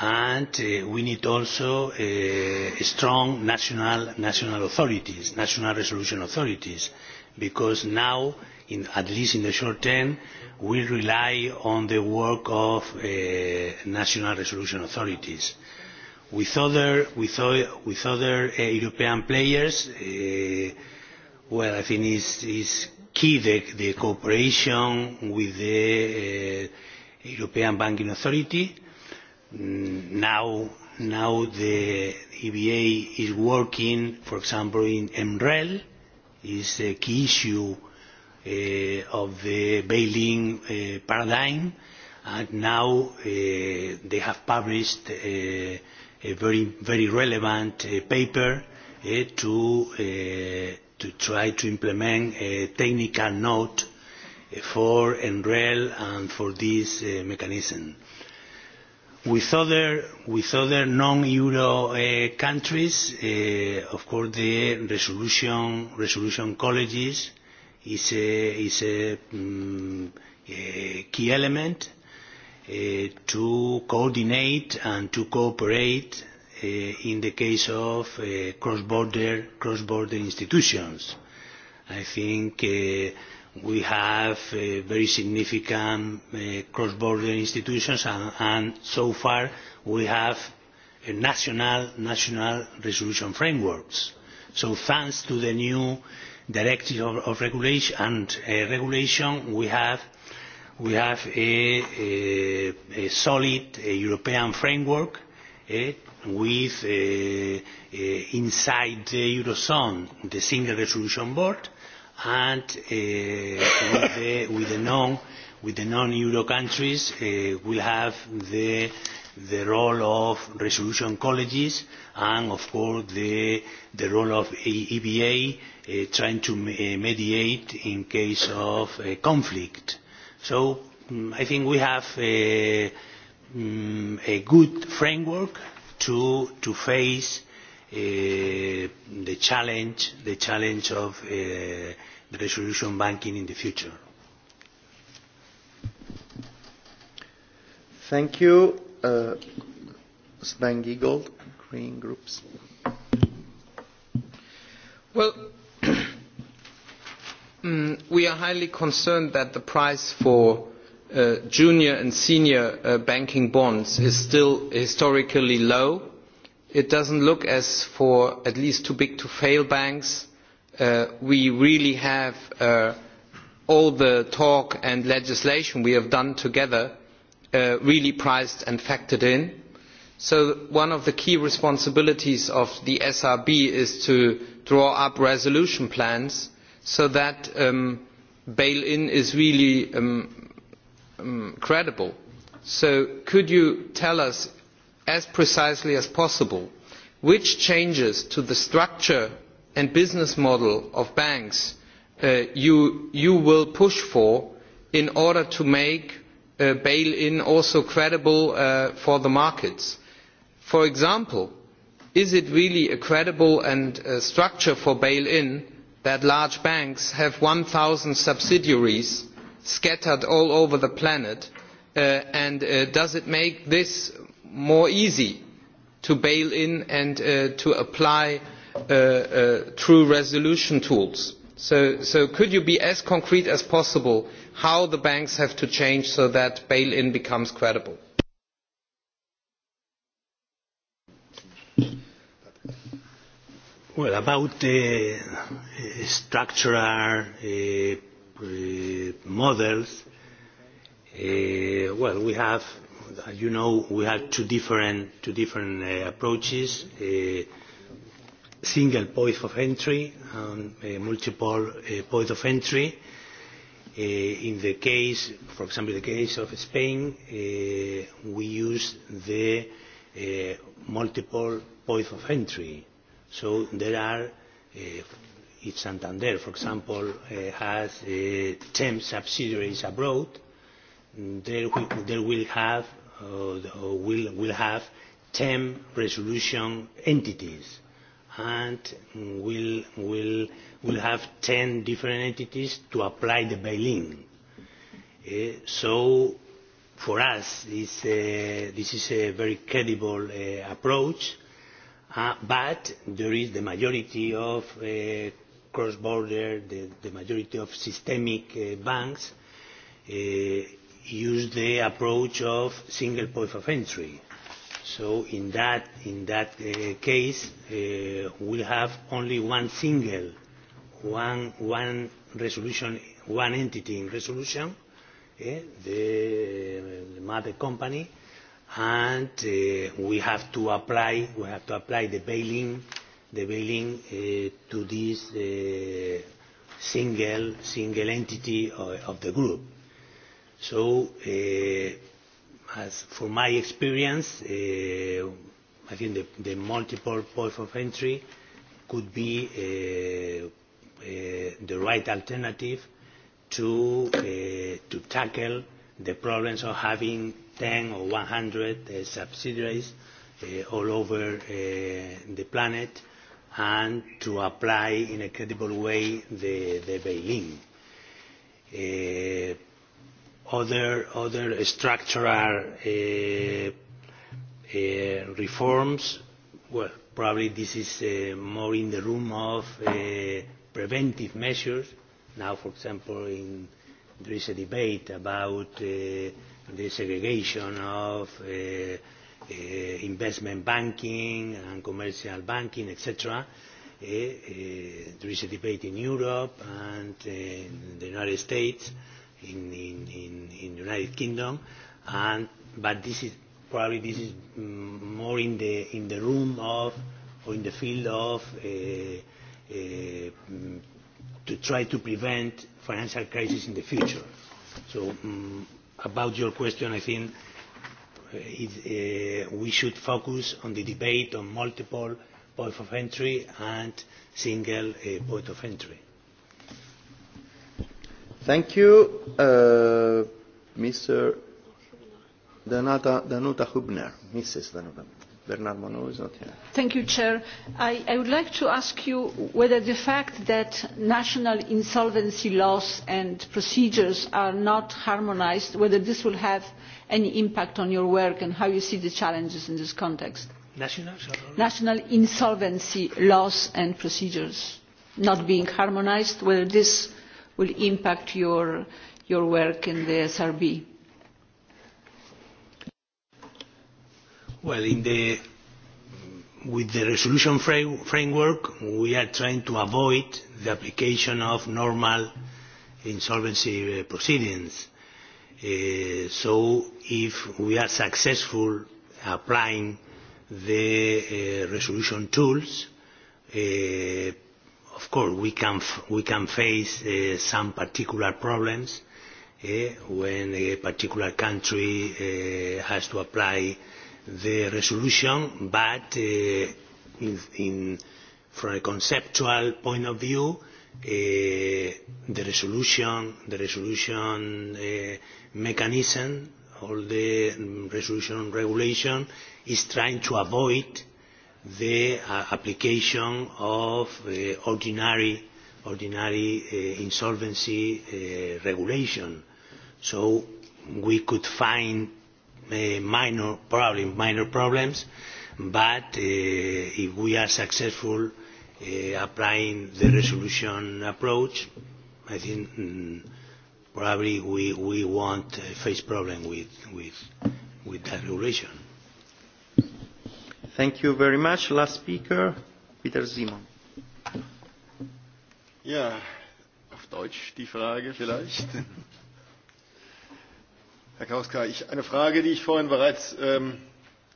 and uh, we need also uh, strong national, national authorities, national resolution authorities, because now, in, at least in the short term, we rely on the work of uh, national resolution authorities. With other, with, with other uh, European players, uh, well, I think it's, it's key the, the cooperation with the uh, European Banking Authority. Mm, now, now the EBA is working, for example, in MREL, is a key issue eh, of the bail-in eh, paradigm. And now eh, they have published a very, very relevant paper to try to implement a technical note for NREL and for this uh, mechanism. With other, with other non-Euro uh, countries, uh, of course, the resolution, resolution colleges is a, is a, um, a key element uh, to coordinate and to cooperate uh, in the case of uh, cross-border cross -border institutions. I think uh, we have uh, very significant uh, cross-border institutions and, and so far we have uh, national, national resolution frameworks. So thanks to the new directive of, of regulation and uh, regulation we have, we have a, a, a solid a uh, European framework uh, with uh, uh, inside the Eurozone the single resolution board and uh, with the, with the non with the non-euro countries uh, will have the, the role of resolution colleges and, of course, the, the role of EBA e uh, trying to uh, mediate in case of a conflict. So um, I think we have a, uh, um, mm, a good framework to, to face Uh, the challenge, the challenge of uh, the resolution banking in the future. Thank you. Uh, Sven Giegold, Green Groups. Well, (clears throat) mm, we are highly concerned that the price for uh, junior and senior uh, banking bonds is still historically low it doesn't look as for at least too big to fail banks uh, we really have uh, all the talk and legislation we have done together uh, really priced and factored in. So one of the key responsibilities of the SRB is to draw up resolution plans so that um, bail-in is really um, um, credible. So could you tell us as precisely as possible which changes to the structure and business model of banks uh, you, will push for in order to make uh, bail in also credible uh, for the markets. For example, is it really a credible and structure for bail in that large banks have 1,000 subsidiaries scattered all over the planet and does it make this more easy to bail in and uh, to apply uh, uh, true resolution tools. So, so could you be as concrete as possible how the banks have to change so that bail in becomes credible? Well, about the uh, structural uh, uh, models, well, we have as uh, you know, we have two different, two different uh, approaches, a uh, single point of entry and a uh, multiple uh, point of entry. Uh, in the case, for example, the case of Spain, uh, we use the uh, multiple point of entry. So there are, uh, if Santander, for example, uh, has uh, 10 subsidiaries abroad, there, we, there will have uh, will will have 10 resolution entities and will will will have 10 different entities to apply the bail-in. Uh, so for us it's, uh, this is a very credible uh, approach uh, but there is the majority of uh, cross-border, the, the majority of systemic uh, banks uh, Use the approach of single point of entry. So in that, in that uh, case, uh, we'll have only one single, one, one resolution, one entity in resolution, yeah, the, the mother company, and uh, we have to apply, we have to apply the bailing the bailing uh, to this uh, single, single entity of, uh, of the group So, uh, as for my experience, uh, I think the, the multiple points of entry could be uh, uh, the right alternative to, uh, to tackle the problems of having 10 or 100 uh, subsidiaries uh, all over uh, the planet and to apply in a credible way the, the bail-in. Uh, other, other structural uh, uh, reforms, well, probably this is uh, more in the room of uh, preventive measures. Now, for example, in, there is a debate about uh, the segregation of uh, uh, investment banking and commercial banking, etc. Uh, uh, there is a debate in Europe and uh, in the United States in, in, in, in United Kingdom, and but this is probably this is more in the in the room of or in the field of uh, uh, to try to prevent financial crisis in the future. So um, about your question, I think uh, it, uh, we should focus on the debate on multiple points of entry and single uh, point of entry Thank you, uh, Mr. Danuta Hubner, Mrs. Danuta. Bernard Monod is not here. Thank you, Chair. I, I would like to ask you whether the fact that national insolvency laws and procedures are not harmonized, whether this will have any impact on your work and how you see the challenges in this context. National, national insolvency laws and procedures not being harmonized, whether this will impact your, your work in the SRB? Well, in the, with the resolution frame, framework, we are trying to avoid the application of normal insolvency uh, proceedings. Uh, so if we are successful applying the uh, resolution tools, uh, of course we can we can face uh, some particular problems uh, when a particular country uh, has to apply the resolution but uh, in, in, from a conceptual point of view uh, the resolution the resolution uh, mechanism all the mm, resolution regulation is trying to avoid uh, the uh, application of uh, ordinary, ordinary uh, insolvency uh, regulation. So we could find uh, minor, problem, minor problems, but uh, if we are successful uh, applying the resolution approach, I think um, probably we, we won't face problem with, with, with that regulation. Thank you very much. Last speaker, Peter Simon. Ja, auf Deutsch die Frage vielleicht. (laughs) Herr Kauska, ich, eine Frage, die ich vorhin bereits ähm,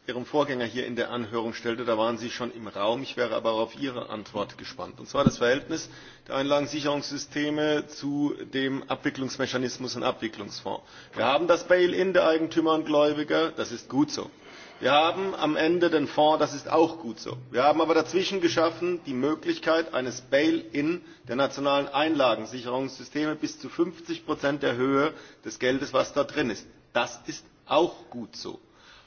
Ihrem Vorgänger hier in der Anhörung stellte, da waren Sie schon im Raum. Ich wäre aber auf Ihre Antwort gespannt. Und zwar das Verhältnis der Einlagensicherungssysteme zu dem Abwicklungsmechanismus und Abwicklungsfonds. Wir haben das Bail-in der Eigentümer und Gläubiger. Das ist gut so wir haben am ende den fonds das ist auch gut so. wir haben aber dazwischen geschaffen die möglichkeit eines bail in der nationalen einlagensicherungssysteme bis zu fünfzig der höhe des geldes das da drin ist. das ist auch gut so.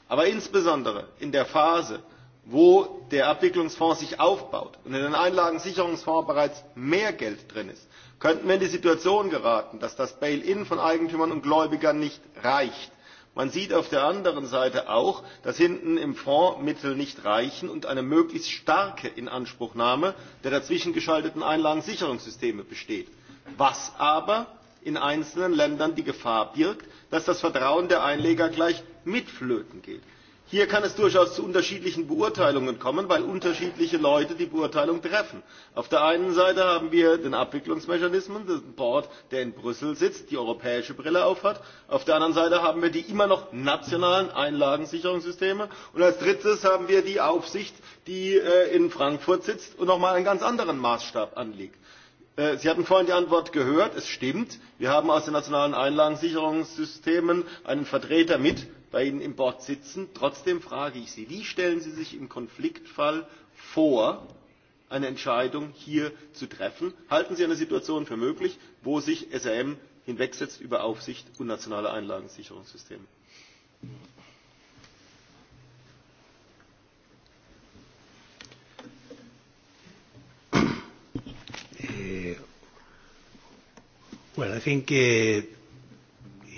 aber insbesondere in der phase wo der abwicklungsfonds sich aufbaut und in den einlagensicherungsfonds bereits mehr geld drin ist könnten wir in die situation geraten dass das bail in von eigentümern und gläubigern nicht reicht man sieht auf der anderen seite auch dass hinten im fonds mittel nicht reichen und eine möglichst starke inanspruchnahme der dazwischengeschalteten einlagensicherungssysteme besteht was aber in einzelnen ländern die gefahr birgt dass das vertrauen der einleger gleich mit flöten geht hier kann es durchaus zu unterschiedlichen beurteilungen kommen weil unterschiedliche leute die beurteilung treffen. auf der einen seite haben wir den abwicklungsmechanismus den board der in brüssel sitzt die europäische brille aufhat auf der anderen seite haben wir die immer noch nationalen einlagensicherungssysteme und als drittes haben wir die aufsicht die äh, in frankfurt sitzt und noch einmal einen ganz anderen maßstab anlegt. Äh, Sie hatten vorhin die Antwort gehört. Es stimmt, wir haben aus den nationalen Einlagensicherungssystemen einen Vertreter mit bei Ihnen im Board sitzen. Trotzdem frage ich Sie, wie stellen Sie sich im Konfliktfall vor, eine Entscheidung hier zu treffen? Halten Sie eine Situation für möglich, wo sich sam hinwegsetzt über Aufsicht und nationale Einlagensicherungssysteme? Well,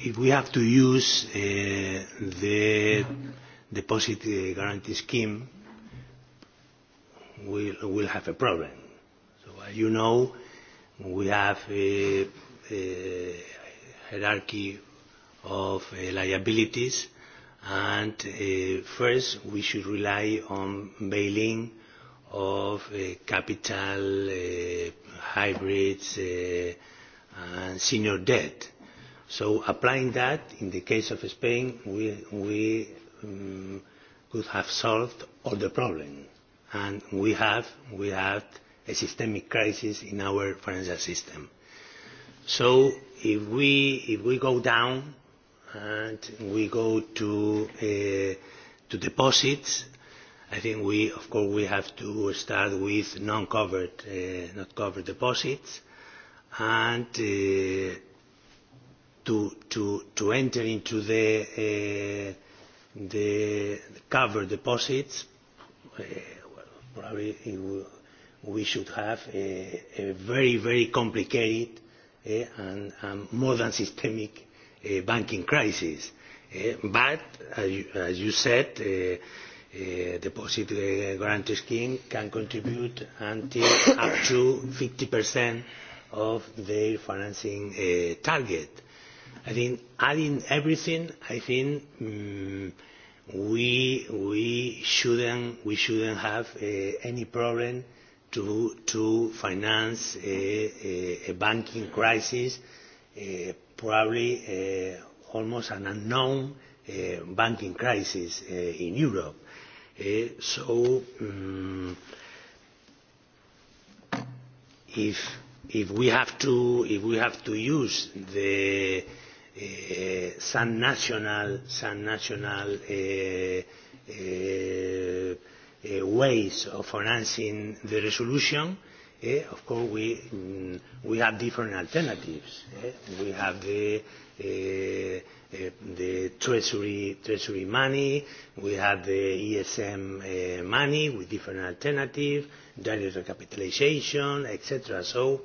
if we have to use uh, the deposit uh, guarantee scheme, we'll, we'll have a problem. So as you know, we have a, a hierarchy of uh, liabilities, and uh, first we should rely on bailing of uh, capital, uh, hybrids, uh, and senior debt So applying that, in the case of Spain, we, we um, could have solved all the problem. And we have, we have a systemic crisis in our financial system. So if we, if we go down and we go to, uh, to deposits, I think we, of course, we have to start with non-covered, uh, not covered deposits. And uh, to, to, to enter into the, uh, the cover deposits. Uh, well, probably it we should have a, a very, very complicated uh, and, and more than systemic uh, banking crisis. Uh, but, as you, as you said, uh, uh, deposit uh, guarantee scheme can contribute until up to 50% of their financing uh, target I think adding everything, I think um, we we shouldn't we shouldn't have uh, any problem to to finance a, a, a banking crisis, uh, probably uh, almost an unknown uh, banking crisis uh, in Europe. Uh, so um, if if we have to if we have to use the eh, National, San National eh, eh, uh, ways of financing the resolution, eh, of course we, mm, we have different alternatives. Eh? We have the, uh, uh, the treasury, treasury money, we have the ESM uh, money with different alternatives, direct recapitalization, etc. So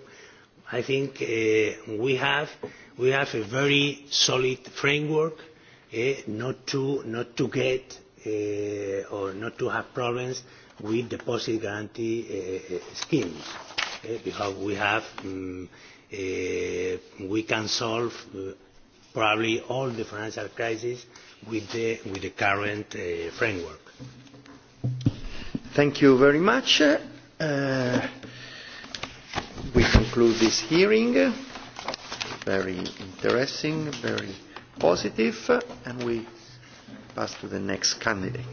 I think uh, we have we have a very solid framework eh, not, to, not to get eh, or not to have problems with deposit guarantee eh, eh schemes eh, because we have mm, eh, we can solve uh, probably all the financial crises with the, with the current uh, framework. Thank you very much. Uh, we conclude this hearing very interesting, very positive, and we pass to the next candidate.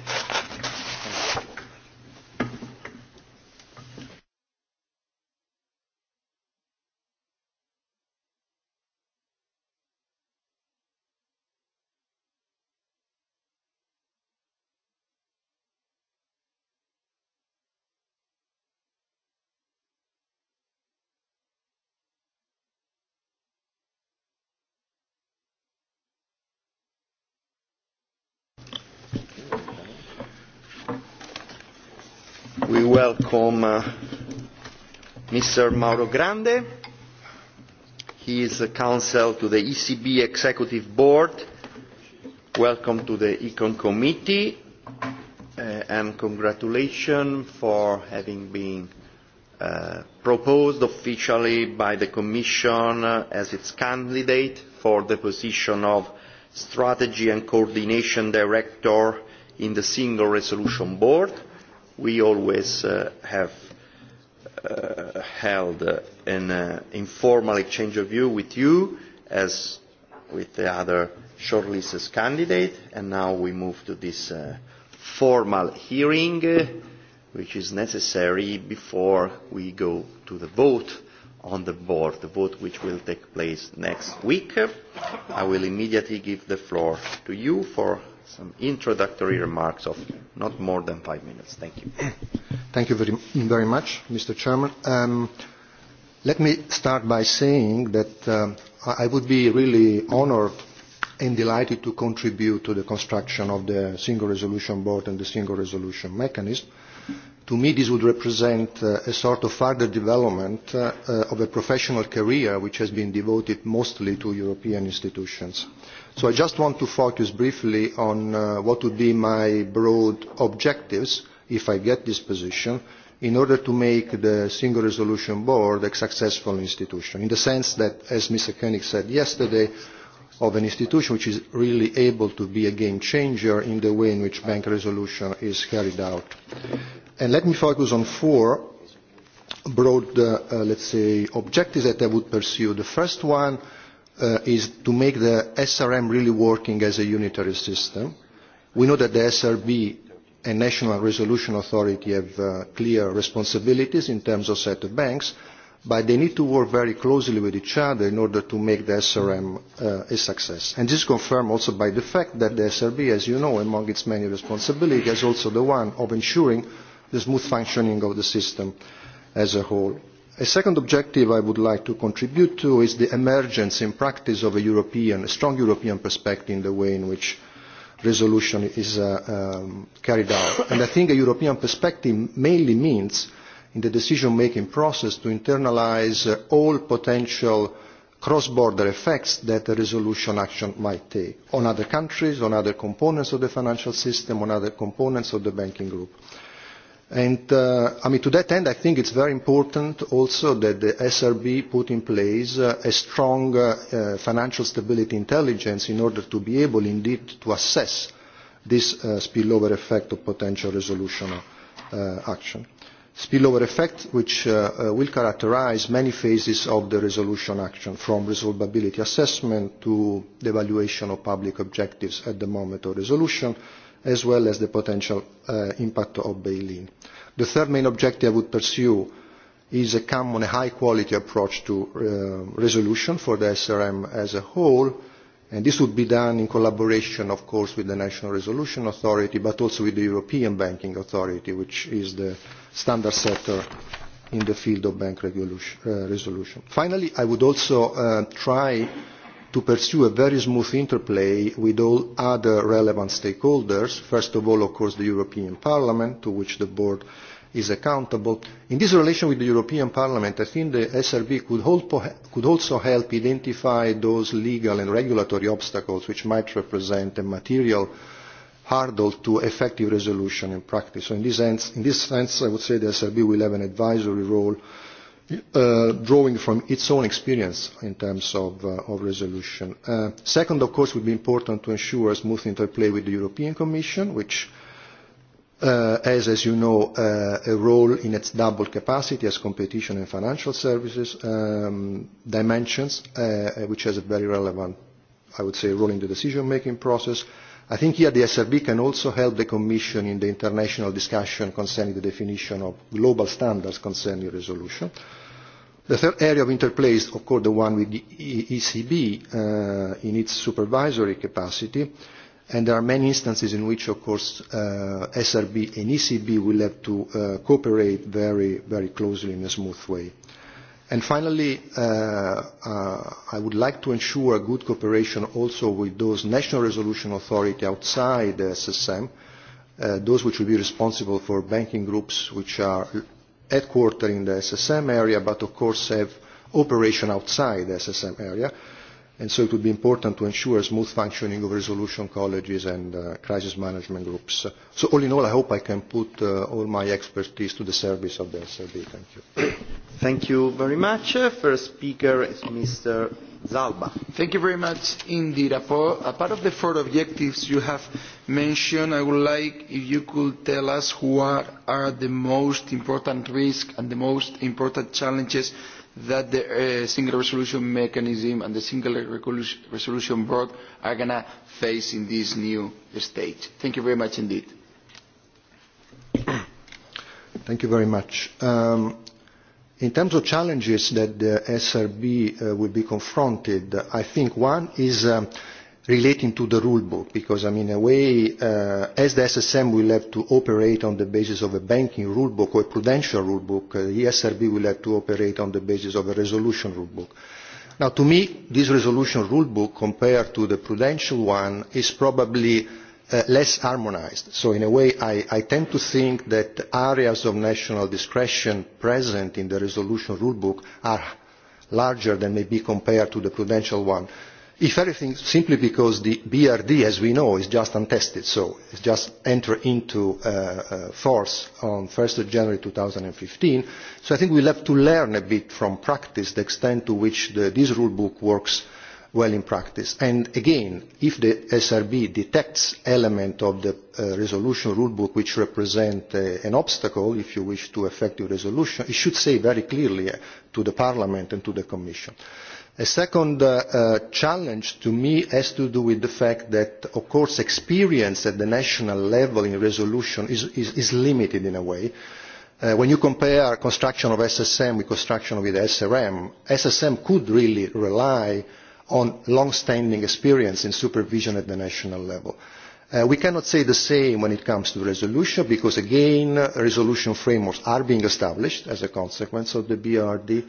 welcome uh, Mr. Mauro Grande. He is a counsel to the ECB Executive Board. Welcome to the Econ Committee uh, and congratulations for having been uh, proposed officially by the Commission uh, as its candidate for the position of Strategy and Coordination Director in the Single Resolution Board we always uh, have uh, held uh, an uh, informal exchange of view with you as with the other shortlisted candidate and now we move to this uh, formal hearing uh, which is necessary before we go to the vote on the board, the vote which will take place next week. I will immediately give the floor to you for some introductory remarks of not more than five minutes. Thank you. Thank you very, very much, Mr. Chairman. Um, let me start by saying that um, I would be really honored and delighted to contribute to the construction of the Single Resolution Board and the Single Resolution Mechanism. To me, this would represent uh, a sort of further development uh, uh, of a professional career which has been devoted mostly to European institutions. Uh, So I just want to focus briefly on uh, what would be my broad objectives if I get this position in order to make the Single Resolution Board a successful institution, in the sense that, as Mr. Koenig said yesterday, of an institution which is really able to be a game changer in the way in which bank resolution is carried out. And let me focus on four broad, uh, uh, let's say, objectives that I would pursue. The first one uh, is to make the SRM really working as a unitary system. We know that the SRB and National Resolution Authority have uh, clear responsibilities in terms of set of banks, but they need to work very closely with each other in order to make the SRM uh, a success. And this is confirmed also by the fact that the SRB, as you know, among its many responsibilities, is also the one of ensuring the smooth functioning of the system as a whole. A second objective I would like to contribute to is the emergence in practice of a, European, a strong European perspective in the way in which resolution is uh, um, carried out. And I think a European perspective mainly means in the decision-making process to internalize uh, all potential cross-border effects that a resolution action might take on other countries, on other components of the financial system, on other components of the banking group. Uh, And, uh, I mean, to that end, I think it's very important also that the SRB put in place uh, a strong uh, uh, financial stability intelligence in order to be able indeed to assess this uh, spillover effect of potential resolution uh, action. Spillover effect which will characterise many phases of the resolution action, from resolvability assessment to the evaluation of public objectives at the moment of resolution, uh, as well as the potential uh, impact of bail-in. The third main objective I would pursue is a common high-quality approach to uh, resolution for the SRM as a whole, and this would be done in collaboration, of course, with the National Resolution Authority, but also with the European Banking Authority, which is the standard setter in the field of bank uh, resolution. Finally, I would also uh, try to pursue a very smooth interplay with all other relevant stakeholders, first of all, of course, the European Parliament, to which the Board is accountable. In this relation with the European Parliament, I think the SRB could, also help identify those legal and regulatory obstacles which might represent a material hurdle to effective resolution in practice. So in this, sense, in this sense, I would say the SRB will have an advisory role Uh, drawing from its own experience in terms of, uh, of resolution. Uh, second, of course, would be important to ensure a smooth interplay with the European Commission, which uh, has, as you know, uh, a role in its double capacity as competition and financial services um, dimensions, uh, which has a very relevant, I would say, role in the decision-making process. Uh, I think here the SRB can also help the Commission in the international discussion concerning the definition of global standards concerning resolution. The third area of interplay is, of course, the one with the ECB e uh, in its supervisory capacity. And there are many instances in which, of course, uh, SRB and ECB will have to uh, cooperate very, very closely in a smooth way. And finally, uh, uh, I would like to ensure good cooperation also with those national resolution authority outside the uh, SSM, uh, those which will be responsible for banking groups which are headquartered in the SSM area, but of course have operation outside the SSM area. Uh, and so it would be important to ensure smooth functioning of resolution colleges and uh, crisis management groups. So all in all, I hope I can put uh, all my expertise to the service of the SRB. Thank you. Thank you very much. Uh, first speaker is Mr. Zalba. Thank you very much indeed. A part of the four objectives you have mentioned, I would like if you could tell us what are the most important risks and the most important challenges that the uh, single resolution mechanism and the single resolution board are going to face in this new stage. Thank you very much indeed. Thank you very much. Um, in terms of challenges that the SRB uh, will be confronted, I think one is um, uh, relating to the rule book because I mean in a way uh, as the SSM will have to operate on the basis of a banking rule book or prudential rule book uh, the SRB will have to operate on the basis of a resolution rule book now to me this resolution rule book compared to the prudential one is probably uh, less harmonized so in a way I, I tend to think that areas of national discretion present in the resolution rule book are larger than may be compared to the prudential one if everything simply because the brd as we know is just untested so it just entered into uh, uh, force on one january two thousand and fifteen so i think we will have to learn a bit from practice the extent to which the, this rule book works well in practice and again if the srb detects elements of the uh, resolution rule book which represent uh, an obstacle if you wish to effective resolution it should say very clearly uh, to the parliament and to the commission a second uh, uh, challenge to me has to do with the fact that of course experience at the national level in resolution is, is, is limited in a way. Uh, when you compare construction of SSM with construction with SRM, SSM could really rely on long-standing experience in supervision at the national level. Uh, we cannot say the same when it comes to resolution because again, resolution frameworks are being established as a consequence of the BRD.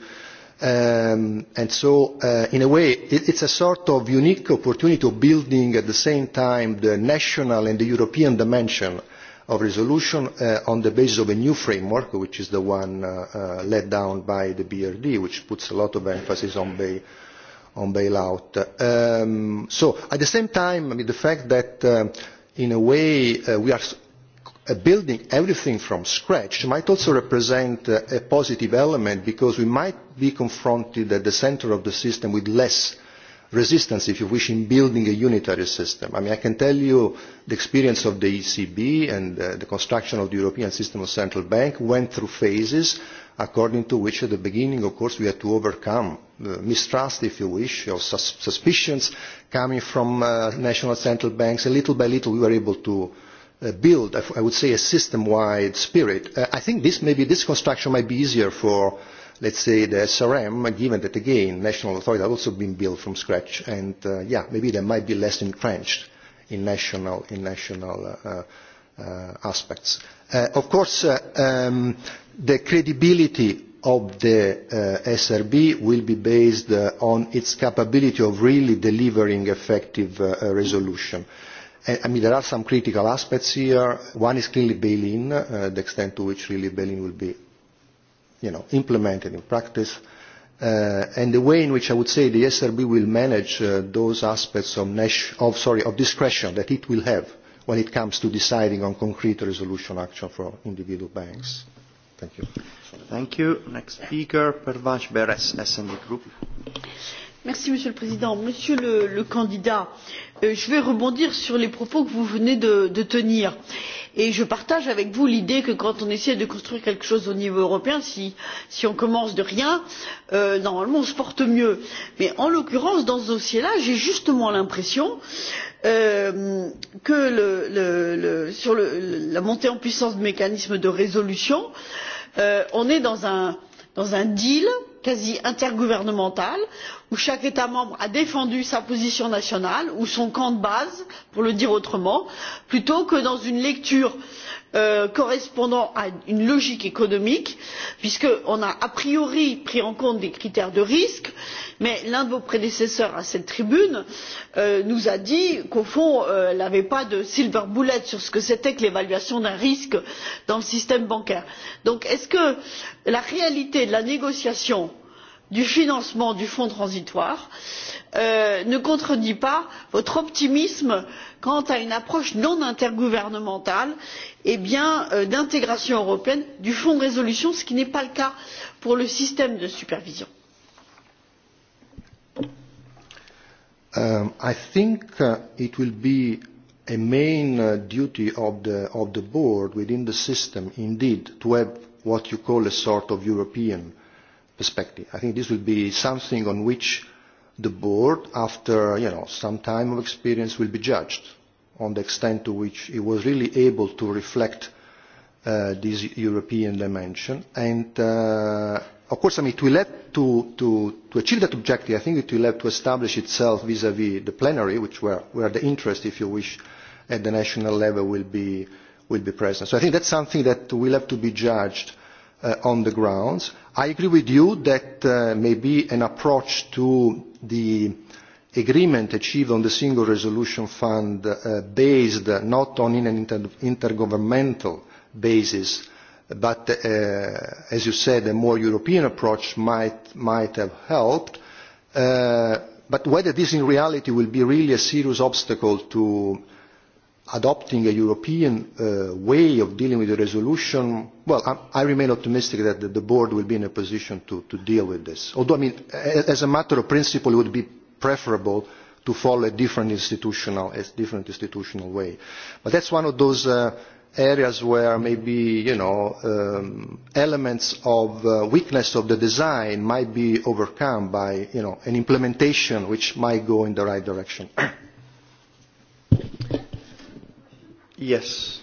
Um, and so, uh, in a way, it, it's a sort of unique opportunity of building at the same time the national and the European dimension of resolution uh, on the basis of a new framework, which is the one uh, uh, led down by the BRD, which puts a lot of emphasis on bail on bailout. Um, so, at the same time, I mean, the fact that, uh, in a way, uh, we are building everything from scratch might also represent uh, a positive element because we might be confronted at the centre of the system with less resistance, if you wish, in building a unitary system. I mean, I can tell you the experience of the ECB and uh, the construction of the European System of Central Bank went through phases according to which at the beginning, of course, we had to overcome uh, mistrust, if you wish, or sus suspicions coming from uh, national central banks. And little by little, we were able to Uh, build, I would say, a system-wide spirit. Uh, I think this maybe this construction might be easier for, let's say, the SRM, given that again national authorities have also been built from scratch, and uh, yeah, maybe they might be less entrenched in national in national uh, uh, aspects. Uh, of course, uh, um, the credibility of the uh, SRB will be based uh, on its capability of really delivering effective uh, resolution. Uh, I mean, there are some critical aspects here. One is clearly bail-in, uh, the extent to which really bail-in will be, you know, implemented in practice, uh, and the way in which I would say the SRB will manage uh, those aspects of, Nash, of, sorry, of discretion that it will have when it comes to deciding on concrete resolution action for individual banks. Thank you. Thank you. Next speaker, Pervash Beres, SND Group monsieur le président monsieur le candidat euh, je vais rebondir sur les propos que vous venez de tenir et je partage avec vous l'idée que quand on essaie de construire quelque chose au niveau européen si on commence de rien euh, normalement on se porte mieux. mais en l'occurrence dans ce dossier là j'ai justement l'impression euh, que sur la montée en puissance du mécanisme de résolution on est dans un dans un deal quasi intergouvernemental où chaque état membre a défendu sa position nationale ou son camp de base pour le dire autrement plutôt que dans une lecture Euh, correspondant à une logique économique puisqu'on a a priori pris en compte des critères de risque mais l'un de vos prédécesseurs à cette tribune euh, nous a dit qu'au fond il euh, n'avait pas de silver bullet sur ce que c'était que l'évaluation d'un risque dans le système bancaire. donc est ce que la réalité de la négociation du financement du fonds transitoire ne contredit pas votre optimisme quant à une approche non intergouvernementale et Eh euh, d'intégration européenne du fonds de résolution ce qui n'est pas le cas pour le système de supervision. Um, i think uh, it will be a main uh, duty of the, of the board within the system indeed to have what you call a sort of european perspective. i think this will be something on which the board after you know, some time of experience will be judged on the extent to which it was really able to reflect uh, this European dimension. And uh, of course, I mean, it will have to, to, to achieve that objective, I think it will have to establish itself vis-à-vis -vis the plenary, which where, where the interest, if you wish, at the national level will be, will be present. So I think that's something that will have to be judged uh, on the grounds. I agree with you that uh, maybe an approach to the agreement achieved on the single resolution fund uh, based not on an inter intergovernmental basis but uh, as you said a more european approach might might have helped uh, but whether this in reality will be really a serious obstacle to adopting a european uh, way of dealing with the resolution well I, i remain optimistic that the board will be in a position to, to deal with this although i mean as a matter of principle it would be preferable to follow a different institutional, a different institutional way. But that's one of those uh, areas where maybe you know um, elements of uh, weakness of the design might be overcome by you know an implementation which might go in the right direction. (coughs) yes.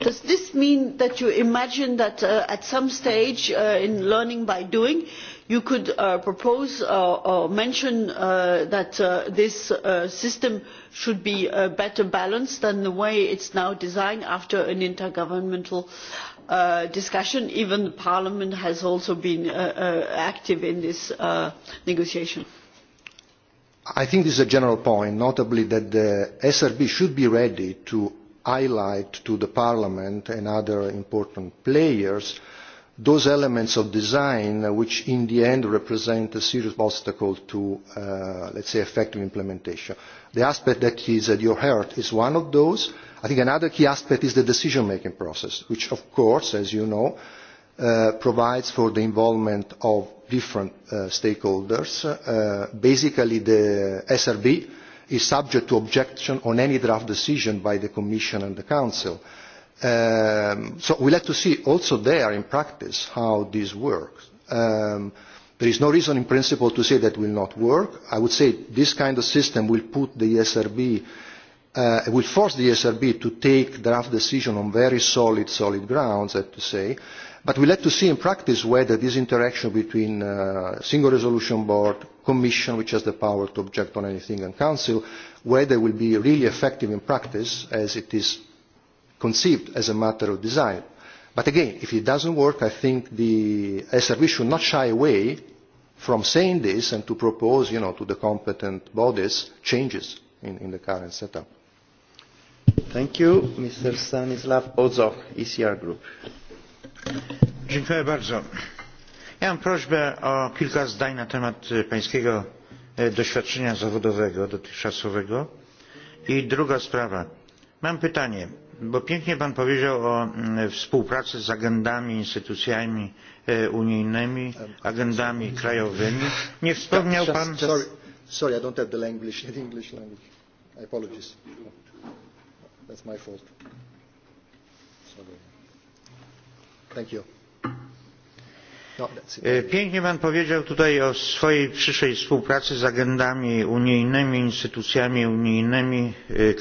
Does this mean that you imagine that uh, at some stage uh, in learning by doing, you could uh, propose uh, or mention uh, that this system should be better balanced than the way it is now designed after an intergovernmental discussion. even parliament has also been active in this negotiation. i think this is a general point notably that the srb should be ready to highlight to parliament and other important players those elements of design uh, which in the end represent a serious obstacle to, uh, let's say, effective implementation. The aspect that is at your heart is one of those. I think another key aspect is the decision-making process, which of course, as you know, uh, provides for the involvement of different uh, stakeholders. Uh, basically, the SRB is subject to objection on any draft decision by the Commission and the Council. Um, so we'll like to see also there in practice how this works. Um, there is no reason in principle to say that will not work. I would say this kind of system will put the ESRB, uh, will force the ESRB to take draft decision on very solid, solid grounds, I have to say. But we'll like to see in practice whether this interaction between uh, single resolution board, commission, which has the power to object on anything, and council, whether it will be really effective in practice as it is conceived as a matter of design. But again, if it doesn't work, I think the SRB should not shy away from saying this and to propose you know, to the competent bodies changes in, in the current setup. Thank you. Mr. Stanislav Ozok, ECR Group. Dziękuję bardzo. Ja mam prośbę o kilka zdań na temat e, pańskiego e, doświadczenia zawodowego dotychczasowego. I druga sprawa. Mam pytanie bo pięknie pan powiedział o mm, współpracy z agendami instytucjami e, unijnymi e, agendami krajowymi nie (laughs) wspomniał pan sorry i don't have the language (laughs) the english language i that's my fault sorry thank you e, Pięknie Pan powiedział tutaj o swojej przyszłej współpracy z agendami unijnymi, instytucjami unijnymi,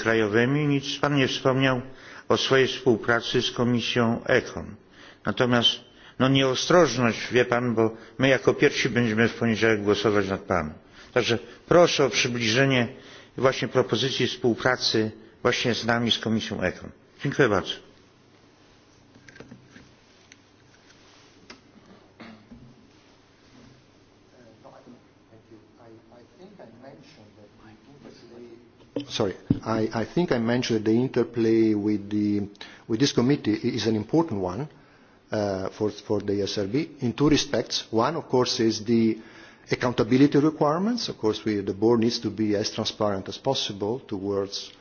krajowymi. Nic Pan nie wspomniał o swojej współpracy z komisją econ. natomiast nieostrożność wie pan bo my jako pierwsi będziemy w poniedziałek głosować nad panem. także proszę o przybliżenie właśnie propozycji współpracy właśnie z nami z komisją econ. dziękuję bardzo. sorry, I, I think I mentioned that the interplay with, the, with this committee is an important one uh, for, for the ESRB in two respects. One, of course, is the accountability requirements. Of course, we, the board needs to be as transparent as possible towards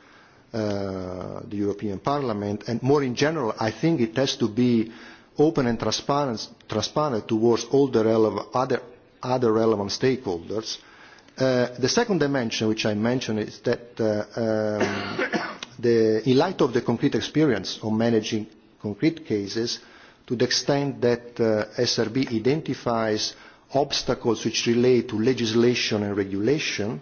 uh, the European Parliament. And more in general, I think it has to be open and transparent, transparent towards all the relevant, other, other relevant stakeholders Uh, the second dimension which I mentioned is that uh, um, (coughs) the, in light of the concrete experience of managing concrete cases, to the extent that uh, SRB identifies obstacles which relate to legislation and regulation,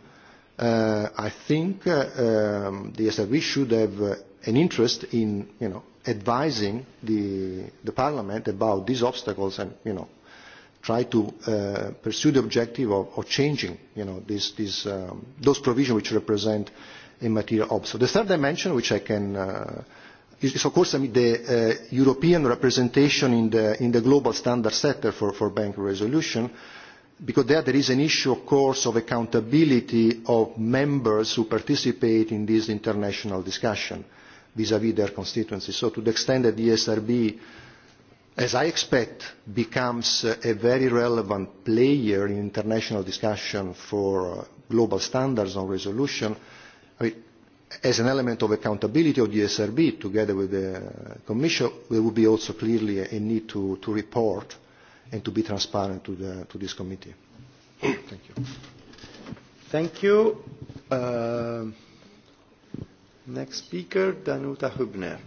uh, I think uh, um, the SRB should have uh, an interest in you know, advising the, the Parliament about these obstacles and you know, try to uh, pursue the objective of, of changing you know, this, this, um, those provisions which represent a material obstacle. The third dimension, which I can, uh, is, is of course I mean, the uh, European representation in the, in the global standard setter for, for bank resolution, because there, there is an issue, of course, of accountability of members who participate in this international discussion vis-à-vis -vis their constituencies. So to the extent that the ESRB as I expect, becomes a very relevant player in international discussion for uh, global standards on resolution, I mean, as an element of accountability of the SRB together with the Commission, there will be also clearly a need to, to report and to be transparent to, the, to this committee. Thank you. Thank you. Uh, next speaker, Danuta Hübner.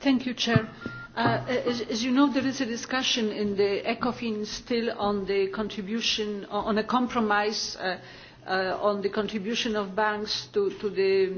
Thank you, Chair. Uh, uh, as, you know, there is a discussion in the ECOFIN still on the contribution, on a compromise uh, uh, on the contribution of banks to, to the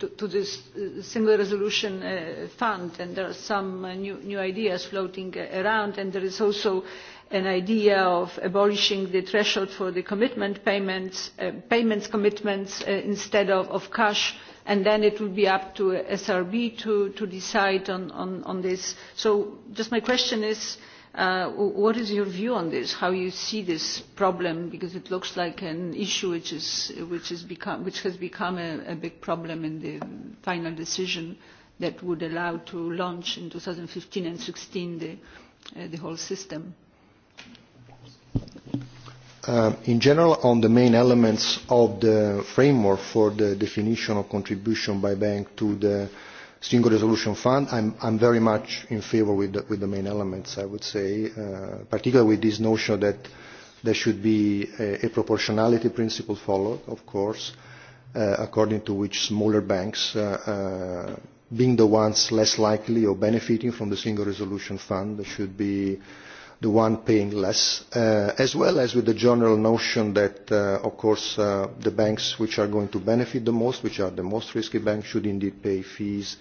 to, to this uh, single resolution uh, fund and there are some uh, new, new ideas floating around and there is also an idea of abolishing the threshold for the commitment payments, uh, payments commitments uh, instead of, of cash and then it will be up to the SRB to, decide on, this. So my question is, uh, what is your view on this? How you see this problem? Because it looks like an issue which, has become a, big problem in the final decision that would allow to launch in two thousand and fifteen and two thousand and sixteen the uh, whole system. Uh, in general, on the main elements of the framework for the definition of contribution by bank to the single resolution fund, I'm, I'm very much in favor with the, with the main elements, I would say, uh, particularly with this notion that there should be a, a proportionality principle followed, of course, uh, according to which smaller banks, uh, uh, being the ones less likely or benefiting from the single resolution fund, should be uh, the one paying less, uh, as well as with the general notion that, uh, of course, uh, the banks which are going to benefit the most, which are the most risky banks, should indeed pay fees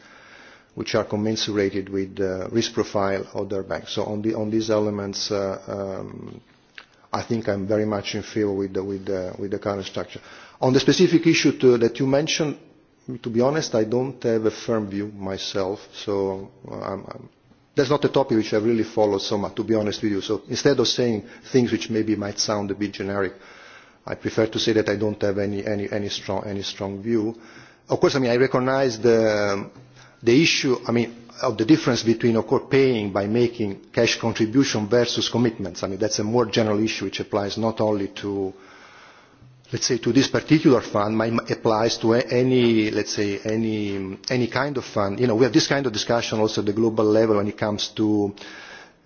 which are commensurate with the uh, risk profile of their banks. So on, the, on these elements, uh, um, I think I'm very much in favor with the, with the, with the current structure. On the specific issue to, that you mentioned, to be honest, I don't have a firm view myself, so uh, I'm, I'm That's not a topic which I really followed so much, to be honest with you. So instead of saying things which maybe might sound a bit generic, I prefer to say that I don't have any, any, any, strong, any strong view. Of course, I mean, I recognize the, the issue, I mean, of the difference between, of course, paying by making cash contribution versus commitments. I mean, that's a more general issue which applies not only to uh, let's say, to this particular fund might applies to any, let's say, any, any kind of fund. You know, we have this kind of discussion also at the global level when it comes to,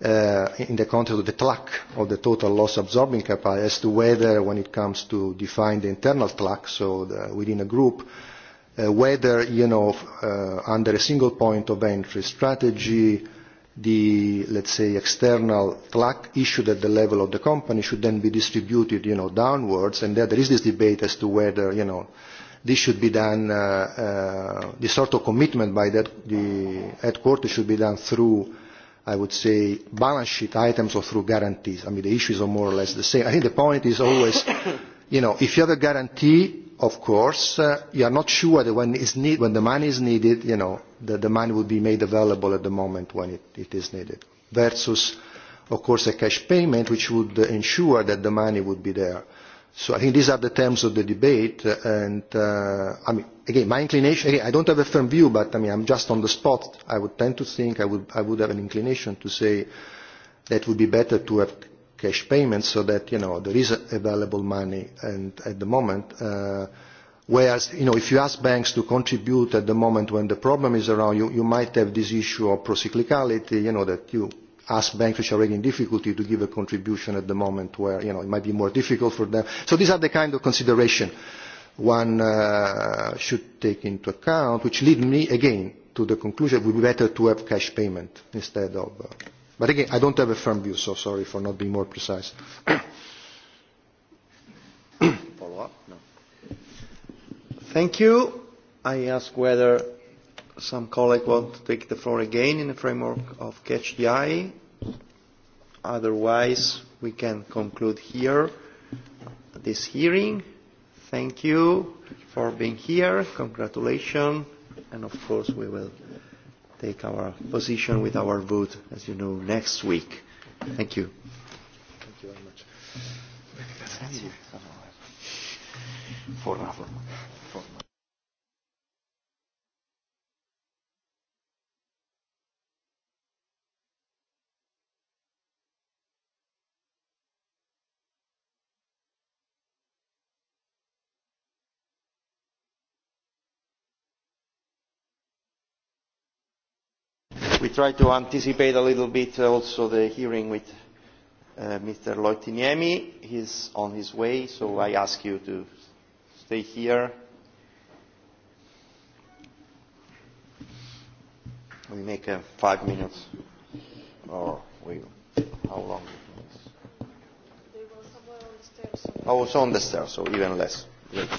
uh, in the context of the TLAC, or the total loss absorbing capacity, as to whether when it comes to define the internal TLAC, so the, within a group, uh, whether, you know, uh, under a single point of entry strategy, the, let's say, external clock issued at the level of the company should then be distributed, you know, downwards. And there, there is this debate as to whether, you know, this should be done, uh, uh, this sort of commitment by that, the headquarters should be done through, I would say, balance sheet items or through guarantees. I mean, the issues are more or less the same. I think the point is always, (coughs) you know, if you have a guarantee, of course, uh, you are not sure that when, it's need, when the money is needed, you know, that the money will be made available at the moment when it, it is needed, versus, of course, a cash payment which would ensure that the money would be there. So I think these are the terms of the debate, uh, and uh, I mean, again, my inclination, again, I don't have a firm view, but I mean, I'm just on the spot. I would tend to think, I would, I would have an inclination to say that would be better to have cash payments so that you know there is available money and at the moment uh, whereas you know if you ask banks to contribute at the moment when the problem is around you you might have this issue of procyclicality you know that you ask banks which are already in difficulty to give a contribution at the moment where you know it might be more difficult for them so these are the kind of consideration one uh, should take into account which lead me again to the conclusion it would be better to have cash payment instead of uh, But again, I don't have a firm view, so sorry for not being more precise. (coughs) Follow up? No. Thank you. I ask whether some colleague want to take the floor again in the framework of Catch the Eye. Otherwise, we can conclude here this hearing. Thank you for being here. Congratulations. And of course, we will take our position with our vote, as you know, next week. Thank you. Thank you very much. Grazie. Forma, forma. we try to anticipate a little bit also the hearing with uh, Mr. Loitiniemi. He's on his way, so I ask you to stay here. We make a five minutes, or we, how long? It was? They were somewhere on the stairs. Oh, so on the stairs, so even less. Great.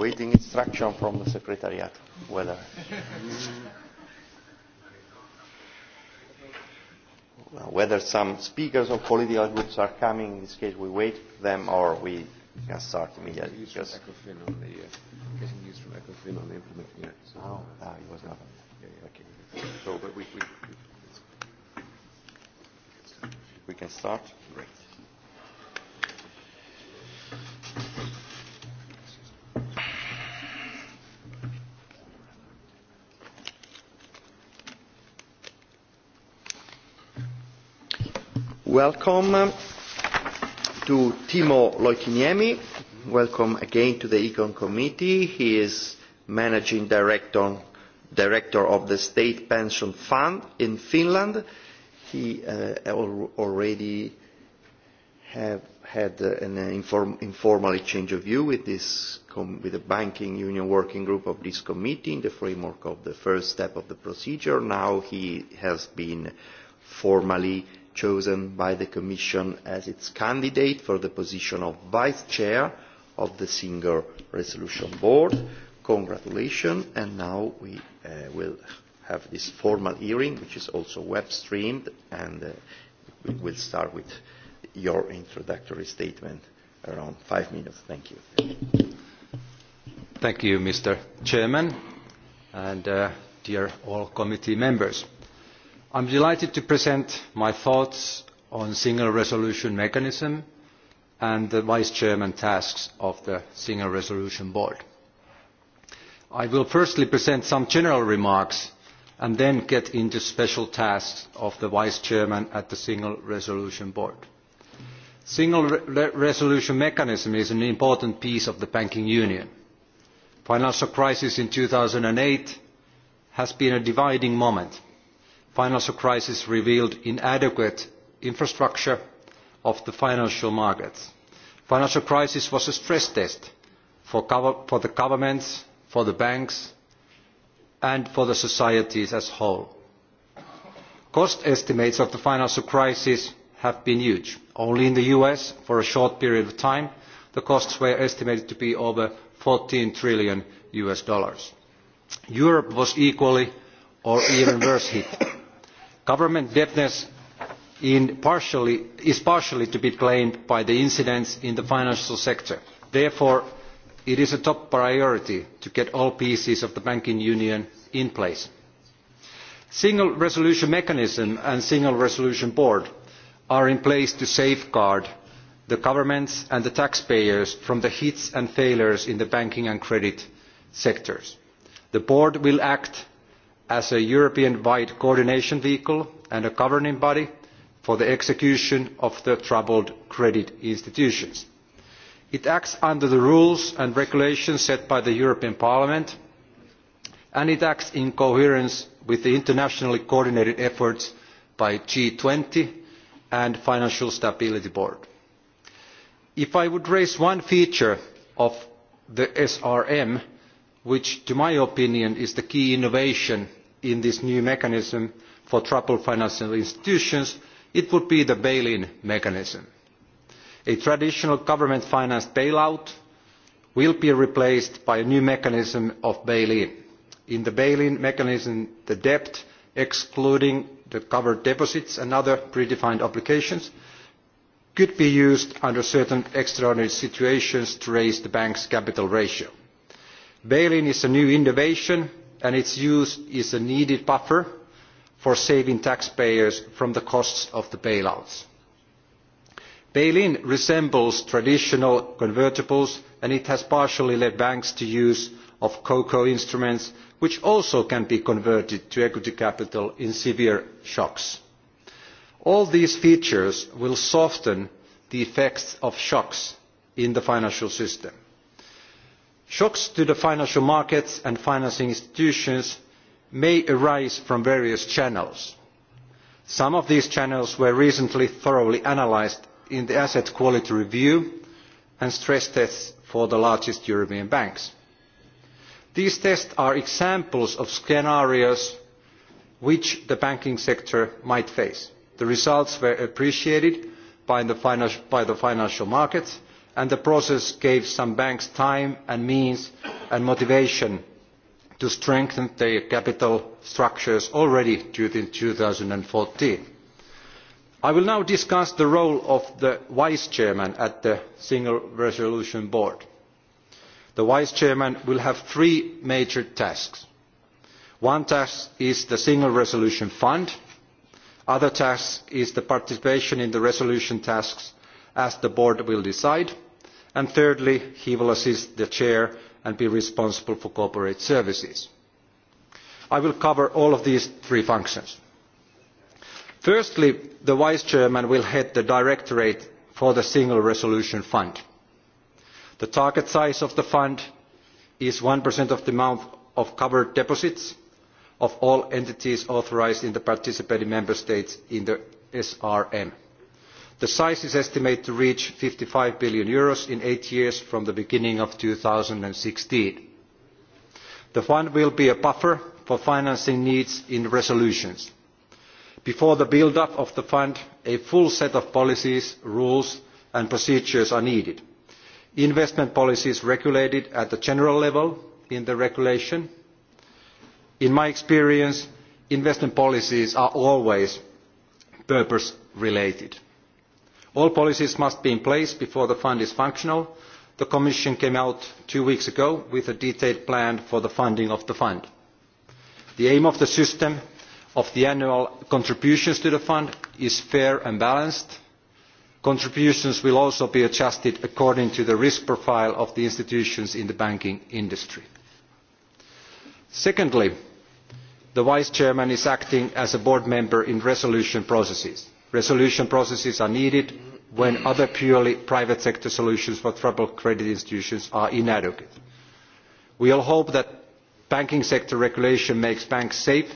waiting instruction from the secretariat whether whether some speakers or political groups are coming. In this case, we wait for them or we can start immediately. News from ECOFIN on the, uh, getting news from ECOFIN on the implementing act. So. Oh, no, ah, it was not. Yeah, yeah. Okay. So, but we, we, we can start. Great. Welcome to Timo Loikiniemi. Welcome again to the Econ Committee. He is Managing Director, Director of the State Pension Fund in Finland. He uh, al already have had an inform informal exchange of view with, this with the Banking Union Working Group of this committee in the framework of the first step of the procedure. Now he has been formally chosen by the Commission as its candidate for the position of Vice Chair of the Single Resolution Board. Congratulations, and now we uh, will have this formal hearing, which is also web-streamed, and uh, we will start with your introductory statement around five minutes. Thank you. Thank you, Mr. Chairman, and uh, dear all committee members i am delighted to present my thoughts on the single resolution mechanism and the vice chairman tasks of the single resolution board. i will firstly present some general remarks and then get into the special tasks of the vice chairman at the single resolution board. the single Re resolution mechanism is an important piece of the banking union. the financial crisis in two thousand and eight has been a dividing moment financial crisis revealed inadequate infrastructure of the financial markets. the financial crisis was a stress test for, the governments for the banks and for the societies as a whole. cost estimates of the financial crisis have been huge. only in the us for a short period of time the costs were estimated to be over us 14 trillion us dollars. europe was equally or even worse hit (coughs) Government debtors is partially to be blamed for the incidents in the financial sector. Therefore, it is a top priority to get all pieces of the banking union in place. the Single resolution mechanism and single resolution board are in place to safeguard the governments and the taxpayers from the hits and failures in the banking and credit sectors. The board will act as a european wide coordination vehicle and a governing body for the execution of the troubled credit institutions. it acts under the rules and regulations set by the european parliament and it acts in coherence with the internationally coordinated efforts by the g twenty and the financial stability board. if i were to raise one feature of the srm which in my opinion is the key innovation in this new mechanism for troubled financial institutions it would be the bail in mechanism. a traditional government financed bailout will be replaced by a new mechanism of bail in. in the bail in mechanism the debt excluding the covered deposits and other predefined obligations could be used under certain extraordinary situations to raise the bank's capital ratio. bail in is a new innovation and its use is a needed buffer for saving taxpayers from the costs of the bailouts. bail in resembles traditional convertibles and it has partially led banks to use of cocoa instruments which also can be converted to equity capital in severe shocks. all these features will soften the effects of shocks in the financial system shocks to the financial markets and financing institutions may arise from various channels. some of these channels were recently thoroughly analysed in the asset quality review and stress tests for the largest european banks. these tests are examples of scenarios which the banking sector might face. the results were appreciated by the, by the financial markets and the process gave some banks time and means and motivation to strengthen their capital structures already during. two thousand and fourteen i will now discuss the role of the vice chairman at the single resolution board. the vice chairman will have three major tasks. one task is the single resolution fund another task is the participation in the resolution tasks as the board will decide and thirdly he will assist the chair and be responsible for corporate services. i will cover all of these three functions. firstly the vice chairman will head the directorate for the single resolution fund. the target size of the fund is one of the amount of covered deposits of all entities authorised in the participating member states in the srm the size is estimated to reach eur fifty five billion in eight years from the beginning of. two thousand and sixteen the fund will be a buffer for financing needs in resolutions. before the build up of the fund a full set of policies rules and procedures are needed investment policies regulated at the general level in the regulation. in my experience investment policies are always purpose related all policies must be in place before the fund is functional. the commission came out two weeks ago with a detailed plan for the funding of the fund. the aim of the system of the annual contributions to the fund is fair and balanced. contributions will also be adjusted according to the risk profile of the institutions in the banking industry. secondly the vice chairman is acting as a board member in resolution processes resolution processes are needed when other purely private sector solutions for troubled credit institutions are inadequate. we all hope that banking sector regulation makes banks safe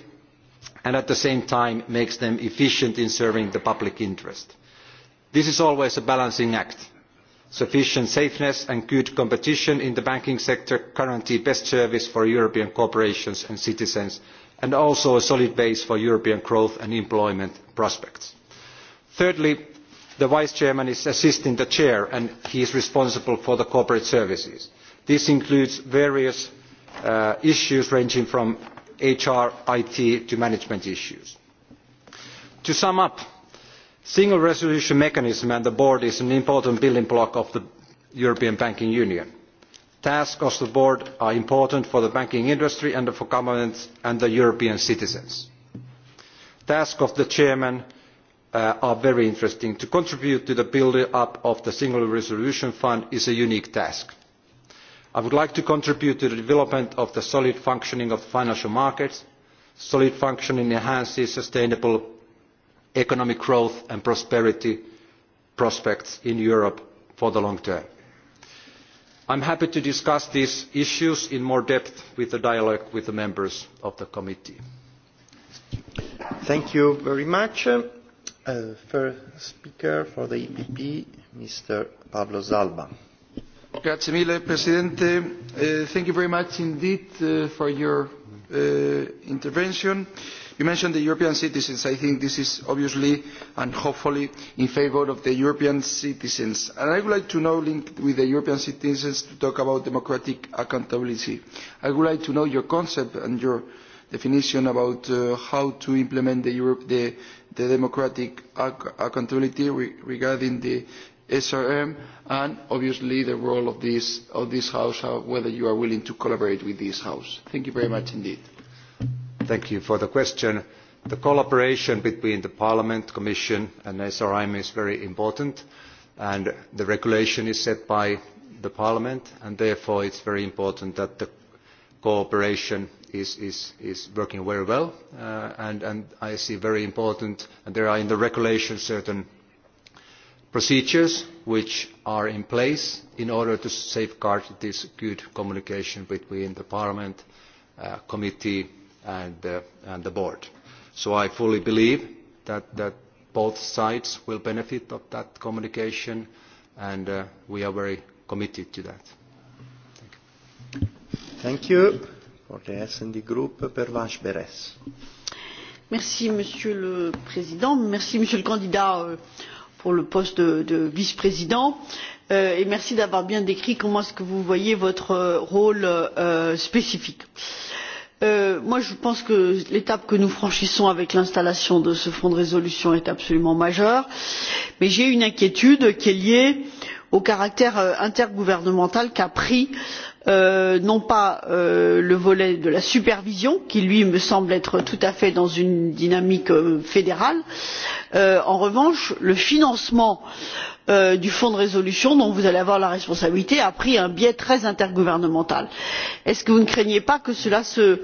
and at the same time makes them efficient in serving the public interest. this is always a balancing act. sufficient safeness and good competition in the banking sector guarantee best service for european corporations and citizens and also a solid base for european growth and employment prospects thirdly the vice chairman is assisting the chair and he is responsible for the corporate services. this includes various uh, issues ranging from hr it to management issues. to sum up the single resolution mechanism and the board is an important building block of the european banking union. tasks of the board are important for the banking industry and for governments and the european citizens. the task of the chairman Uh, are very interesting. to contribute to the building up of the single resolution fund is a unique task. i would like to contribute to the development of the solid functioning of financial markets. solid functioning enhances sustainable economic growth and prosperity prospects in europe for the long term. i am happy to discuss these issues in more depth with the dialogue with the members of the committee. thank you very much. Uh, first speaker for the EPP, Mr. Pablo Zalba. Grazie mille, Presidente. Uh, thank you very much indeed uh, for your uh, intervention. You mentioned the European citizens. I think this is obviously and hopefully in favour of the European citizens. And I would like to know, linked with the European citizens, to talk about democratic accountability. I would like to know your concept and your definition about uh, how to implement the, Europe, the the democratic accountability regarding the SRM and obviously the role of this, House, and whether you are willing to collaborate with this House. Thank you very much indeed. Thank you for the question. The collaboration between parliament the Commission and the SRM is very important and the regulation is set by Parliament and therefore it is very important that the cooperation is, working very well uh, and, I see very important and there are in the regulation certain procedures which are in place in order to safeguard this good communication between the Parliament, the uh, Committee uh, and, the Board. So I fully believe that, both sides will benefit of that communication and we are very committed to that. Thank you. Monsieur le Président. Merci, Monsieur le candidat euh, pour le poste de, vice-président. Euh, et merci d'avoir bien décrit comment est-ce que vous voyez votre euh, rôle spécifique. je pense que l'étape que nous franchissons avec l'installation de ce fonds de résolution est absolument majeure, mais j'ai une inquiétude qui est liée au caractère intergouvernemental qu'a pris le de euh, Euh, non pas euh, le volet de la supervision qui lui me semble être tout à fait dans une dynamique euh, fédérale en revanche le financement du fonds de résolution dont vous allez avoir la responsabilité a pris un biais très intergouvernemental. ne craignez vous pas que cela se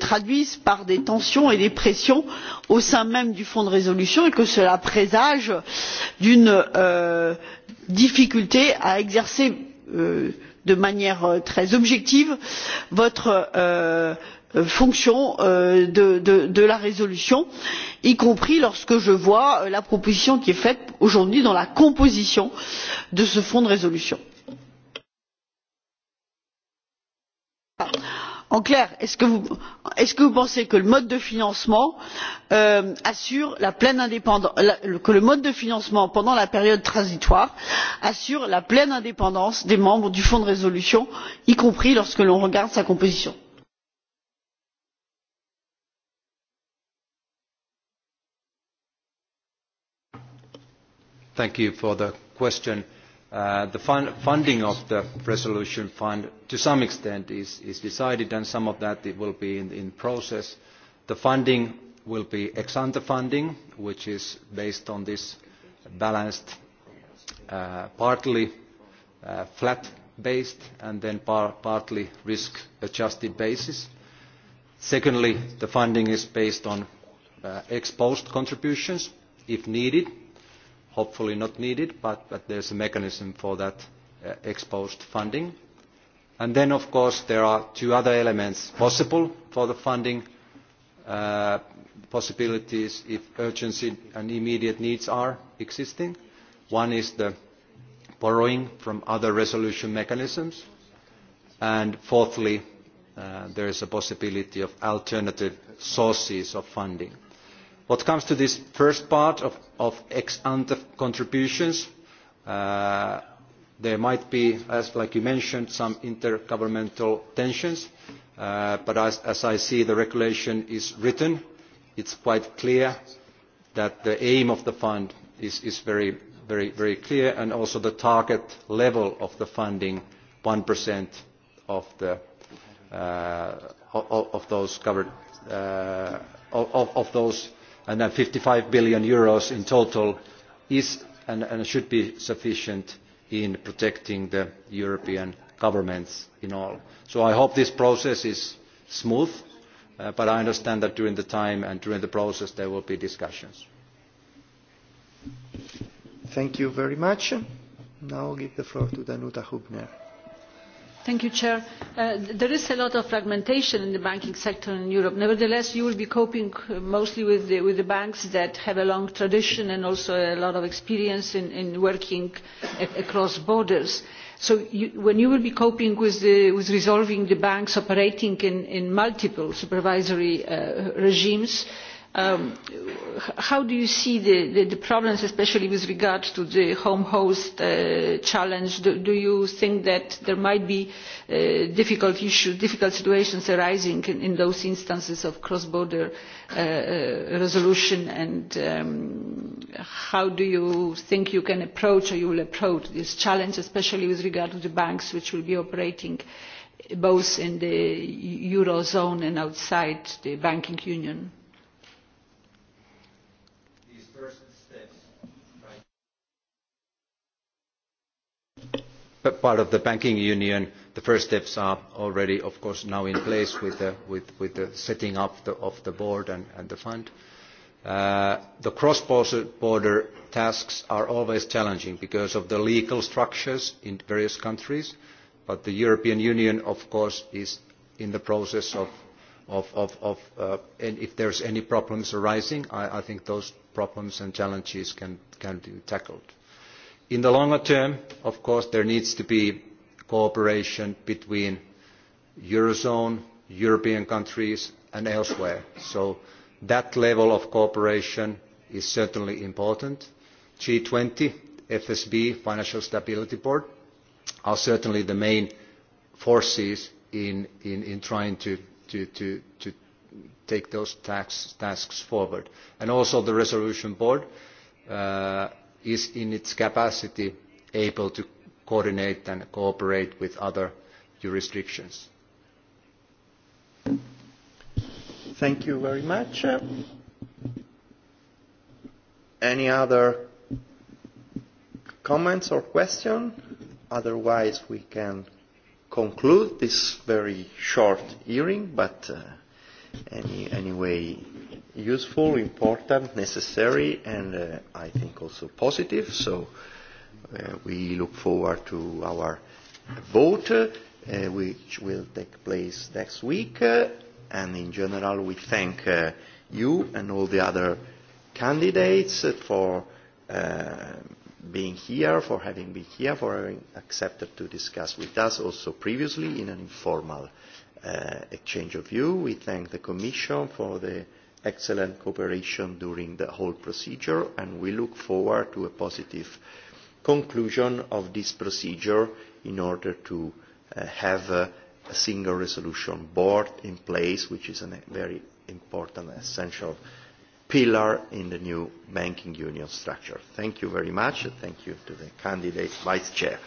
traduise par des tensions et des pressions au sein même du fonds de résolution et que cela présage d'une difficulté à exercer de manière euh, très objective votre euh, fonction euh, de la résolution y compris lorsque je vois la proposition qui est faite aujourd'hui dans la composition de ce fonds de résolution. en clair est ce que vous pensez que le mode de financement euh, assure la pleine indépendance que le mode de financement pendant la période transitoire assure la pleine indépendance des membres du fonds de résolution y compris lorsque l'on regarde sa composition? thank you for the question. Uh, the funding of the resolution fund to some extent is, decided and some of that will be in, process. The funding will be ex ante funding, which is based on this balanced, uh, partly uh, flat based and then partly risk adjusted basis. Secondly, the funding is based on ex post contributions if needed hopefully not needed, but, there is a mechanism for that uh, exposed funding. And then, of course, there are two other elements possible for the funding uh, possibilities if urgency and immediate needs are existing. One is the borrowing from other resolution mechanisms. And fourthly, uh, there is a possibility of alternative sources of funding what comes to this first part of, of ex ante contributions uh, there might be as like you mentioned some intergovernmental tensions uh, but as, as i see the regulation is written it is quite clear that the aim of the fund is, is very, very, very clear and also the target level of the funding one of the uh, of, of those covered uh, of, of those and EUR fifty five billion Euros in total is and, should be sufficient in protecting the European governments in all. So I hope this process is smooth, uh, but I understand that during the time and during the process there will be discussions. Thank you very much. Now I give the floor to Danuta Hübner. Uh, there is a lot of fragmentation in the banking sector in europe. nevertheless you will be coping uh, mostly with the banks that have a long tradition and also a lot of experience in working across borders. so when you will be coping with resolving the banks operating in multiple supervisory uh, regimes Um, how do you see the, problems especially with regard to the home host uh, challenge? Do, you think that there might be uh, difficult issues difficult situations arising in, those instances of cross border uh, resolution and um, how do you think you can approach or you will approach this challenge especially with regard to the banks which will be operating both in the eurozone and outside the banking union? part of the banking union the first steps are already of course now in place with the, setting up of the board and, the fund. Uh, the cross border tasks are always challenging because of the legal structures in various countries but the european union of course is in the process of, uh, and if there are any problems arising I, think those problems and challenges can be tackled in the longer term of course there needs to be cooperation between eurozone european countries and elsewhere so that level of cooperation is certainly important. g twenty fsb financial stability board are certainly the main forces in, in, trying to, to, to, to take those tasks forward and also the resolution board uh, is in its capacity able to coordinate and cooperate with other jurisdictions. Thank you very much. Any other comments or questions? Otherwise, we can conclude this very short hearing, but uh, any, anyway, useful, important, necessary, and uh, I think also positive. So uh, we look forward to our vote, uh, which will take place next week. Uh, and in general, we thank uh, you and all the other candidates for uh, being here, for having been here, for having accepted to discuss with us also previously in an informal uh, exchange of view. We thank the Commission for the excellent cooperation during the whole procedure and we look forward to a positive conclusion of this procedure in order to uh, have a, a single resolution board in place, which is a very important, essential pillar in the new banking union structure. Thank you very much. Thank you to the candidate vice chair.